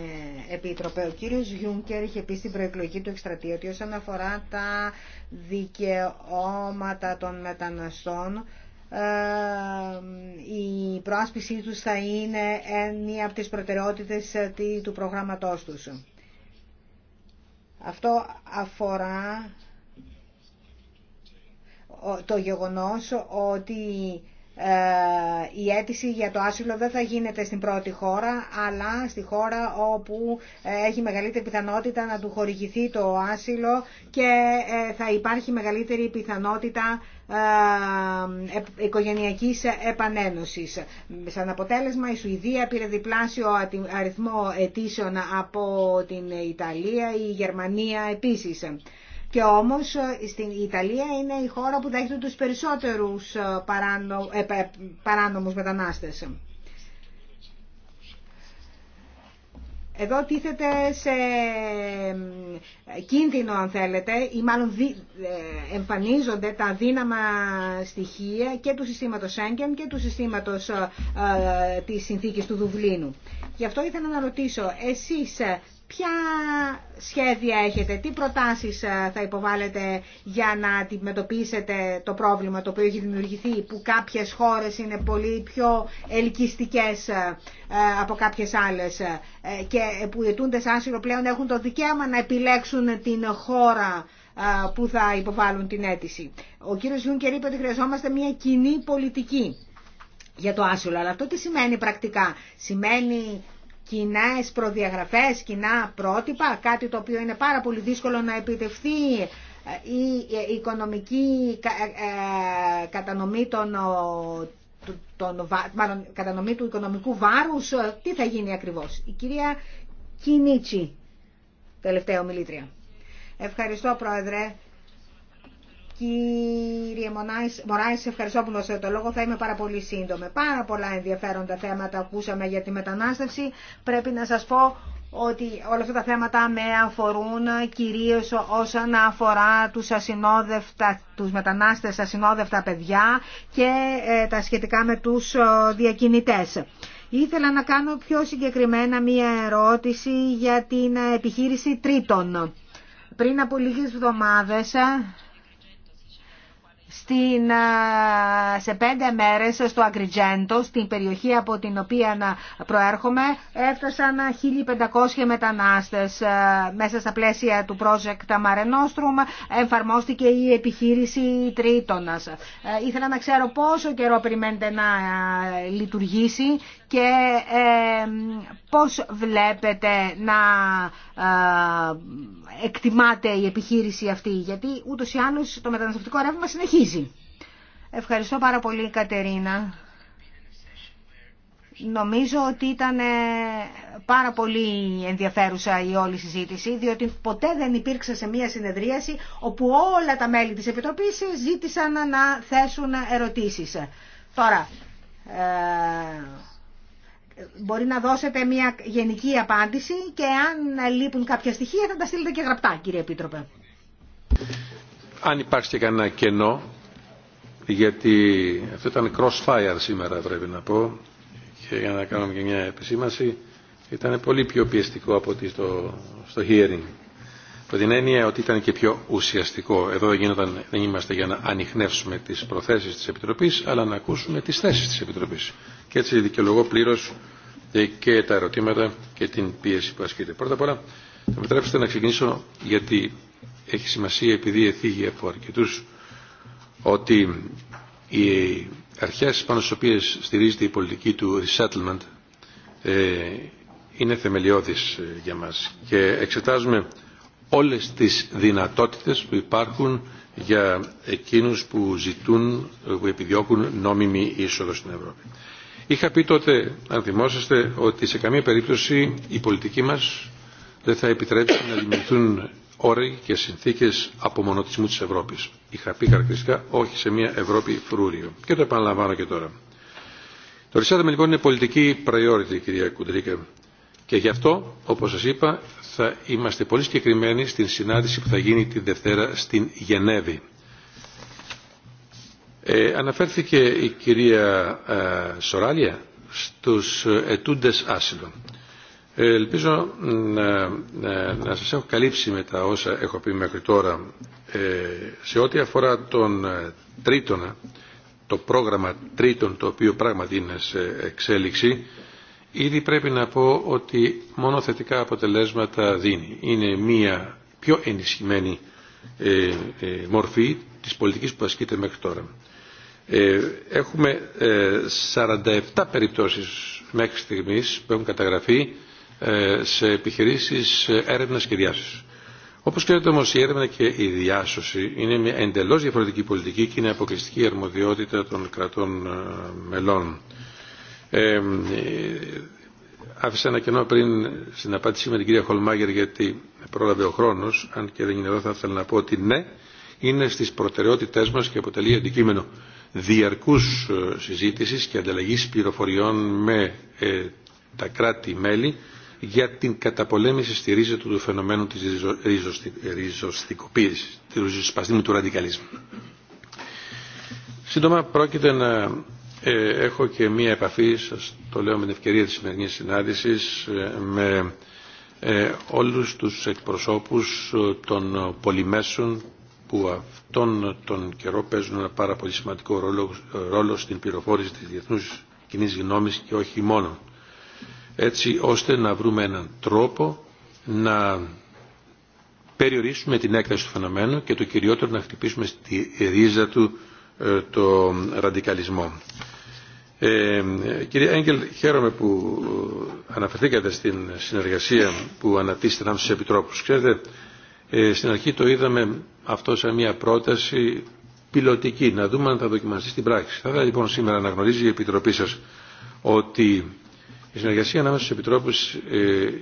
Επίτροπε. Ο κύριος Γιούνκερ είχε πει στην προεκλογική του εκστρατεία ότι όσον αφορά τα δικαιώματα των μεταναστών, ε, η προάσπιση τους θα είναι μία από τις προτεραιότητες ε, του προγράμματός του. Αυτό αφορά το γεγονός ότι ε, η αίτηση για το άσυλο δεν θα γίνεται στην πρώτη χώρα, αλλά στη χώρα όπου ε, έχει μεγαλύτερη πιθανότητα να του χορηγηθεί το άσυλο και ε, θα υπάρχει μεγαλύτερη πιθανότητα οικογενειακής επανένωσης. Σαν αποτέλεσμα η Σουηδία πήρε διπλάσιο αριθμό αιτήσεων από την Ιταλία, η Γερμανία επίσης. Και όμως ε, στην Ιταλία είναι η χώρα που δέχεται τους περισσότερου ε, παράνο, ε, Εδώ τίθεται σε ε, κίνδυνο αν θέλετε ή μάλλον εμφανίζονται τα δύναμα στοιχεία και του συστήματος Σέγγεν και του συστήματος ε, της συνθήκης του Δουβλίνου. Γι' αυτό ήθελα να ρωτήσω, εσείς Ποια σχέδια έχετε, τι προτάσεις ε, θα υποβάλλετε για να αντιμετωπίσετε το πρόβλημα το οποίο έχει δημιουργηθεί που κάποιες χώρες είναι πολύ πιο ελκυστικές ε, ε, από κάποιες άλλες και που οι σε άσυλο πλέον έχουν το δικαίωμα να επιλέξουν την χώρα που θα υποβάλουν την αίτηση. Ο κύριος Γιούνκερ είπε ότι χρειαζόμαστε μια κοινή πολιτική για το άσυλο. Αλλά αυτό τι σημαίνει πρακτικά. Σημαίνει κοινέ προδιαγραφές, κοινά πρότυπα, κάτι το οποίο είναι πάρα πολύ δύσκολο να επιτευχθεί ε, ε, η οικονομική ε, κατανομή κατανομή του οικονομικού βάρους, τι θα γίνει ακριβώς. Η κυρία Κινίτσι, τελευταία ομιλήτρια. Ευχαριστώ Πρόεδρε. Κύριε Μωράης, ευχαριστώ που δώσατε το λόγο. Θα είμαι πάρα πολύ σύντομη. Πάρα πολλά ενδιαφέροντα θέματα ακούσαμε για τη μετανάστευση. Πρέπει να σας πω ότι όλα αυτά τα θέματα με αφορούν κυρίως όσον αφορά τους, ασυνόδευτα, τους μετανάστες ασυνόδευτα παιδιά και ε, τα σχετικά με τους ε, διακινητές. Ήθελα να κάνω πιο συγκεκριμένα μία ερώτηση για την ε, επιχείρηση τρίτων. Πριν από λίγες εβδομάδες στην, σε πέντε μέρες στο Αγκριτζέντο, στην περιοχή από την οποία προέρχομαι, έφτασαν 1.500 μετανάστες μέσα στα πλαίσια του project Mare εμφαρμόστηκε η επιχείρηση Τρίτονας. Ε, ήθελα να ξέρω πόσο καιρό περιμένετε να λειτουργήσει και ε, πώς βλέπετε να εκτιμάται η επιχείρηση αυτή, γιατί ούτως ή άλλως το μεταναστευτικό ρεύμα συνεχίζει. Ευχαριστώ πάρα πολύ Κατερίνα. Νομίζω ε, ούτω η αλλω το μεταναστευτικο ρευμα συνεχιζει συζήτηση, διότι ποτέ δεν υπήρξα σε μία συνεδρίαση όπου όλα τα μέλη της Επιτροπής ζήτησαν να θέσουν ερωτήσεις. Τώρα, ε, Μπορεί να δώσετε μια γενική απάντηση και αν λείπουν κάποια στοιχεία θα τα στείλετε και γραπτά, κύριε Επίτροπε. Αν υπάρξει και κανένα κενό, γιατί αυτό ήταν crossfire σήμερα πρέπει να πω, και για να κάνουμε και μια επισήμαση, ήταν πολύ πιο πιεστικό από ότι στο, στο hearing με την έννοια ότι ήταν και πιο ουσιαστικό. Εδώ γίνονταν δεν είμαστε για να ανοιχνεύσουμε τι προθέσει τη επιτροπή, αλλά να ακούσουμε τι θέσει τη επιτροπή Και έτσι δικαιολογώ πλήρω ε, και τα ερωτήματα και την πίεση που ασκείται. Πρώτα απ' όλα, θα επιτρέψετε να ξεκινήσω γιατί έχει σημασία επειδή εφήγει από αρκετού ότι οι αρχέ πάνω στι οποίε στηρίζεται η πολιτική του resettlement ε, είναι θεμελιώδης ε, για μας και εξετάζουμε όλες τις δυνατότητες που υπάρχουν για εκείνους που ζητούν, που επιδιώκουν νόμιμη είσοδο στην Ευρώπη. Είχα πει τότε, αν θυμόσαστε, ότι σε καμία περίπτωση η πολιτική μας δεν θα επιτρέψει να δημιουργηθούν όροι και συνθήκες απομονωτισμού της Ευρώπης. Είχα πει χαρακτηριστικά όχι σε μια Ευρώπη φρούριο. Και το επαναλαμβάνω και τώρα. Το ρησάδεμα λοιπόν είναι πολιτική priority, κυρία Κουντρίκα και γι' αυτό, όπως σας είπα, θα είμαστε πολύ συγκεκριμένοι στην συνάντηση που θα γίνει τη Δευτέρα στην Γενέβη. Ε, αναφέρθηκε η κυρία ε, Σοράλια στους ετούντες άσυλων. Ε, ελπίζω να, να σας έχω καλύψει με τα όσα έχω πει μέχρι τώρα. Σε ό,τι αφορά τον τρίτονα, το πρόγραμμα τρίτων, το οποίο πράγματι είναι σε εξέλιξη, Ήδη πρέπει να πω ότι μόνο θετικά αποτελέσματα δίνει. Είναι μία πιο ενισχυμένη ε, ε, μορφή της πολιτικής που ασκείται μέχρι τώρα. Ε, έχουμε 47 περιπτώσεις μέχρι στιγμής που έχουν καταγραφεί σε επιχειρήσεις έρευνας και διάσωσης. Όπως ξέρετε όμως η έρευνα και η διάσωση είναι μια εντελώς διαφορετική πολιτική και είναι αποκλειστική αρμοδιότητα των κρατών μελών. Ε, ε, άφησα ένα κενό πριν στην απάντησή με την κυρία Χολμάγερ γιατί πρόλαβε ο χρόνος, αν και δεν είναι εδώ θα ήθελα να πω ότι ναι, είναι στις προτεραιότητές μας και αποτελεί αντικείμενο διαρκούς ε, συζήτησης και ανταλλαγής πληροφοριών με τα κράτη-μέλη για την καταπολέμηση στη ρίζα του, του φαινομένου της ριζοστικοποίηση, του ριζοσπαστήμου του ραντικαλισμού. Σύντομα πρόκειται να ε, έχω και μία επαφή, σας το λέω με την ευκαιρία της σημερινής συνάντησης, ε, με ε, όλους τους εκπροσώπους των πολυμέσων που αυτόν τον καιρό παίζουν ένα πάρα πολύ σημαντικό ρόλο, στην πληροφόρηση της διεθνούς κοινής γνώμης και όχι μόνο. Έτσι ώστε να βρούμε έναν τρόπο να περιορίσουμε την έκταση του φαινομένου και το κυριότερο να χτυπήσουμε στη ρίζα του ε, το ραντικαλισμό. Ε, κύριε Έγκελ, χαίρομαι που ε, αναφερθήκατε στην συνεργασία που ανατίσσεται ανάμεσα στους επιτρόπους. Ξέρετε, ε, στην αρχή το είδαμε αυτό σαν μια πρόταση πιλωτική, να δούμε αν θα δοκιμαστεί στην πράξη. Θα ήθελα λοιπόν σήμερα να γνωρίζει η Επιτροπή σας ότι η συνεργασία ανάμεσα στους επιτρόπους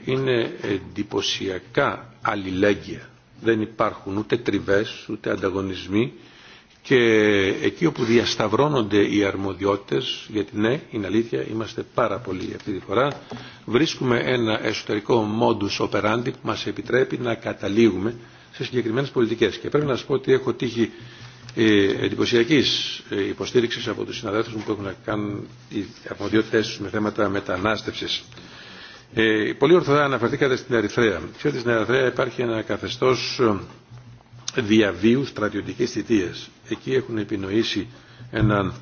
είναι εντυπωσιακά αλληλέγγυα. Δεν υπάρχουν ούτε τριβές, ούτε ανταγωνισμοί και εκεί όπου διασταυρώνονται οι αρμοδιότητες, γιατί ναι, είναι αλήθεια, είμαστε πάρα πολλοί αυτή τη φορά, βρίσκουμε ένα εσωτερικό modus operandi που μας επιτρέπει να καταλήγουμε σε συγκεκριμένες πολιτικές. Και πρέπει να σας πω ότι έχω τύχει ε, εντυπωσιακή ε, υποστήριξη από τους συναδέλφους μου που έχουν να κάνουν οι αρμοδιότητες με θέματα μετανάστευσης. Ε, πολύ ορθοδά αναφερθήκατε στην Ερυθρέα. Ξέρετε, στην Ερυθρέα υπάρχει ένα καθεστώς ε, διαβίου στρατιωτικές θητείες. Εκεί έχουν επινοήσει έναν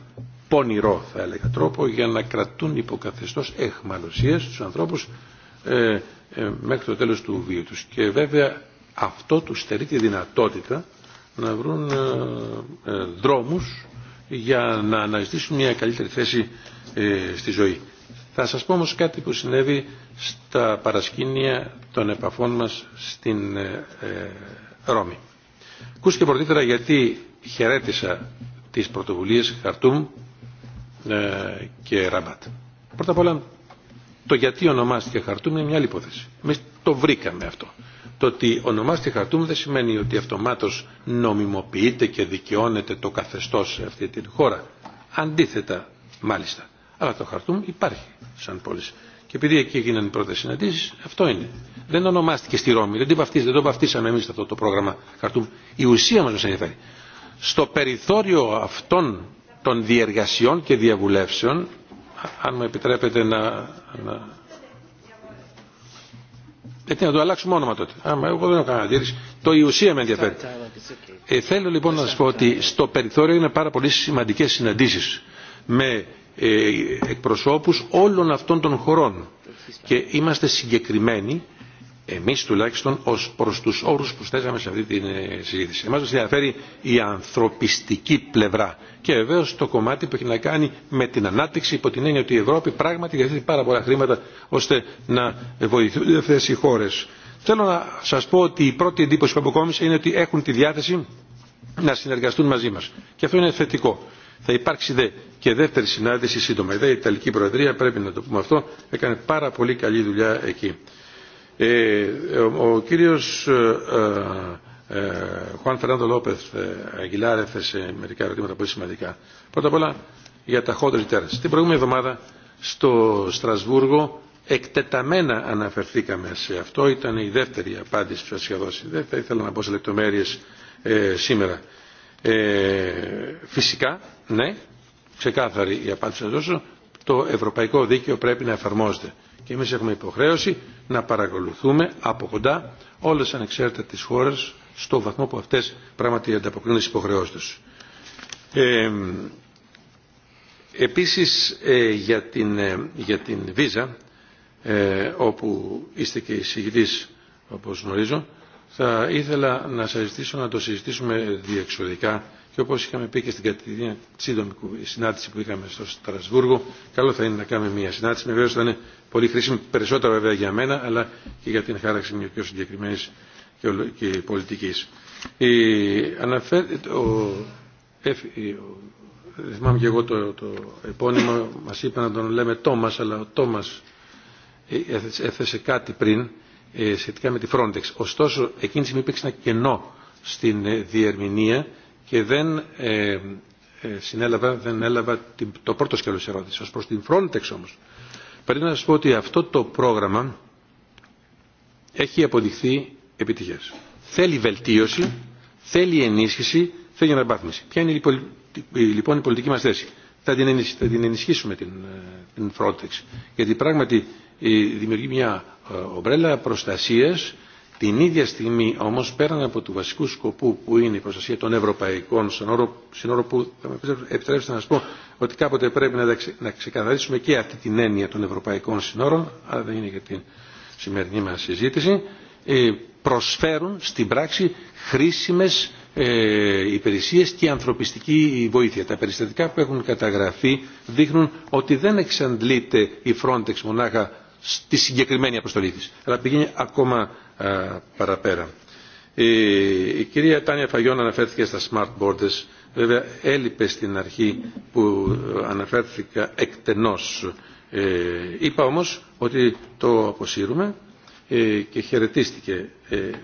πονηρό θα έλεγα τρόπο για να κρατούν υποκαθεστώς εχμαλωσίες τους ανθρώπους ε, ε, μέχρι το τέλος του βίου τους. Και βέβαια αυτό τους στερεί τη δυνατότητα να βρουν ε, δρόμους για να αναζητήσουν μια καλύτερη θέση στη ζωή. Θα σας πω όμως κάτι που συνέβη στα παρασκήνια των επαφών μας στην Ρώμη και πρωτήτερα γιατί χαιρέτησα τις πρωτοβουλίες Χαρτούμ ε, και Ραμπάτ. Πρώτα απ' όλα, το γιατί ονομάστηκε Χαρτούμ είναι μια άλλη υπόθεση. Εμεί το βρήκαμε αυτό. Το ότι ονομάστηκε Χαρτούμ δεν σημαίνει ότι αυτομάτως νομιμοποιείται και δικαιώνεται το καθεστώς σε αυτή τη χώρα. Αντίθετα, μάλιστα. Αλλά το Χαρτούμ υπάρχει σαν πόλη. Και επειδή εκεί έγιναν οι πρώτε συναντήσει, αυτό είναι. Δεν ονομάστηκε στη Ρώμη, δεν, δεν το βαφτίσαμε εμεί αυτό το πρόγραμμα Χαρτούμ. Η ουσία μα μας ενδιαφέρει. Στο περιθώριο αυτών των διεργασιών και διαβουλεύσεων, αν μου επιτρέπετε να. να... Γιατί να το αλλάξουμε όνομα τότε. Άμα εγώ δεν έχω κανένα αντίρρηση. Το η ουσία με ενδιαφέρει. Ε, θέλω λοιπόν να σα πω ότι στο περιθώριο είναι πάρα πολύ σημαντικέ συναντήσει με ε, εκπροσώπους όλων αυτών των χωρών και είμαστε συγκεκριμένοι εμείς τουλάχιστον ως προς τους όρους που θέσαμε σε αυτή τη ε, συζήτηση. Εμάς μας ενδιαφέρει η ανθρωπιστική πλευρά και βεβαίω το κομμάτι που έχει να κάνει με την ανάπτυξη υπό την έννοια ότι η Ευρώπη πράγματι διαθέτει πάρα πολλά χρήματα ώστε να βοηθούν αυτέ οι χώρες. Θέλω να σας πω ότι η πρώτη εντύπωση που αποκόμισε είναι ότι έχουν τη διάθεση να συνεργαστούν μαζί μας. Και αυτό είναι θετικό. Θα υπάρξει δε και δεύτερη συνάντηση σύντομα. Η Ιταλική Προεδρία, πρέπει να το πούμε αυτό, έκανε πάρα πολύ καλή δουλειά εκεί. Ε, ο, ο κύριος ε, ε, Χουάν Φερνάντο Λόπεθ ε, Αγγιλάρ έθεσε μερικά ερωτήματα πολύ σημαντικά. Πρώτα απ' όλα για τα hot returns. Την προηγούμενη εβδομάδα στο Στρασβούργο εκτεταμένα αναφερθήκαμε σε αυτό. Ήταν η δεύτερη απάντηση που σας είχα δώσει. Δεν θα ήθελα να πω σε λεπτομέρειες ε, σήμερα. Ε, φυσικά ναι, ξεκάθαρη η απάντηση να δώσω, το ευρωπαϊκό δίκαιο πρέπει να εφαρμόζεται. Και εμείς έχουμε υποχρέωση να παρακολουθούμε από κοντά όλες ανεξάρτητα τις χώρες στο βαθμό που αυτές πράγματι ανταποκρίνουν τις υποχρεώσεις τους. Ε, επίσης ε, για, την, ε, για την Βίζα, όπου είστε και εισηγητής όπως γνωρίζω, θα ήθελα να σας ζητήσω να το συζητήσουμε διεξοδικά και όπως είχαμε πει και στην κατηδία σύντομη συνάντηση που είχαμε στο Στρασβούργο, καλό θα είναι να κάνουμε μια συνάντηση. Βεβαίω θα είναι πολύ χρήσιμη, περισσότερο βέβαια για μένα, αλλά και για την χάραξη μια πιο συγκεκριμένη και πολιτική. Ο... Δεν θυμάμαι και εγώ το, το επώνυμο, μας είπα να τον λέμε Τόμας, αλλά ο Τόμας ε- έθεσε κάτι πριν ε, σχετικά με τη Frontex. Ωστόσο, εκείνη τη στιγμή υπήρξε ένα κενό στην ε, διερμηνία και δεν ε, ε, συνέλαβα, δεν έλαβα το πρώτο σκέλος ερώτηση. Ως προς την Frontex όμως, πρέπει να σας πω ότι αυτό το πρόγραμμα έχει αποδειχθεί επιτυχές. Θέλει βελτίωση, θέλει ενίσχυση, θέλει αναμπάθμιση. Ποια είναι λοιπόν η πολιτική μας θέση. Θα την ενισχύσουμε την, ε, την Frontex. Γιατί πράγματι ε, δημιουργεί μια ομπρέλα προστασίας την ίδια στιγμή όμως πέραν από του βασικού σκοπού που είναι η προστασία των ευρωπαϊκών συνόρων που επιτρέψτε να σας πω ότι κάποτε πρέπει να ξεκαθαρίσουμε και αυτή την έννοια των ευρωπαϊκών συνόρων αλλά δεν είναι για την σημερινή μας συζήτηση ε, προσφέρουν στην πράξη χρήσιμες ε, υπηρεσίες και ανθρωπιστική βοήθεια. Τα περιστατικά που έχουν καταγραφεί δείχνουν ότι δεν εξαντλείται η Frontex μονάχα στη συγκεκριμένη αποστολή της αλλά πηγαίνει ακόμα παραπέρα. Η κυρία Τάνια Φαγιών αναφέρθηκε στα smart borders. Βέβαια έλειπε στην αρχή που ε, αναφέρθηκα εκτενώς. Ε, είπα όμως ότι το αποσύρουμε ε, και χαιρετίστηκε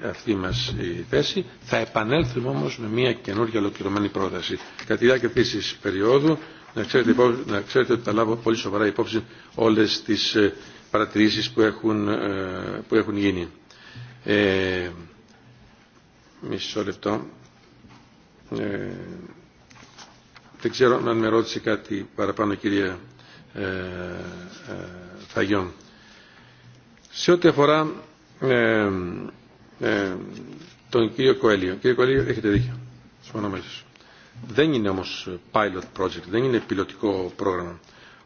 αυτή μας η θέση. Θα επανέλθουμε όμως με μια καινούργια ολοκληρωμένη πρόταση. Κατά τη διάρκεια της περίοδου να ξέρετε, να ότι θα λάβω πολύ σοβαρά υπόψη όλες τις παρατηρήσεις που έχουν, που έχουν γίνει. Ε, μισό λεπτό. Ε, δεν ξέρω αν με ρώτησε κάτι παραπάνω κυρία ε, ε Σε ό,τι αφορά ε, ε, τον κύριο Κοέλιο. Κύριε Κοέλιο, έχετε δίκιο. Δεν είναι όμως pilot project, δεν είναι πιλωτικό πρόγραμμα.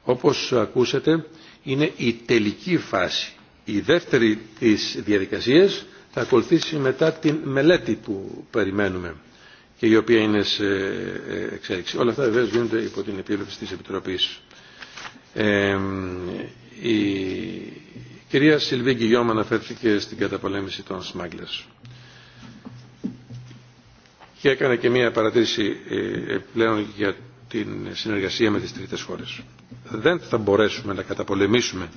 Όπως ακούσατε, είναι η τελική φάση η δεύτερη της διαδικασίας θα ακολουθήσει μετά την μελέτη που περιμένουμε και η οποία είναι σε ε, εξέλιξη. Όλα αυτά βεβαίως γίνονται υπό την επίβλεψη της Επιτροπής. η κυρία Σιλβί Γιώμα αναφέρθηκε στην καταπολέμηση των σμάγκλες και έκανε και μία παρατήρηση ε, ε, πλέον για την συνεργασία με τις τρίτες χώρες. Δεν θα μπορέσουμε να καταπολεμήσουμε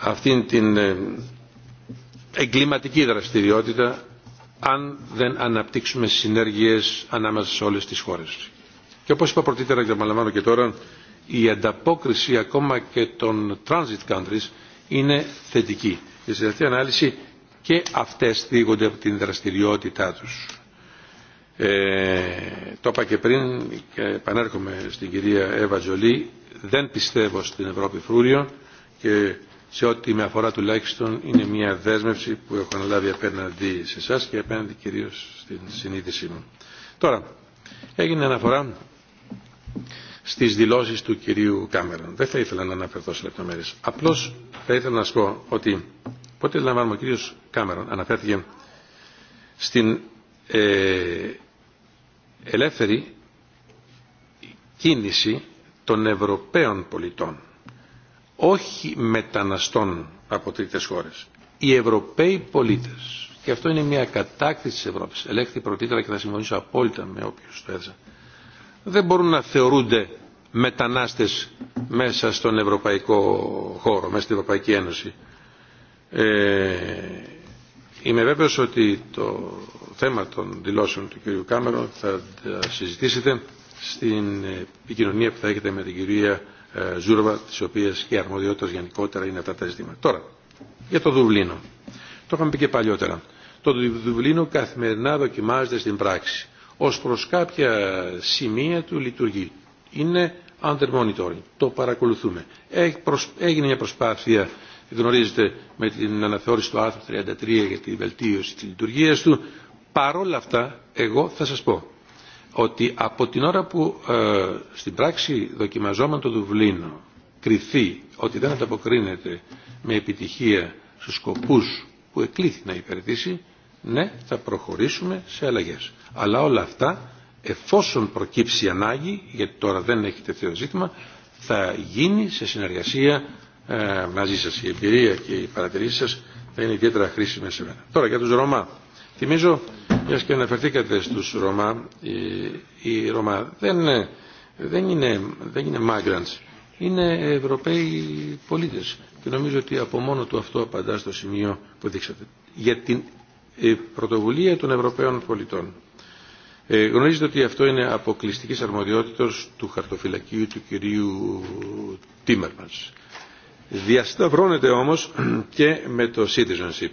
αυτήν την ε, εγκληματική δραστηριότητα αν δεν αναπτύξουμε συνέργειες ανάμεσα σε όλες τις χώρες. Και όπως είπα πρωτήτερα και επαναλαμβάνω και τώρα, η ανταπόκριση ακόμα και των transit countries είναι θετική. Και σε αυτή ανάλυση και αυτές θίγονται από την δραστηριότητά τους. Ε, το είπα και πριν και επανέρχομαι στην κυρία Εύα Τζολή. Δεν πιστεύω στην Ευρώπη Φρούριο και σε ό,τι με αφορά τουλάχιστον είναι μια δέσμευση που έχω αναλάβει απέναντι σε εσά και απέναντι κυρίως στην συνείδησή μου. Τώρα, έγινε αναφορά στις δηλώσεις του κυρίου Κάμερον. Δεν θα ήθελα να αναφερθώ σε λεπτομέρειες. Απλώς θα ήθελα να σα πω ότι πότε λαμβάνουμε ο κύριος Κάμερον αναφέρθηκε στην ε, ελεύθερη κίνηση των Ευρωπαίων πολιτών όχι μεταναστών από τρίτες χώρες. Οι Ευρωπαίοι πολίτες, και αυτό είναι μια κατάκτηση της Ευρώπης, ελέγχθη πρωτήτερα και θα συμφωνήσω απόλυτα με όποιους το έδωσα, δεν μπορούν να θεωρούνται μετανάστες μέσα στον ευρωπαϊκό χώρο, μέσα στην Ευρωπαϊκή Ένωση. Ε, είμαι βέβαιος ότι το θέμα των δηλώσεων του κ. Κάμερον θα συζητήσετε στην επικοινωνία που θα έχετε με την κυρία ε, Ζούρβα, τι οποίε και η αρμοδιότητα γενικότερα είναι αυτά τα ζητήματα. Τώρα, για το Δουβλίνο. Το είχαμε πει και παλιότερα. Το Δουβλίνο καθημερινά δοκιμάζεται στην πράξη. ω προ κάποια σημεία του λειτουργεί. Είναι under monitoring. Το παρακολουθούμε. Έγινε μια προσπάθεια, γνωρίζετε, με την αναθεώρηση του άρθρου 33 για τη βελτίωση τη λειτουργία του. Παρόλα αυτά, εγώ θα σα πω, ότι από την ώρα που ε, στην πράξη δοκιμαζόμενο το Δουβλίνο κριθεί ότι δεν ανταποκρίνεται με επιτυχία στους σκοπούς που εκλήθη να υπηρετήσει, ναι, θα προχωρήσουμε σε αλλαγές. Αλλά όλα αυτά, εφόσον προκύψει ανάγκη, γιατί τώρα δεν έχει τέτοιο ζήτημα, θα γίνει σε συνεργασία ε, μαζί σας. Η εμπειρία και οι παρατηρήσεις σας θα είναι ιδιαίτερα χρήσιμες σε μένα. Τώρα για τους Ρωμά. Θυμίζω Μιας και αναφερθήκατε στους Ρωμά, οι Ρωμά δεν, δεν, είναι, δεν είναι migrants, είναι Ευρωπαίοι πολίτες. Και νομίζω ότι από μόνο του αυτό απαντά στο σημείο που δείξατε. Για την ε, πρωτοβουλία των Ευρωπαίων πολιτών. Ε, γνωρίζετε ότι αυτό είναι αποκλειστική αρμοδιότητα του χαρτοφυλακίου του κυρίου Τίμερμανς. Διασταυρώνεται όμως και με το citizenship.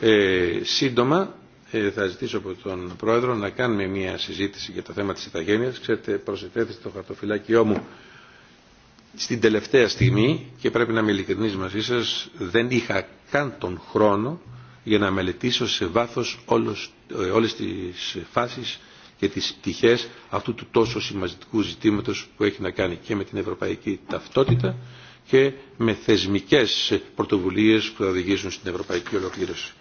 Ε, σύντομα ε, θα ζητήσω από τον Πρόεδρο να κάνουμε μια συζήτηση για το θέμα της ηθαγένειας. Ξέρετε, προσεθέθησε το χαρτοφυλάκιό μου στην τελευταία στιγμή και πρέπει να είμαι ειλικρινής μαζί σας, δεν είχα καν τον χρόνο για να μελετήσω σε βάθος όλες, ε, όλες τις φάσεις και τις πτυχές αυτού του τόσο σημαντικού ζητήματος που έχει να κάνει και με την ευρωπαϊκή ταυτότητα και με θεσμικές πρωτοβουλίες που θα οδηγήσουν στην ευρωπαϊκή ολοκλήρωση.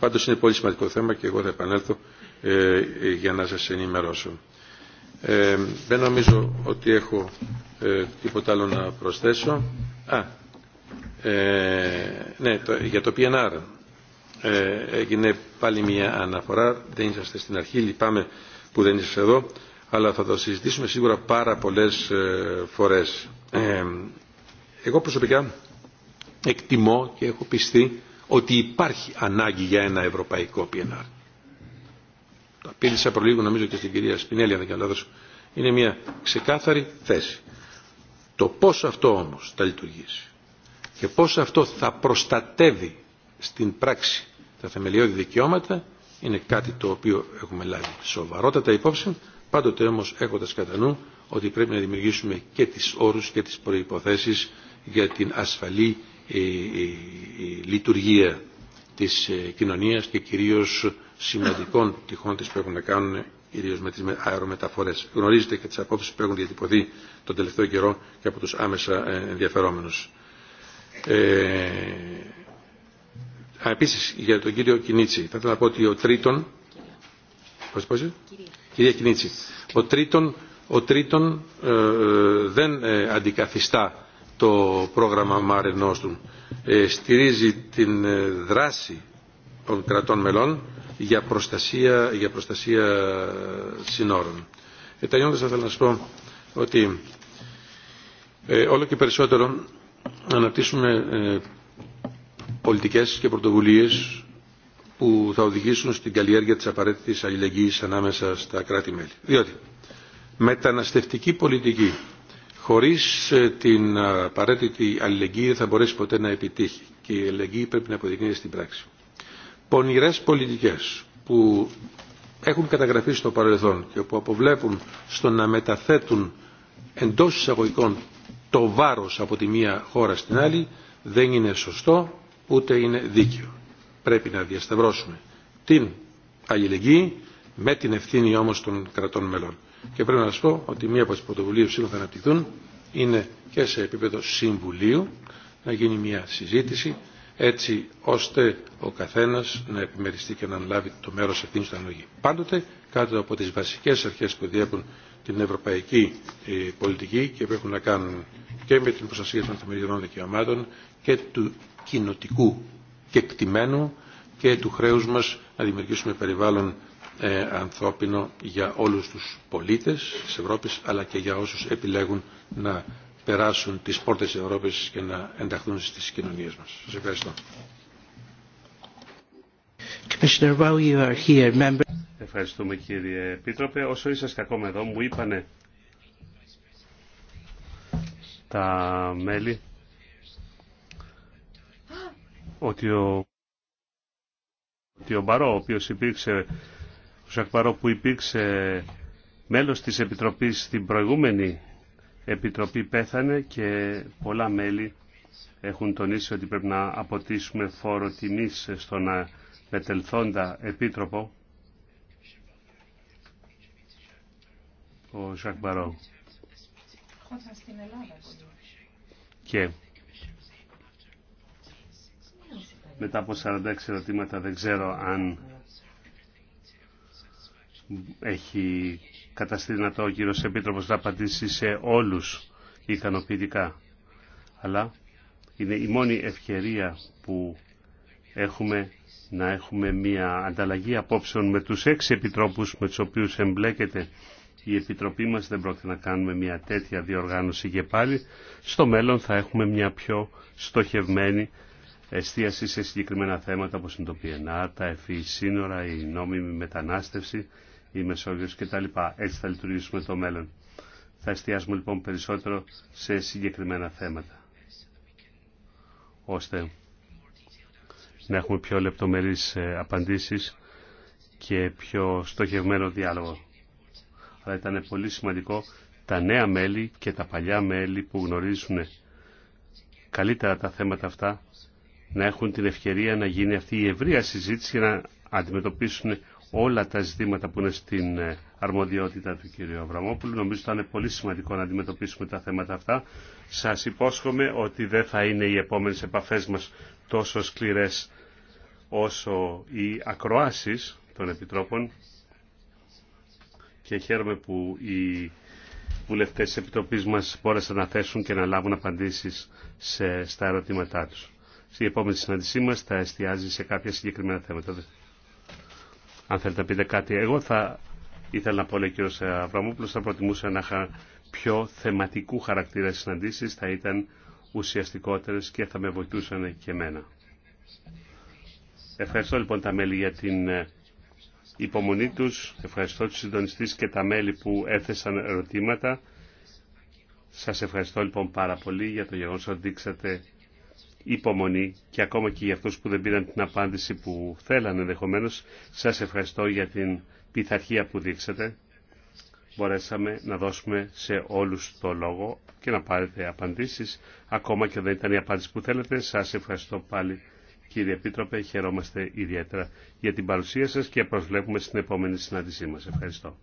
Πάντως είναι πολύ σημαντικό θέμα και εγώ θα επανέλθω ε, ε, για να σας ενημερώσω. Ε, δεν νομίζω ότι έχω ε, τίποτα άλλο να προσθέσω. Α, ε, ναι, το, για το PNR ε, έγινε πάλι μια αναφορά. Δεν είσαστε στην αρχή, λυπάμαι που δεν είσαστε εδώ, αλλά θα το συζητήσουμε σίγουρα πάρα πολλές φορές. Εγώ προσωπικά εκτιμώ και έχω πιστεί ότι υπάρχει ανάγκη για ένα ευρωπαϊκό PNR. Το απήντησα προλίγο νομίζω και στην κυρία Σπινέλη, αν δεν κάνω Είναι μια ξεκάθαρη θέση. Το πώς αυτό όμως θα λειτουργήσει και πώς αυτό θα προστατεύει στην πράξη τα θεμελιώδη δικαιώματα είναι κάτι το οποίο έχουμε λάβει σοβαρότατα υπόψη, πάντοτε όμως έχοντας κατά νου ότι πρέπει να δημιουργήσουμε και τις όρους και τις προϋποθέσεις για την ασφαλή η λειτουργία της ε, κοινωνίας και κυρίως σημαντικών τυχών της που έχουν να κάνουν ε, κυρίως με τις αερομεταφορές. Γνωρίζετε και τις απόψεις που έχουν διατυπωθεί τον τελευταίο καιρό και από τους άμεσα ε, ενδιαφερόμενους. Ε, επίσης για τον κύριο Κινίτσι θα ήθελα να πω ότι ο τρίτον πώς, κυρία. κυρία Κινίτσι ο τρίτον, ο τρίτον δεν αντικαθιστά το πρόγραμμα Mare Nostrum ε, στηρίζει την ε, δράση των κρατών μελών για προστασία, για προστασία ε, συνόρων. Ε, τελειώντας θα ήθελα να σας πω ότι όλο και περισσότερο αναπτύσσουμε ε, πολιτικές και πρωτοβουλίες που θα οδηγήσουν στην καλλιέργεια της απαραίτητης αλληλεγγύης ανάμεσα στα κράτη-μέλη. Διότι μεταναστευτική πολιτική Χωρίς ε, την ε, απαραίτητη αλληλεγγύη δεν θα μπορέσει ποτέ να επιτύχει και η αλληλεγγύη πρέπει να αποδεικνύεται στην πράξη. Πονηρές πολιτικές που έχουν καταγραφεί στο παρελθόν και που αποβλέπουν στο να μεταθέτουν εντός εισαγωγικών το βάρος από τη μία χώρα στην άλλη δεν είναι σωστό ούτε είναι δίκαιο. Πρέπει να διασταυρώσουμε την αλληλεγγύη με την ευθύνη όμως των κρατών μελών και πρέπει να σας πω ότι μία από τις πρωτοβουλίες που σήμερα θα αναπτυχθούν είναι και σε επίπεδο συμβουλίου να γίνει μία συζήτηση έτσι ώστε ο καθένας να επιμεριστεί και να αναλάβει το μέρος ευθύνης του αναλογή. Πάντοτε κάτω από τις βασικές αρχές που διέπουν την ευρωπαϊκή ε, πολιτική και που έχουν να κάνουν και με την προστασία των θεμελιωδών δικαιωμάτων και του κοινοτικού κεκτημένου και του χρέους μας να δημιουργήσουμε περιβάλλον ε, ανθρώπινο για όλους τους πολίτες της Ευρώπης αλλά και για όσους επιλέγουν να περάσουν τις πόρτες της Ευρώπης και να ενταχθούν στις κοινωνίες μας. Σας ευχαριστώ. Ευχαριστούμε κύριε Επίτροπε. Όσο είσαστε ακόμα εδώ μου είπανε τα μέλη ότι ο, ότι ο Μπαρό ο οποίος υπήρξε Ζακπαρό που υπήρξε μέλος της Επιτροπής στην προηγούμενη Επιτροπή πέθανε και πολλά μέλη έχουν τονίσει ότι πρέπει να αποτίσουμε φόρο τιμής στον μετελθόντα Επίτροπο ο Ζακπαρό Και μετά από 46 ερωτήματα δεν ξέρω αν έχει καταστεί δυνατό ο κύριο Επίτροπο να απαντήσει σε όλους ικανοποιητικά. Αλλά είναι η μόνη ευκαιρία που έχουμε να έχουμε μια ανταλλαγή απόψεων με τους έξι επιτρόπους με τους οποίους εμπλέκεται η Επιτροπή μας δεν πρόκειται να κάνουμε μια τέτοια διοργάνωση και πάλι. Στο μέλλον θα έχουμε μια πιο στοχευμένη εστίαση σε συγκεκριμένα θέματα όπως είναι το PNR, τα e, σύνορα, η νόμιμη μετανάστευση η Μεσόγειος κτλ. Έτσι θα λειτουργήσουμε το μέλλον. Θα εστιάσουμε λοιπόν περισσότερο σε συγκεκριμένα θέματα, ώστε να έχουμε πιο λεπτομερείς ε, απαντήσεις και πιο στοχευμένο διάλογο. Αλλά ήταν πολύ σημαντικό τα νέα μέλη και τα παλιά μέλη που γνωρίζουν καλύτερα τα θέματα αυτά να έχουν την ευκαιρία να γίνει αυτή η ευρεία συζήτηση για να αντιμετωπίσουν όλα τα ζητήματα που είναι στην ε, αρμοδιότητα του κ. Αβραμόπουλου. Νομίζω θα είναι πολύ σημαντικό να αντιμετωπίσουμε τα θέματα αυτά. Σας υπόσχομαι ότι δεν θα είναι οι επόμενες επαφές μας τόσο σκληρές όσο οι ακροάσεις των Επιτρόπων και χαίρομαι που οι βουλευτές της Επιτροπής μας μπόρεσαν να θέσουν και να λάβουν απαντήσεις σε, στα ερωτήματά τους. Η επόμενη συνάντησή μας θα εστιάζει σε κάποια συγκεκριμένα θέματα αν θέλετε να πείτε κάτι. Εγώ θα ήθελα να πω, λέει ο κ. Αβραμόπουλος, θα προτιμούσα να είχα πιο θεματικού χαρακτήρα συναντήσεις, θα ήταν ουσιαστικότερες και θα με βοηθούσαν και εμένα. Ευχαριστώ λοιπόν τα μέλη για την ε, υπομονή τους. Ευχαριστώ τους συντονιστές και τα μέλη που έθεσαν ερωτήματα. Σας ευχαριστώ λοιπόν πάρα πολύ για το γεγονός ότι δείξατε υπομονή και ακόμα και για αυτούς που δεν πήραν την απάντηση που θέλανε ενδεχομένω. Σας ευχαριστώ για την πειθαρχία που δείξατε. Μπορέσαμε να δώσουμε σε όλους το λόγο και να πάρετε απαντήσεις. Ακόμα και δεν ήταν η απάντηση που θέλετε. Σας ευχαριστώ πάλι κύριε Επίτροπε. Χαιρόμαστε ιδιαίτερα για την παρουσία σας και προσβλέπουμε στην επόμενη συνάντησή μας. Ευχαριστώ.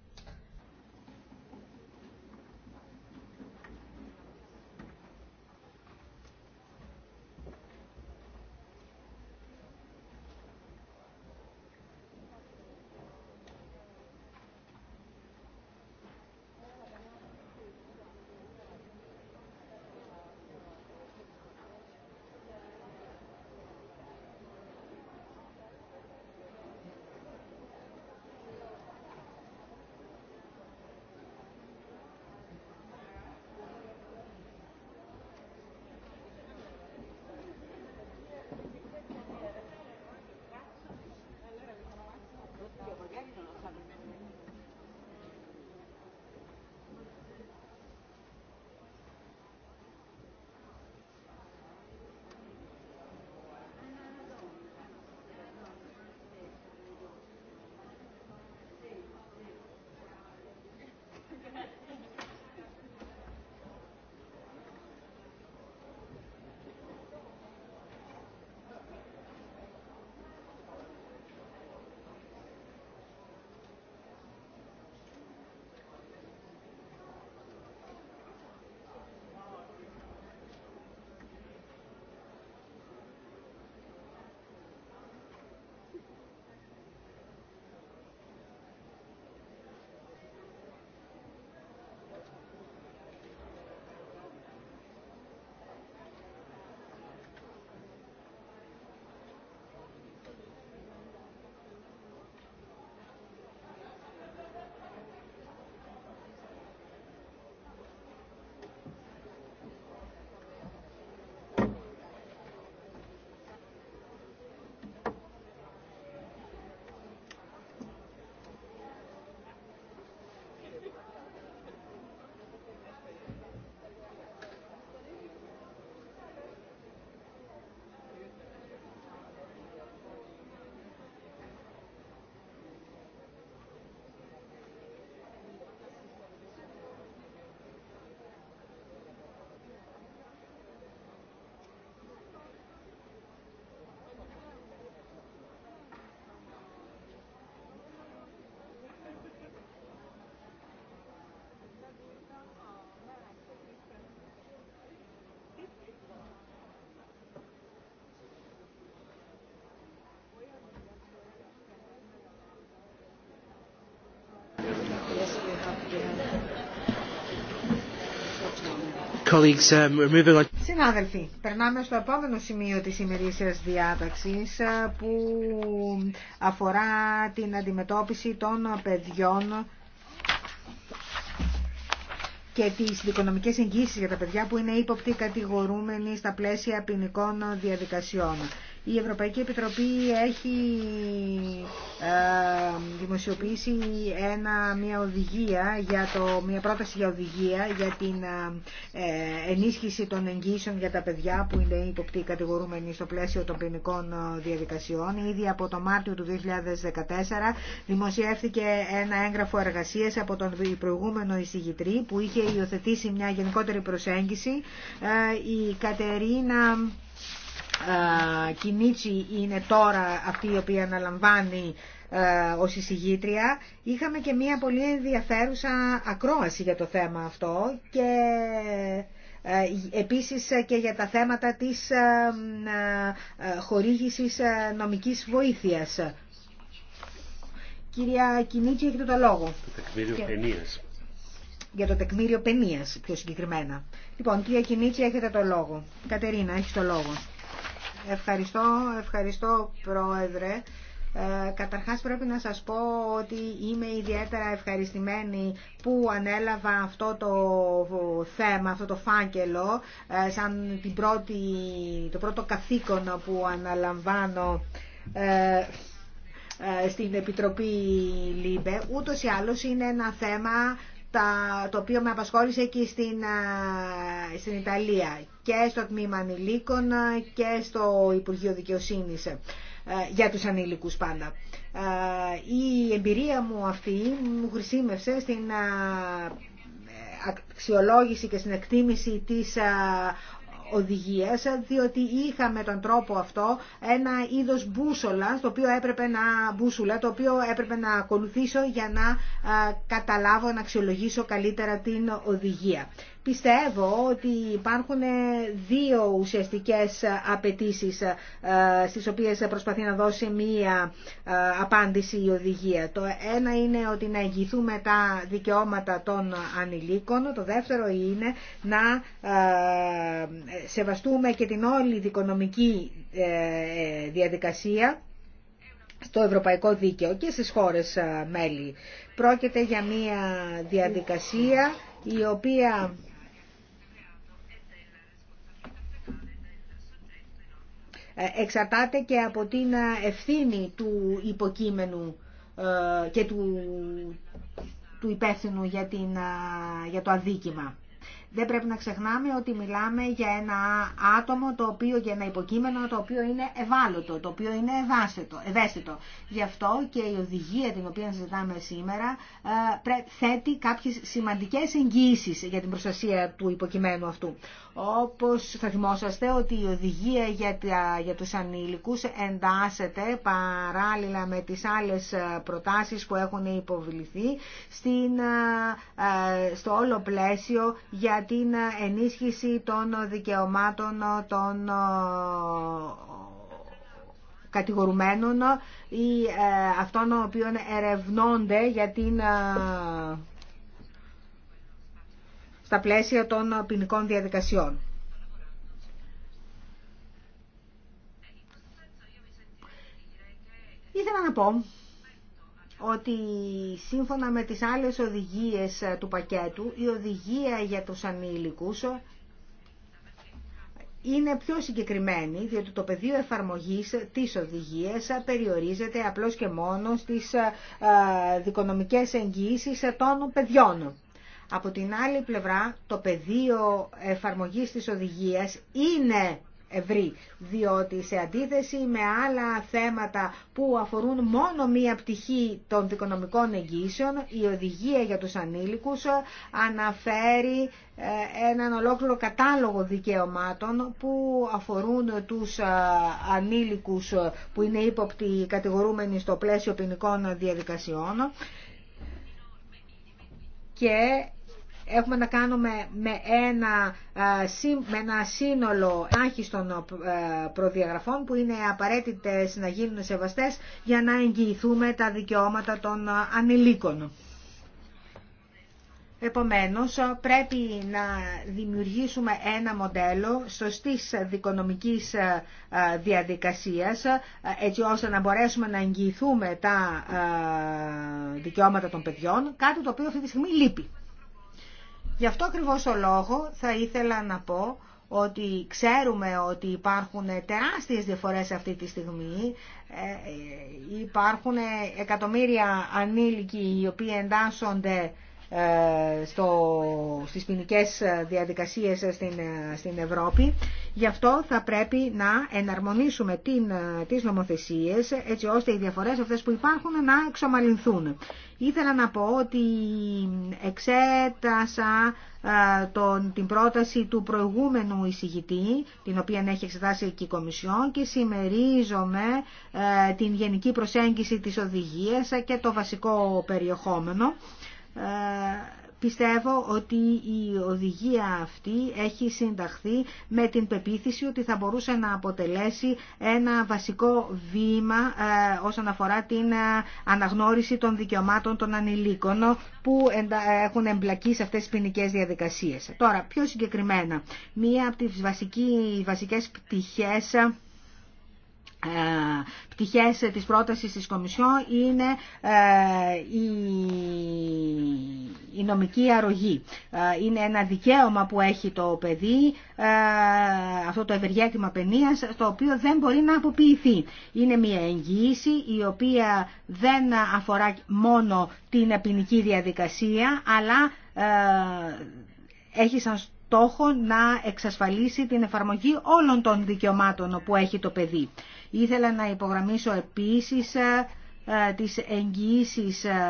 Um, Συνάδελφοι, περνάμε στο επόμενο σημείο της ημερήσιας διάταξης ε, που αφορά την αντιμετώπιση των παιδιών και τις δικονομικές εγγύσεις για τα παιδιά που είναι ύποπτοι κατηγορούμενοι στα πλαίσια ποινικών διαδικασιών. Η Ευρωπαϊκή Επιτροπή έχει ε, δημοσιοποιήσει ένα, μια, οδηγία για το, μια πρόταση για οδηγία για την ε, ε, ενίσχυση των εγγύσεων για τα παιδιά που είναι υποπτή κατηγορούμενοι στο πλαίσιο των ποινικών διαδικασιών. Ήδη από το Μάρτιο του 2014 δημοσιεύθηκε ένα έγγραφο εργασίας από τον προηγούμενο εισηγητρή που είχε υιοθετήσει μια γενικότερη προσέγγιση. Η Κατερίνα Κινίτσι είναι τώρα αυτή η οποία αναλαμβάνει ω εισηγήτρια. Είχαμε και μία πολύ ενδιαφέρουσα ακρόαση για το θέμα αυτό και ε, επίσης και για τα θέματα της ε, ε, χορήγησης νομικής βοήθειας. Κυρία Κινίτσι, έχετε το λόγο. Το τεκμήριο Για το τεκμήριο παινίας, πιο συγκεκριμένα. Λοιπόν, κυρία Κινίτσι, έχετε το λόγο. Κατερίνα, έχει το λόγο. Ευχαριστώ, ευχαριστώ Πρόεδρε. Ε, καταρχάς πρέπει να σας πω ότι είμαι ιδιαίτερα ευχαριστημένη που ανέλαβα αυτό το θέμα, αυτό το φάκελο, ε, σαν την το πρώτο καθήκον που αναλαμβάνω ε, ε, στην Επιτροπή ΛΥΜΠΕ. Ούτως ή άλλως είναι ένα θέμα τα, το οποίο με απασχόλησε εκεί στην, Ιταλία και στο τμήμα ανηλίκων και στο Υπουργείο Δικαιοσύνης ε, για τους ανήλικους πάντα. Ε, η εμπειρία μου αυτή μου χρησιμεύσε στην ε, αξιολόγηση και στην εκτίμηση της οδηγίας, διότι είχαμε τον τρόπο αυτό ένα είδος μπούσολα, το οποίο έπρεπε να, μπούσουλα, το οποίο έπρεπε να ακολουθήσω για να καταλάβω, να αξιολογήσω καλύτερα την οδηγία. Πιστεύω ότι υπάρχουν δύο ουσιαστικές απαιτήσεις ε, στις οποίες προσπαθεί να δώσει μία ε, απάντηση η οδηγία. Το ένα είναι ότι να εγγυηθούμε τα δικαιώματα των ανηλίκων, το δεύτερο είναι να ε, σεβαστούμε και την όλη δικονομική διαδικασία στο ευρωπαϊκό δίκαιο και στις χώρες μέλη. Πρόκειται για μία διαδικασία η οποία Ε, εξαρτάται και από την ε, ευθύνη του υποκείμενου ε, και του, του υπεύθυνου για, την, για το αδίκημα. Δεν πρέπει να ξεχνάμε ότι μιλάμε για ένα άτομο, το οποίο, για ένα υποκείμενο το οποίο είναι ευάλωτο, το οποίο είναι ευάσθητο, ευαίσθητο. Γι' αυτό και η οδηγία την οποία συζητάμε σήμερα θέτει κάποιες σημαντικές εγγύησεις για την προστασία του υποκειμένου αυτού. Όπως θα θυμόσαστε ότι η οδηγία για, για τους ανήλικους εντάσσεται παράλληλα με τις άλλες ε, προτάσεις που έχουν υποβληθεί στην, ε, ε, στο όλο πλαίσιο για την ενίσχυση των δικαιωμάτων των κατηγορουμένων ή αυτών οποίων ερευνώνται για την στα πλαίσια των ποινικών διαδικασιών. Ήθελα να πω ότι σύμφωνα με τις άλλες οδηγίες του πακέτου, η οδηγία για τους ανήλικους είναι πιο συγκεκριμένη, διότι το πεδίο εφαρμογής της οδηγίας περιορίζεται απλώς και μόνο στις ε, δικονομικές εγγυήσεις των παιδιών. Από την άλλη πλευρά, το πεδίο εφαρμογής της οδηγίας είναι ευρύ, διότι σε αντίθεση με άλλα θέματα που αφορούν μόνο μία πτυχή των δικονομικών εγγύσεων, η οδηγία για τους ανήλικους αναφέρει ε, έναν ολόκληρο κατάλογο δικαιωμάτων που αφορούν τους ε, ανήλικους που είναι ύποπτοι κατηγορούμενοι στο πλαίσιο ποινικών διαδικασιών και έχουμε να κάνουμε με ένα, ε, σύνολο άχιστων ε, προδιαγραφών που είναι απαραίτητες να γίνουν σεβαστές για να εγγυηθούμε τα δικαιώματα των ε, ανηλίκων. Επομένως, πρέπει να δημιουργήσουμε ένα μοντέλο σωστής δικονομικής διαδικασίας, έτσι ώστε να μπορέσουμε να εγγυηθούμε τα δικαιώματα των παιδιών, κάτι το οποίο αυτή τη στιγμή λείπει. Γι' αυτό ακριβώς ο λόγο θα ήθελα να πω ότι ξέρουμε ότι υπάρχουν τεράστιες διαφορές αυτή τη στιγμή. Ε, ε, υπάρχουν εκατομμύρια ανήλικοι οι οποίοι εντάσσονται ε, στο, στις ποινικέ διαδικασίες στην, στην Ευρώπη. Γι' αυτό θα πρέπει να εναρμονίσουμε την, τις νομοθεσίες έτσι ώστε οι διαφορές αυτές που υπάρχουν να εξομαλυνθούν. Ήθελα να πω ότι εξέτασα ε, τον, την πρόταση του προηγούμενου εισηγητή, την οποία έχει εξετάσει και η Κομισιόν και συμμερίζομαι ε, την γενική προσέγγιση της οδηγίας και το βασικό περιεχόμενο. Ε, πιστεύω ότι η οδηγία αυτή έχει συνταχθεί με την πεποίθηση ότι θα μπορούσε να αποτελέσει ένα βασικό βήμα ε, όσον αφορά την ε, αναγνώριση των δικαιωμάτων των ανηλίκων που έχουν εμπλακεί σε αυτές τις ποινικέ διαδικασίες. Τώρα, πιο συγκεκριμένα, μία από τις βασικές πτυχές πτυχές της πρότασης της Κομισιόν είναι ε, η, νομική αρρωγή. Ε, είναι ένα δικαίωμα που έχει το παιδί, ε, αυτό το ευεργέτημα παινίας, το οποίο δεν μπορεί να αποποιηθεί. Είναι μια εγγύηση η οποία δεν αφορά μόνο την ποινική διαδικασία, αλλά έχει σαν στόχο να εξασφαλίσει την εφαρμογή όλων των δικαιωμάτων που έχει το παιδί. Ήθελα να υπογραμμίσω επίσης ε, τις εγγύησει ε, ε,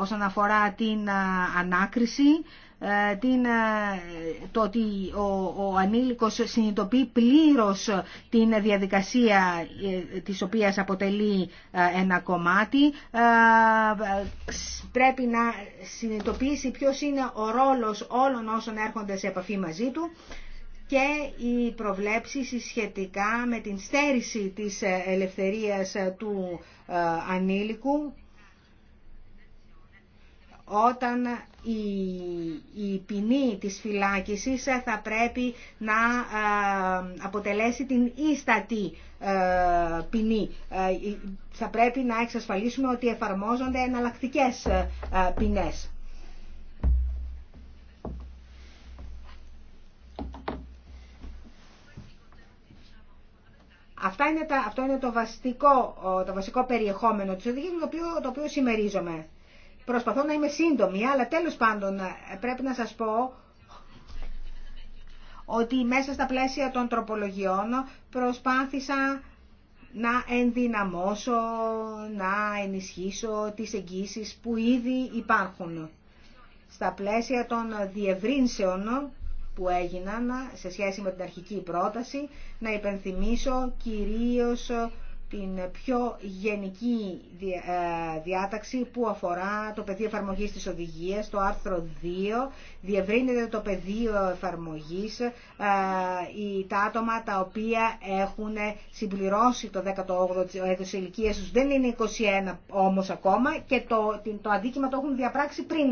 όσον αφορά την ανάκριση, την, το ότι ο, ο ανήλικος συνειδητοποιεί πλήρως την διαδικασία της οποίας αποτελεί ένα κομμάτι πρέπει να συνειδητοποιήσει ποιος είναι ο ρόλος όλων όσων έρχονται σε επαφή μαζί του και οι προβλέψεις σχετικά με την στέρηση της ελευθερίας του ε, ανήλικου όταν η, η ποινή της φυλάκισης θα πρέπει να ε, αποτελέσει την ίστατη ε, ποινή. Θα πρέπει να εξασφαλίσουμε ότι εφαρμόζονται εναλλακτικές ποινές. Αυτά είναι τα, αυτό είναι το βασικό, το βασικό περιεχόμενο της οδηγίας το οποίο, το οποίο συμμερίζομαι. Προσπαθώ να είμαι σύντομη, αλλά τέλος πάντων ε, πρέπει να σας πω ότι μέσα στα πλαίσια των τροπολογιών προσπάθησα να ενδυναμώσω, να ενισχύσω τις εγγύσεις που ήδη υπάρχουν. Στα πλαίσια των διευρύνσεων που έγιναν σε σχέση με την αρχική πρόταση, να υπενθυμίσω κυρίως ε, την πιο γενική ε, διάταξη που αφορά το πεδίο εφαρμογής της οδηγίας, το άρθρο 2, διευρύνεται το πεδίο εφαρμογής ε, τα άτομα τα οποία έχουν συμπληρώσει το 18ο έτος ηλικίας τους, δεν είναι 21 όμως ακόμα και το, το το έχουν διαπράξει πριν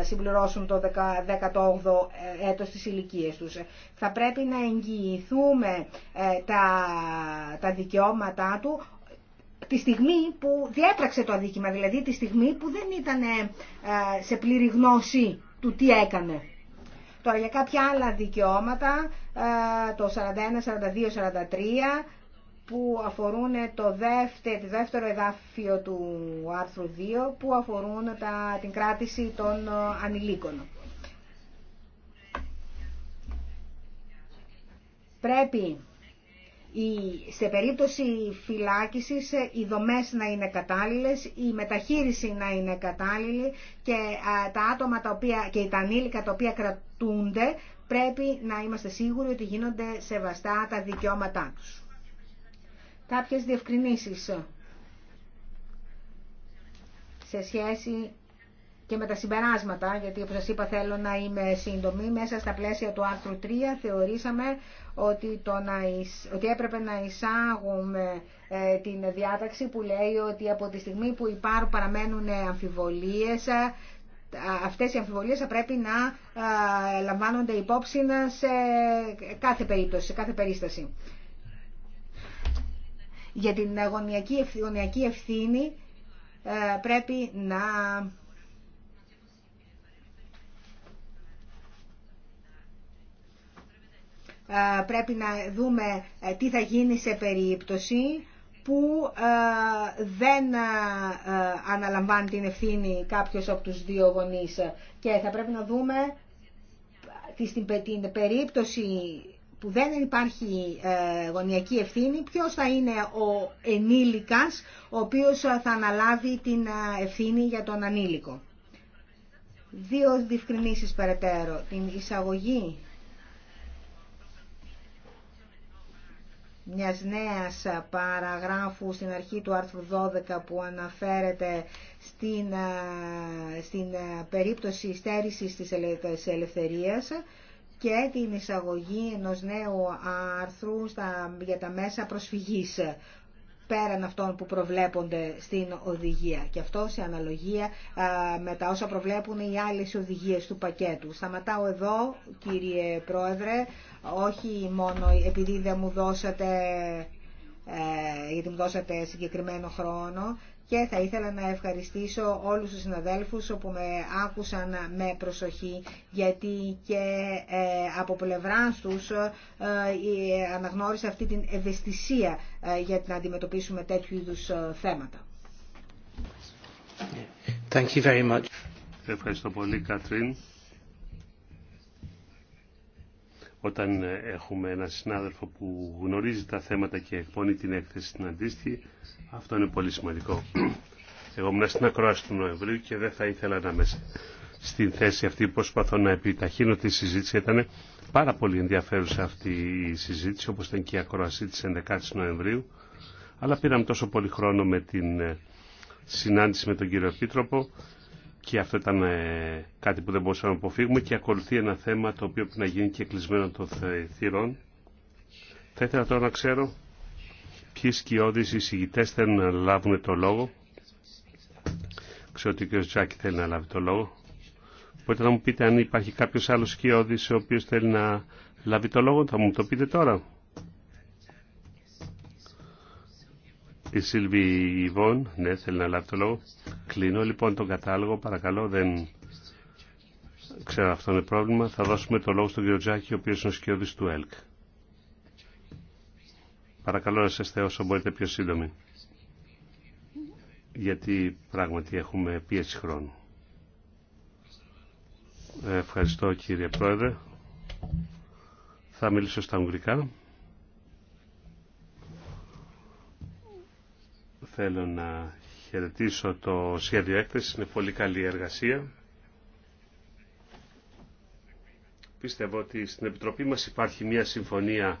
ε, συμπληρώσουν το 18ο έτος της ηλικία τους. Θα πρέπει να εγγυηθούμε ε, τα, τα δικαιώματά του τη στιγμή που διέπραξε το αδίκημα, δηλαδή τη στιγμή που δεν ήταν ε, σε πλήρη γνώση του τι έκανε. Τώρα για κάποια άλλα δικαιώματα, το 41, 42, 43 που αφορούν το δεύτερο, δεύτερο εδάφιο του άρθρου 2 που αφορούν τα, την κράτηση των ε, ανηλίκων. Πρέπει σε περίπτωση φυλάκισης ε, οι δομές να είναι κατάλληλες, η μεταχείριση να είναι κατάλληλη και ε, τα άτομα τα οποία, και τα ανήλικα τα οποία κρατούνται πρέπει να είμαστε σίγουροι ότι γίνονται σεβαστά τα δικαιώματά τους κάποιες διευκρινήσεις σε σχέση και με τα συμπεράσματα, γιατί όπως σας είπα θέλω να είμαι σύντομη, μέσα στα πλαίσια του άρθρου 3 θεωρήσαμε ότι, το να, ότι έπρεπε να εισάγουμε ε, την διάταξη που λέει ότι από τη στιγμή που υπάρχουν παραμένουν αμφιβολίες, ε, αυτές οι αμφιβολίες θα πρέπει να ε, λαμβάνονται υπόψη σε κάθε περίπτωση, σε κάθε περίσταση για την γωνιακή ευθύνη ε, πρέπει να ε, πρέπει να δούμε ε, τι θα γίνει σε περίπτωση που δεν αναλαμβάνει την ευθύνη κάποιος από τους δύο γονείς και θα πρέπει να δούμε στην περίπτωση που δεν υπάρχει ε, γωνιακή ευθύνη, ποιος θα είναι ο ενήλικας, ο οποίος θα αναλάβει την ε, ευθύνη για τον ανήλικο. Δύο διευκρινήσεις περαιτέρω. Την εισαγωγή μιας νέας παραγράφου στην αρχή του άρθρου 12 που αναφέρεται στην, ε, στην περίπτωση στέρησης της ελευθερίας και την εισαγωγή ενός νέου άρθρου στα, για τα μέσα προσφυγής πέραν αυτών που προβλέπονται στην οδηγία. Και αυτό σε αναλογία με τα όσα προβλέπουν οι άλλες οδηγίες του πακέτου. Σταματάω εδώ, κύριε Πρόεδρε, όχι μόνο επειδή δεν μου δώσατε, ε, μου δώσατε συγκεκριμένο χρόνο, και θα ήθελα να ευχαριστήσω όλους τους συναδέλφους που με άκουσαν με προσοχή γιατί και ε, από πλευρά τους ε, αναγνώρισα αυτή την ευαισθησία ε, για να αντιμετωπίσουμε τέτοιου είδους θέματα. Thank you very much. Ευχαριστώ πολύ Κατρίν. Όταν έχουμε ένα συνάδελφο που γνωρίζει τα θέματα και εκπονεί την έκθεση στην αντίστοιχη, αυτό είναι πολύ σημαντικό. Εγώ ήμουν στην ακρόαση του Νοεμβρίου και δεν θα ήθελα να είμαι στην θέση αυτή που προσπαθώ να επιταχύνω τη συζήτηση. Ήταν πάρα πολύ ενδιαφέρουσα αυτή η συζήτηση, όπως ήταν και η ακρόαση της 11ης Νοεμβρίου. Αλλά πήραμε τόσο πολύ χρόνο με την ε, συνάντηση με τον κύριο Επίτροπο και αυτό ήταν ε, κάτι που δεν μπορούσαμε να αποφύγουμε και ακολουθεί ένα θέμα το οποίο πρέπει να γίνει και κλεισμένο των θυρών. Θα ήθελα τώρα να ξέρω Ποιοι σκιώδεις εισηγητές θέλουν να λάβουν το λόγο. Ξέρω ότι ο κ. Τζάκη θέλει να λάβει το λόγο. Μπορείτε να μου πείτε αν υπάρχει κάποιος άλλος σκιώδης ο οποίος θέλει να λάβει το λόγο. Θα μου το πείτε τώρα. Η Σίλβη Ιβών, ναι, θέλει να λάβει το λόγο. Κλείνω λοιπόν τον κατάλογο, παρακαλώ, δεν ξέρω αυτό είναι πρόβλημα. Θα δώσουμε το λόγο στον κύριο Τζάκη, ο οποίος είναι ο σκιώδης του ΕΛΚ. Παρακαλώ να είστε όσο μπορείτε πιο σύντομοι. Γιατί πράγματι έχουμε πίεση χρόνου. Ευχαριστώ κύριε Πρόεδρε. Θα μιλήσω στα Ουγγρικά. Θέλω να χαιρετήσω το σχέδιο έκθεση. Είναι πολύ καλή εργασία. Πιστεύω ότι στην Επιτροπή μας υπάρχει μια συμφωνία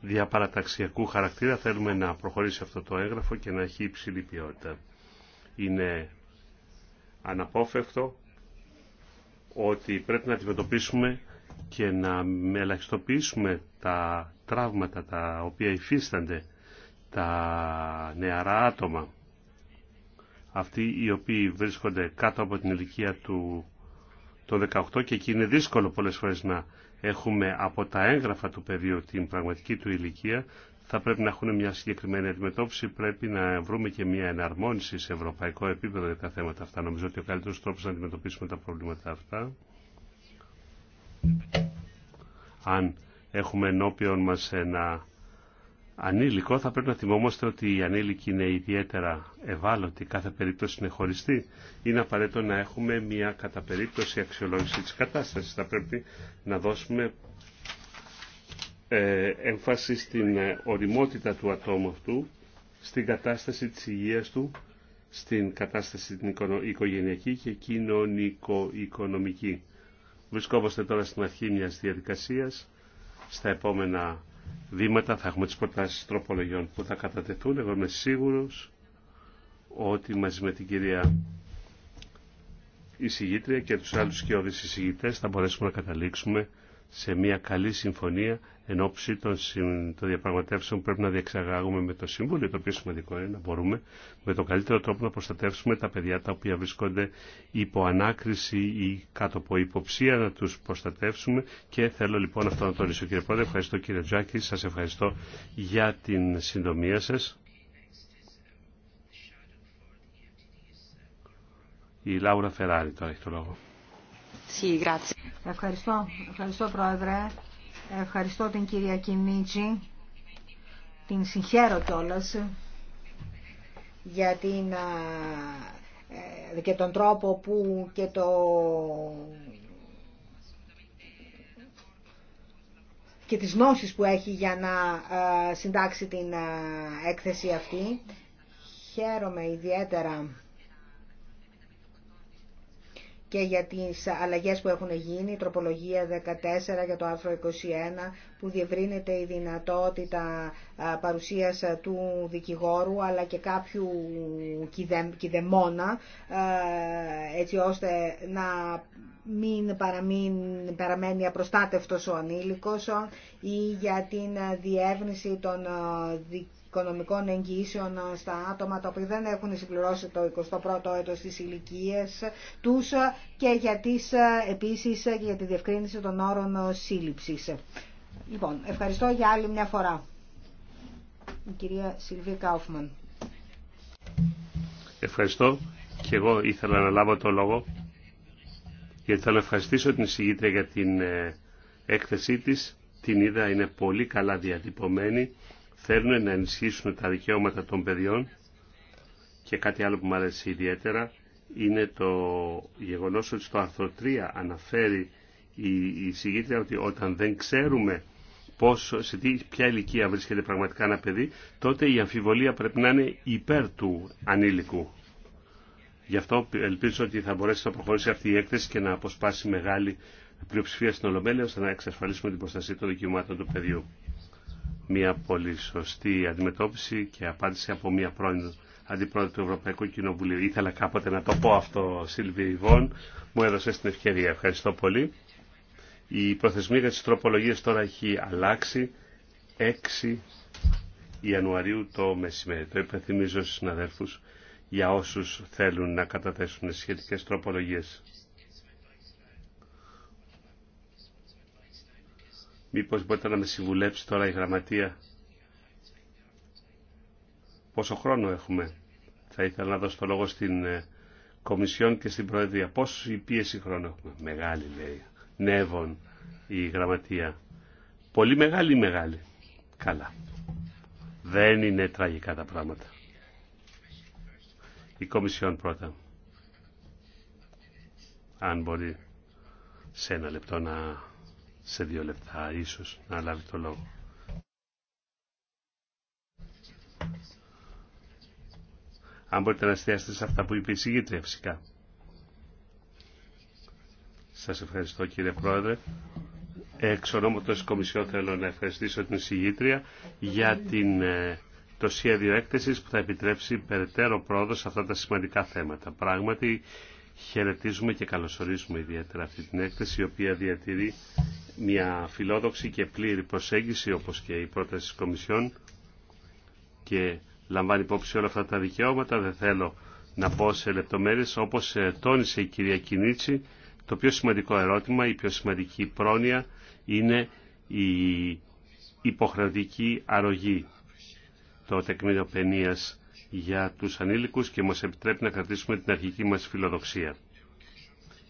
διαπαραταξιακού χαρακτήρα. Θέλουμε να προχωρήσει αυτό το έγγραφο και να έχει υψηλή ποιότητα. Είναι αναπόφευκτο ότι πρέπει να αντιμετωπίσουμε και να ελαχιστοποιήσουμε τα τραύματα τα οποία υφίστανται τα νεαρά άτομα αυτοί οι οποίοι βρίσκονται κάτω από την ηλικία του το 18 και εκεί είναι δύσκολο πολλές φορές να έχουμε από τα έγγραφα του πεδίου την πραγματική του ηλικία, θα πρέπει να έχουν μια συγκεκριμένη αντιμετώπιση. Πρέπει να βρούμε και μια εναρμόνιση σε ευρωπαϊκό επίπεδο για τα θέματα αυτά. Νομίζω ότι ο καλύτερο τρόπο να αντιμετωπίσουμε τα προβλήματα αυτά. Αν έχουμε ενώπιον μας ένα ανήλικο θα πρέπει να θυμόμαστε ότι η ανήλικη είναι ιδιαίτερα ευάλωτοι, κάθε περίπτωση είναι χωριστή. Είναι απαραίτητο να έχουμε μια κατά περίπτωση αξιολόγηση της κατάστασης. Θα πρέπει να δώσουμε ε, έμφαση στην ε, οριμότητα του ατόμου αυτού, στην κατάσταση της υγείας του, στην κατάσταση την οικογενειακή και κοινωνικο-οικονομική. Βρισκόμαστε τώρα στην αρχή μιας διαδικασίας, στα επόμενα Δήματα θα έχουμε τις προτάσεις τροπολογιών που θα κατατεθούν. Εγώ είμαι σίγουρος ότι μαζί με την κυρία εισηγήτρια και τους άλλους σκιώδεις εισηγητές θα μπορέσουμε να καταλήξουμε σε μια καλή συμφωνία εν ώψη των, διαπραγματεύσεων που πρέπει να διεξαγάγουμε με το Συμβούλιο. Το οποίο σημαντικό είναι να μπορούμε με τον καλύτερο τρόπο να προστατεύσουμε τα παιδιά τα οποία βρίσκονται υπό ανάκριση ή κάτω από υποψία να τους προστατεύσουμε. Και θέλω λοιπόν αυτό να τονίσω κύριε Πρόεδρε. Ευχαριστώ κύριε Τζάκη. σας ευχαριστώ για την συντομία σας Η Λάουρα Φεράρη τώρα έχει το λόγο. Ευχαριστώ. Ευχαριστώ, Πρόεδρε. Ευχαριστώ την κυρία Κινίτσι. Την συγχαίρω κιόλα για την ε, και τον τρόπο που και το και τις γνώσεις που έχει για να συντάξει την έκθεση αυτή. Χαίρομαι ιδιαίτερα και για τις αλλαγές που έχουν γίνει, τροπολογία 14 για το άρθρο 21 που διευρύνεται η δυνατότητα παρουσίας του δικηγόρου αλλά και κάποιου κηδεμόνα έτσι ώστε να μην παραμένει απροστάτευτος ο ανήλικος ή για την διεύρυνση των δικηγόρων οικονομικών εγγύσεων στα άτομα τα οποία δεν έχουν συμπληρώσει το 21ο έτος της ηλικία τους και για επίσης για τη διευκρίνηση των όρων σύλληψης. Λοιπόν, ευχαριστώ για άλλη μια φορά. Η κυρία Σιλβί Κάουφμαν. Ευχαριστώ και εγώ ήθελα να λάβω το λόγο γιατί θέλω να ευχαριστήσω την εισηγήτρια για την ε, έκθεσή της. Την είδα είναι πολύ καλά διατυπωμένη θέλουν να ενισχύσουν τα δικαιώματα των παιδιών και κάτι άλλο που μου αρέσει ιδιαίτερα είναι το γεγονός ότι στο άρθρο 3 αναφέρει η συγκήτρια ότι όταν δεν ξέρουμε πώς, σε τι, ποια ηλικία βρίσκεται πραγματικά ένα παιδί, τότε η αμφιβολία πρέπει να είναι υπέρ του ανήλικου. Γι' αυτό ελπίζω ότι θα μπορέσει να προχωρήσει αυτή η έκθεση και να αποσπάσει μεγάλη πλειοψηφία στην Ολομέλεια ώστε να εξασφαλίσουμε την προστασία των δικαιωμάτων του παιδιού μια πολύ σωστή αντιμετώπιση και απάντηση από μια πρώην αντιπρόεδρο του Ευρωπαϊκού Κοινοβουλίου. Ήθελα κάποτε να το πω αυτό, Σιλβί Ιβόν. Μου έδωσε την ευκαιρία. Ευχαριστώ πολύ. Η προθεσμία για τις τροπολογίες τώρα έχει αλλάξει 6 Ιανουαρίου το μεσημέρι. Το υπενθυμίζω στους συναδέλφους για όσους θέλουν να καταθέσουν σχετικές τροπολογίες. Μήπως μπορείτε να με συμβουλέψει τώρα η γραμματεία. Πόσο χρόνο έχουμε. Θα ήθελα να δώσω το λόγο στην ε, Κομισιόν και στην Προεδρία. η πίεση χρόνο έχουμε. Μεγάλη λέει. Νεύων η γραμματεία. Πολύ μεγάλη ή μεγάλη. Καλά. Δεν είναι τραγικά τα πράγματα. Η Κομισιόν πρώτα. Αν μπορεί σε ένα λεπτό να σε δύο λεπτά ίσως να λάβει το λόγο. Αν μπορείτε να εστιάσετε σε αυτά που είπε η συγγήτρια φυσικά. Σας ευχαριστώ κύριε Πρόεδρε. Εξ ονόματος Κομισιό θέλω να ευχαριστήσω την συγγήτρια για την, ε, το σχέδιο έκθεσης που θα επιτρέψει περαιτέρω πρόοδο σε αυτά τα σημαντικά θέματα. Πράγματι χαιρετίζουμε και καλωσορίζουμε ιδιαίτερα αυτή την έκθεση η οποία διατηρεί μια φιλόδοξη και πλήρη προσέγγιση όπως και η πρόταση της Κομισιόν και λαμβάνει υπόψη όλα αυτά τα δικαιώματα. Δεν θέλω να πω σε λεπτομέρειες όπως ε, τόνισε η κυρία Κινίτσι το πιο σημαντικό ερώτημα, η πιο σημαντική πρόνοια είναι η υποχρεωτική αρρωγή. Το τεκμήριο για τους ανήλικους και μας επιτρέπει να κρατήσουμε την αρχική μας φιλοδοξία.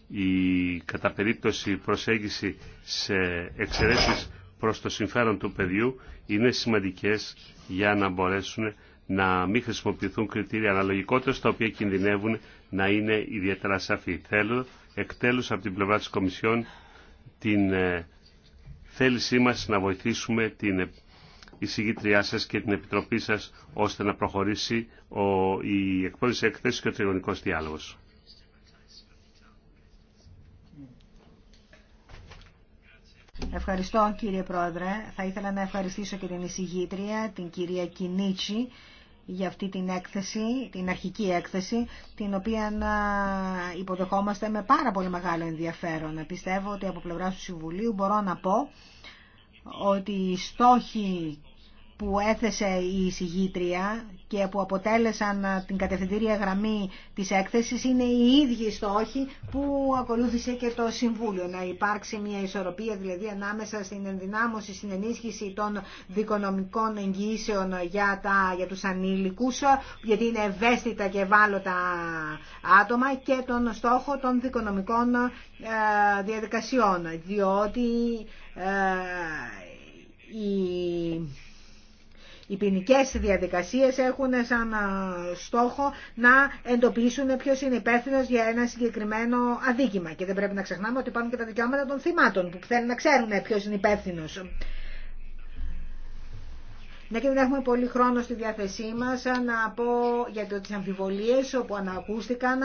Η κατά περίπτωση προσέγγιση σε εξαιρέσεις προς το συμφέρον του παιδιού είναι σημαντικές για να μπορέσουν να μην χρησιμοποιηθούν κριτήρια αναλογικότητα, τα οποία κινδυνεύουν να είναι ιδιαίτερα σαφή. Θέλω εκτέλους από την πλευρά της Κομισιόν την ε, θέλησή μας να βοηθήσουμε την εισηγήτριά σας και την Επιτροπή σας ώστε να προχωρήσει ο, η εκπόνηση εκθέσεως και ο τριγωνικός διάλογος. Ευχαριστώ κύριε Πρόεδρε. Θα ήθελα να ευχαριστήσω και την εισηγήτρια, την κυρία Κινίτσι, για αυτή την έκθεση, την αρχική έκθεση, την οποία υποδεχόμαστε με πάρα πολύ μεγάλο ενδιαφέρον. Πιστεύω ότι από πλευρά του Συμβουλίου μπορώ να πω ότι οι στόχοι που έθεσε η συγγήτρια και που αποτέλεσαν την κατευθυντήρια γραμμή της έκθεσης είναι οι ίδιοι στόχοι που ακολούθησε και το Συμβούλιο. Να υπάρξει μια ισορροπία δηλαδή ανάμεσα στην ενδυνάμωση, στην ενίσχυση των δικονομικών εγγύσεων για, τα, για τους ανήλικους, γιατί είναι ευαίσθητα και ευάλωτα άτομα και τον στόχο των δικονομικών διαδικασιών, διότι... η οι ποινικέ διαδικασίες έχουν σαν στόχο να εντοπίσουν ποιο είναι υπεύθυνο για ένα συγκεκριμένο αδίκημα. Και δεν πρέπει να ξεχνάμε ότι υπάρχουν και τα δικαιώματα των θυμάτων που θέλουν να ξέρουν ποιο είναι υπεύθυνο. Ναι και δεν έχουμε πολύ χρόνο στη διάθεσή μας να πω για το, τις αμφιβολίες όπου ανακούστηκαν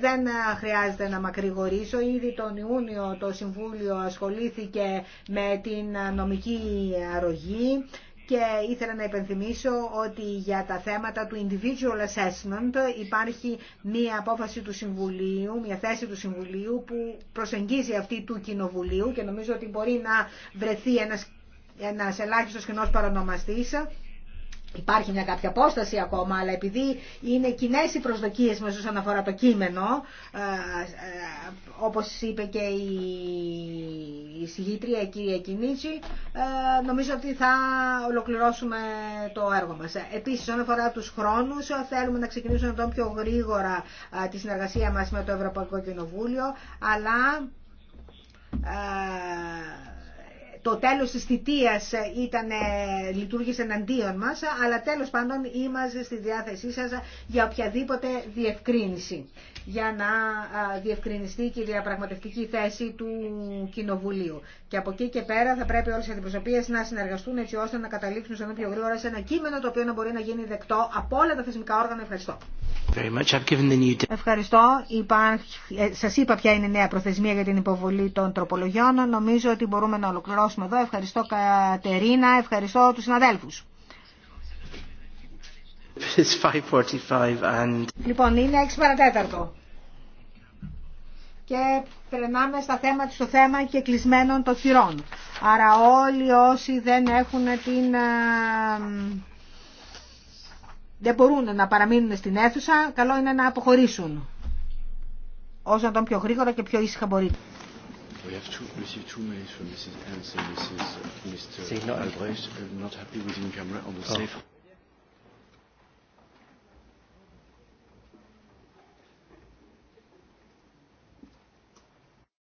δεν χρειάζεται να μακρηγορήσω ήδη τον Ιούνιο το Συμβούλιο ασχολήθηκε με την νομική αρρωγή και ήθελα να υπενθυμίσω ότι για τα θέματα του individual assessment υπάρχει μία απόφαση του Συμβουλίου, μία θέση του Συμβουλίου που προσεγγίζει αυτή του Κοινοβουλίου και νομίζω ότι μπορεί να βρεθεί ένας, ένας ελάχιστος κοινός παρονομαστής Υπάρχει μια κάποια απόσταση ακόμα, αλλά επειδή είναι κοινέ οι προσδοκίε μα όσον αφορά το κείμενο, ε, ε, όπω είπε και η συγγήτρια η κυρία Κινίτσι, ε, νομίζω ότι θα ολοκληρώσουμε το έργο μα. Επίση, όσον αφορά του χρόνου, θέλουμε να ξεκινήσουμε τον πιο γρήγορα τη συνεργασία μα με το Ευρωπαϊκό Κοινοβούλιο, αλλά το τέλος της θητείας ε, ήταν, λειτουργήσε εναντίον μας, αλλά τέλος πάντων είμαστε στη διάθεσή σας για οποιαδήποτε διευκρίνηση, για να διευκρινιστεί και η διαπραγματευτική θέση του Κοινοβουλίου. Και από εκεί και πέρα θα πρέπει όλες οι αντιπροσωπείες να συνεργαστούν έτσι ώστε να καταλήξουν σε ένα πιο γρήγορα σε ένα κείμενο το οποίο να μπορεί να γίνει δεκτό από όλα τα θεσμικά όργανα. Ευχαριστώ. Ευχαριστώ. Ε, σας είπα ποια είναι η νέα προθεσμία για την υποβολή των τροπολογιών. Νομίζω ότι μπορούμε να ολοκληρώσουμε εδώ. Ευχαριστώ Κατερίνα, ευχαριστώ τους συναδέλφους. And... Λοιπόν, είναι 6 παρατέταρτο. Και περνάμε στα θέματα, στο θέμα και κλεισμένων των θυρών. Άρα όλοι όσοι δεν έχουν την... Ε, δεν μπορούν να παραμείνουν στην αίθουσα, καλό είναι να αποχωρήσουν. Όσο τον πιο γρήγορα και πιο ήσυχα μπορείτε. We have two, received two mails from Mrs. Hansen, Mrs. Mr. Albrecht, not happy with camera on the safe.